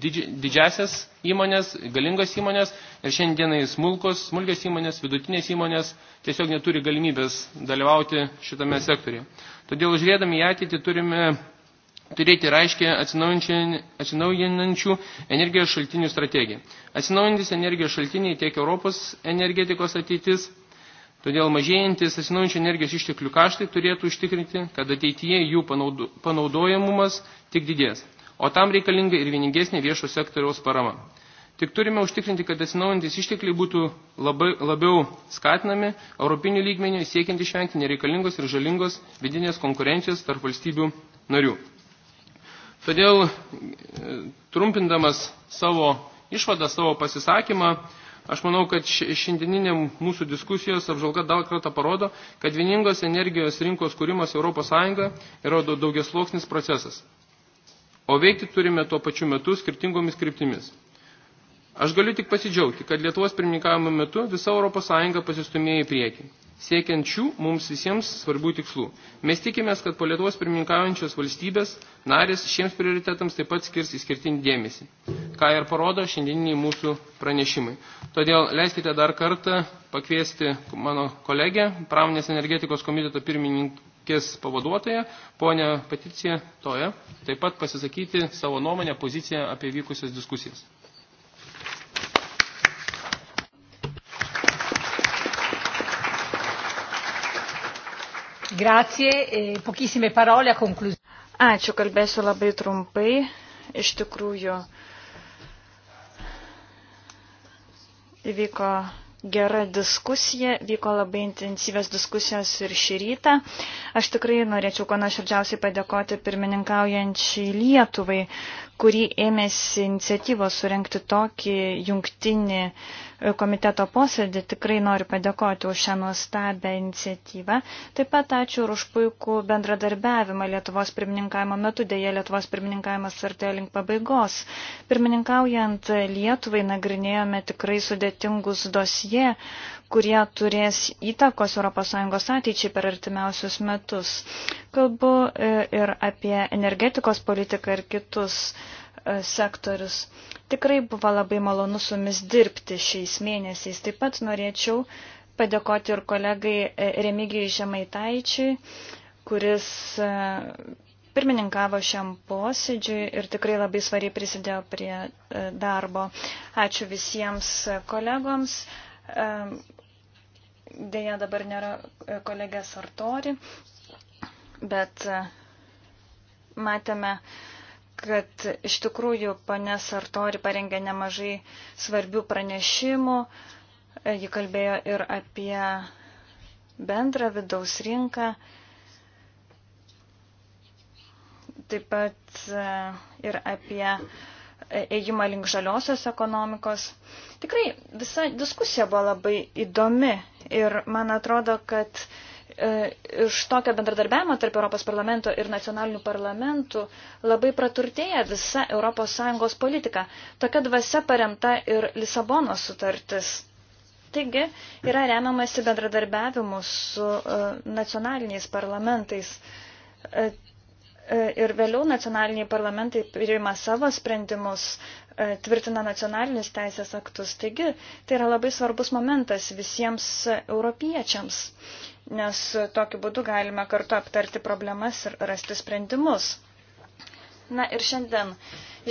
didži, didžiasias įmonės, galingas įmonės ir šiandienai smulkos, smulkės įmonės, vidutinės įmonės tiesiog neturi galimybės dalyvauti šitame sektoriuje. Todėl žiūrėdami į ateitį turime turėti raiškę atsinaujinančių energijos šaltinių strategiją. Atsinaujantis energijos šaltiniai tiek Europos energetikos ateitis, todėl mažėjantis atsinaujančių energijos išteklių kaštai turėtų užtikrinti, kad ateityje jų panaudojamumas tik didės. O tam reikalinga ir vieningesnė viešo sektoriaus parama. Tik turime užtikrinti, kad atsinaujantis ištekliai būtų labai, labiau skatinami europinių lygmenių, siekiant išvengti nereikalingos ir žalingos vidinės konkurencijos tarp valstybių narių. Todėl, e, trumpindamas savo išvadą, savo pasisakymą, aš manau, kad šiandieninė mūsų diskusijos apžalga dar kartą parodo, kad vieningos energijos rinkos kūrimas ES yra daugiasloksnis procesas. O veikti turime tuo pačiu metu skirtingomis kryptimis. Aš galiu tik pasidžiaugti, kad Lietuvos pirmininkavimo metu visa ES pasistumėjo į priekį, siekiant šių mums visiems svarbių tikslų. Mes tikimės, kad po Lietuvos pirmininkaujančios valstybės narės šiems prioritetams taip pat skirs įskirtinį dėmesį, ką ir parodo šiandieniniai mūsų pranešimai. Todėl leiskite dar kartą pakviesti mano kolegę, pramonės energetikos komiteto pirmininką kės pavaduotoja, ponė Peticija Toja, taip pat pasisakyti savo nuomonę, poziciją apie vykusias diskusijas. Grazie, e pochissime parole a conclusione. Ačiū, kalbėsiu labai trumpai. Iš tikrųjų, įvyko gera diskusija, vyko labai intensyvės diskusijos ir šį rytą. Aš tikrai norėčiau kuo nuoširdžiausiai padėkoti pirmininkaujančiai Lietuvai, kurį ėmėsi iniciatyvos surenkti tokį jungtinį e, komiteto posėdį. Tikrai noriu padėkoti už šią nuostabę iniciatyvą. Taip pat ačiū ir už puikų bendradarbiavimą Lietuvos pirmininkavimo metu. Deja, Lietuvos pirmininkavimas artėjo link pabaigos. Pirmininkaujant Lietuvai nagrinėjome tikrai sudėtingus dosie kurie turės įtakos ES ateičiai per artimiausius metus. Kalbu e, ir apie energetikos politiką ir kitus e, sektorius. Tikrai buvo labai malonu su jumis dirbti šiais mėnesiais. Taip pat norėčiau padėkoti ir kolegai e, Remigijai Žemaitaičiui, kuris pirmininkavo šiam posėdžiui ir tikrai labai svariai prisidėjo prie darbo. Ačiū visiems kolegoms. Deja, dabar nėra e, kolegė Sartori, bet e, matėme, kad iš tikrųjų ponė Sartori parengė nemažai svarbių pranešimų. E, ji kalbėjo ir apie bendrą vidaus rinką. Taip pat ir apie ėjimą link žaliosios ekonomikos. Tikrai visa diskusija buvo labai įdomi ir man atrodo, kad e, iš tokio bendradarbiavimo tarp Europos parlamento ir nacionalinių parlamentų labai praturtėja visa ES politika. Tokia dvasia paremta ir Lisabono sutartis. Taigi yra remiamasi bendradarbiavimu su e, nacionaliniais parlamentais. E, E, ir vėliau nacionaliniai parlamentai priima savo sprendimus, e, tvirtina nacionalinius teisės aktus. Taigi tai yra labai svarbus momentas visiems europiečiams, nes tokiu būdu galime kartu aptarti problemas ir rasti sprendimus. Na ir šiandien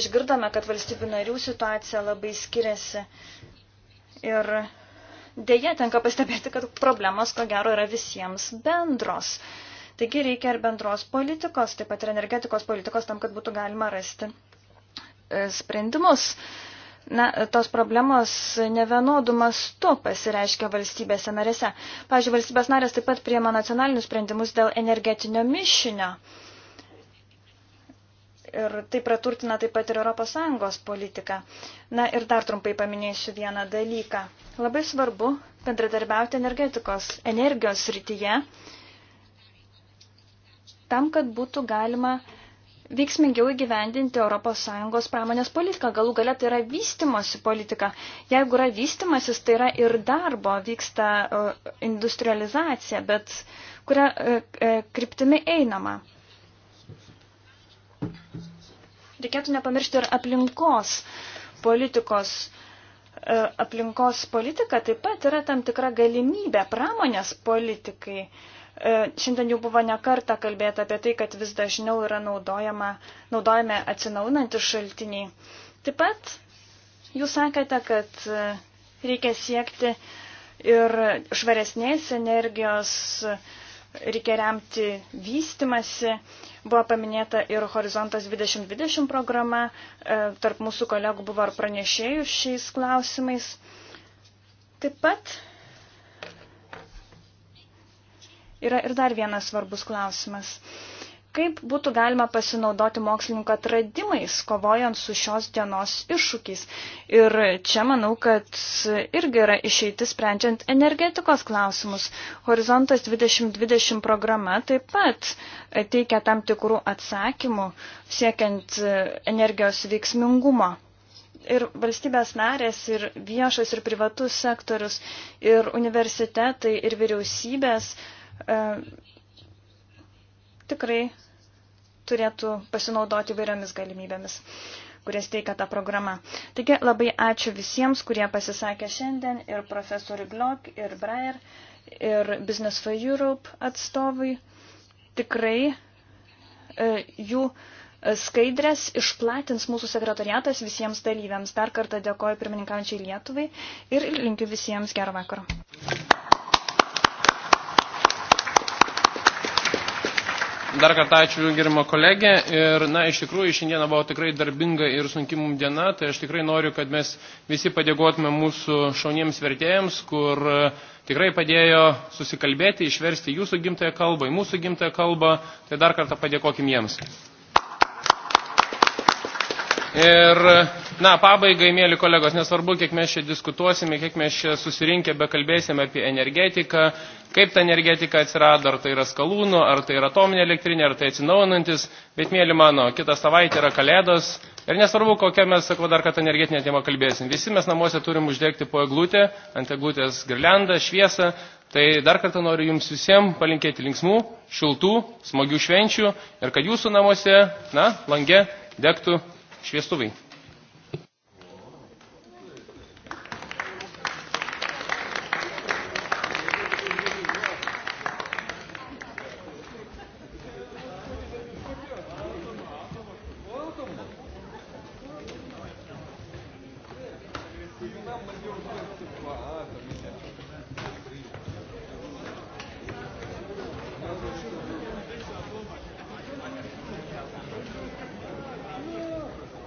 išgirdome, kad valstybių narių situacija labai skiriasi ir dėja tenka pastebėti, kad problemos ko gero yra visiems bendros. Uh, Taigi reikia ir bendros politikos, taip pat ir energetikos politikos tam, kad būtų galima rasti e, sprendimus. Na, tos problemos nevienodų mastų pasireiškia valstybėse narėse. Pavyzdžiui, valstybės narės taip pat priema nacionalinius sprendimus dėl energetinio mišinio. Ir tai praturtina taip pat ir ES politiką. Na ir dar trumpai paminėsiu vieną dalyką. Labai svarbu bendradarbiauti energetikos, energijos rytyje tam, kad būtų galima veiksmingiau įgyvendinti ES pramonės politiką. Galų galia tai yra vystimosi politika. Jeigu yra vystimasis, tai yra ir darbo vyksta e, industrializacija, bet kuria e, e, kryptimi einama. Reikėtų nepamiršti ir aplinkos politikos. Aplinkos politika taip pat yra tam tikra galimybė pramonės politikai. Uh, E, šiandien jau buvo nekarta kalbėta apie tai, kad vis dažniau yra naudojami atsinaunantis šaltiniai. Taip pat jūs sakėte, kad e, reikia siekti ir švaresnės energijos, reikia remti vystimasi. Buvo paminėta ir Horizontas 2020 programa, e, tarp mūsų kolegų buvo ir pranešėjų šiais klausimais. Taip pat Yra ir dar vienas svarbus klausimas. Kaip būtų galima pasinaudoti mokslininko atradimais, kovojant su šios dienos iššūkiais? Ir čia manau, kad irgi yra išeitis sprendžiant energetikos klausimus. Horizontas 2020 programa taip pat teikia tam tikrų atsakymų siekiant energijos veiksmingumo ir valstybės narės, ir viešas, ir privatus sektorius, ir universitetai, ir vyriausybės E, tikrai turėtų pasinaudoti vairiomis galimybėmis, kurias teikia ta programa. Taigi labai ačiū visiems, kurie pasisakė šiandien ir profesoriui Glock, ir Breyer, ir Business for Europe atstovui. Tikrai e, jų skaidrės išplatins mūsų sekretariatas visiems dalyviams. Dar kartą dėkoju pirmininkaujančiai Lietuvai ir linkiu visiems gerą vakarą. Dar kartą ačiū gerimo kolegė. Ir, na, iš tikrųjų, šiandieną buvo tikrai darbinga ir sunki mums diena, tai aš tikrai noriu, kad mes visi padėkotume mūsų šauniems vertėjams, kur e, tikrai padėjo susikalbėti, išversti jūsų gimtąją kalbą į mūsų gimtąją kalbą. Tai dar kartą padėkokim jiems. Ir, na, pabaigai, mėly kolegos, nesvarbu, kiek mes čia diskutuosime, kiek mes čia susirinkę bekalbėsime apie energetiką, kaip ta energetika atsirado, ar tai yra skalūnų, ar tai yra atominė elektrinė, ar tai atsinaujinantis, bet, mėly mano, kitą savaitę yra kalėdos ir nesvarbu, kokią mes, sakau, dar kad energetinę temą kalbėsim. Visi mes namuose turim uždegti po eglutę, ant eglutės girliandą, šviesą, Tai dar kartą noriu Jums visiems palinkėti linksmų, šiltų, smagių švenčių ir kad Jūsų namuose, na, lange degtų šviestuvai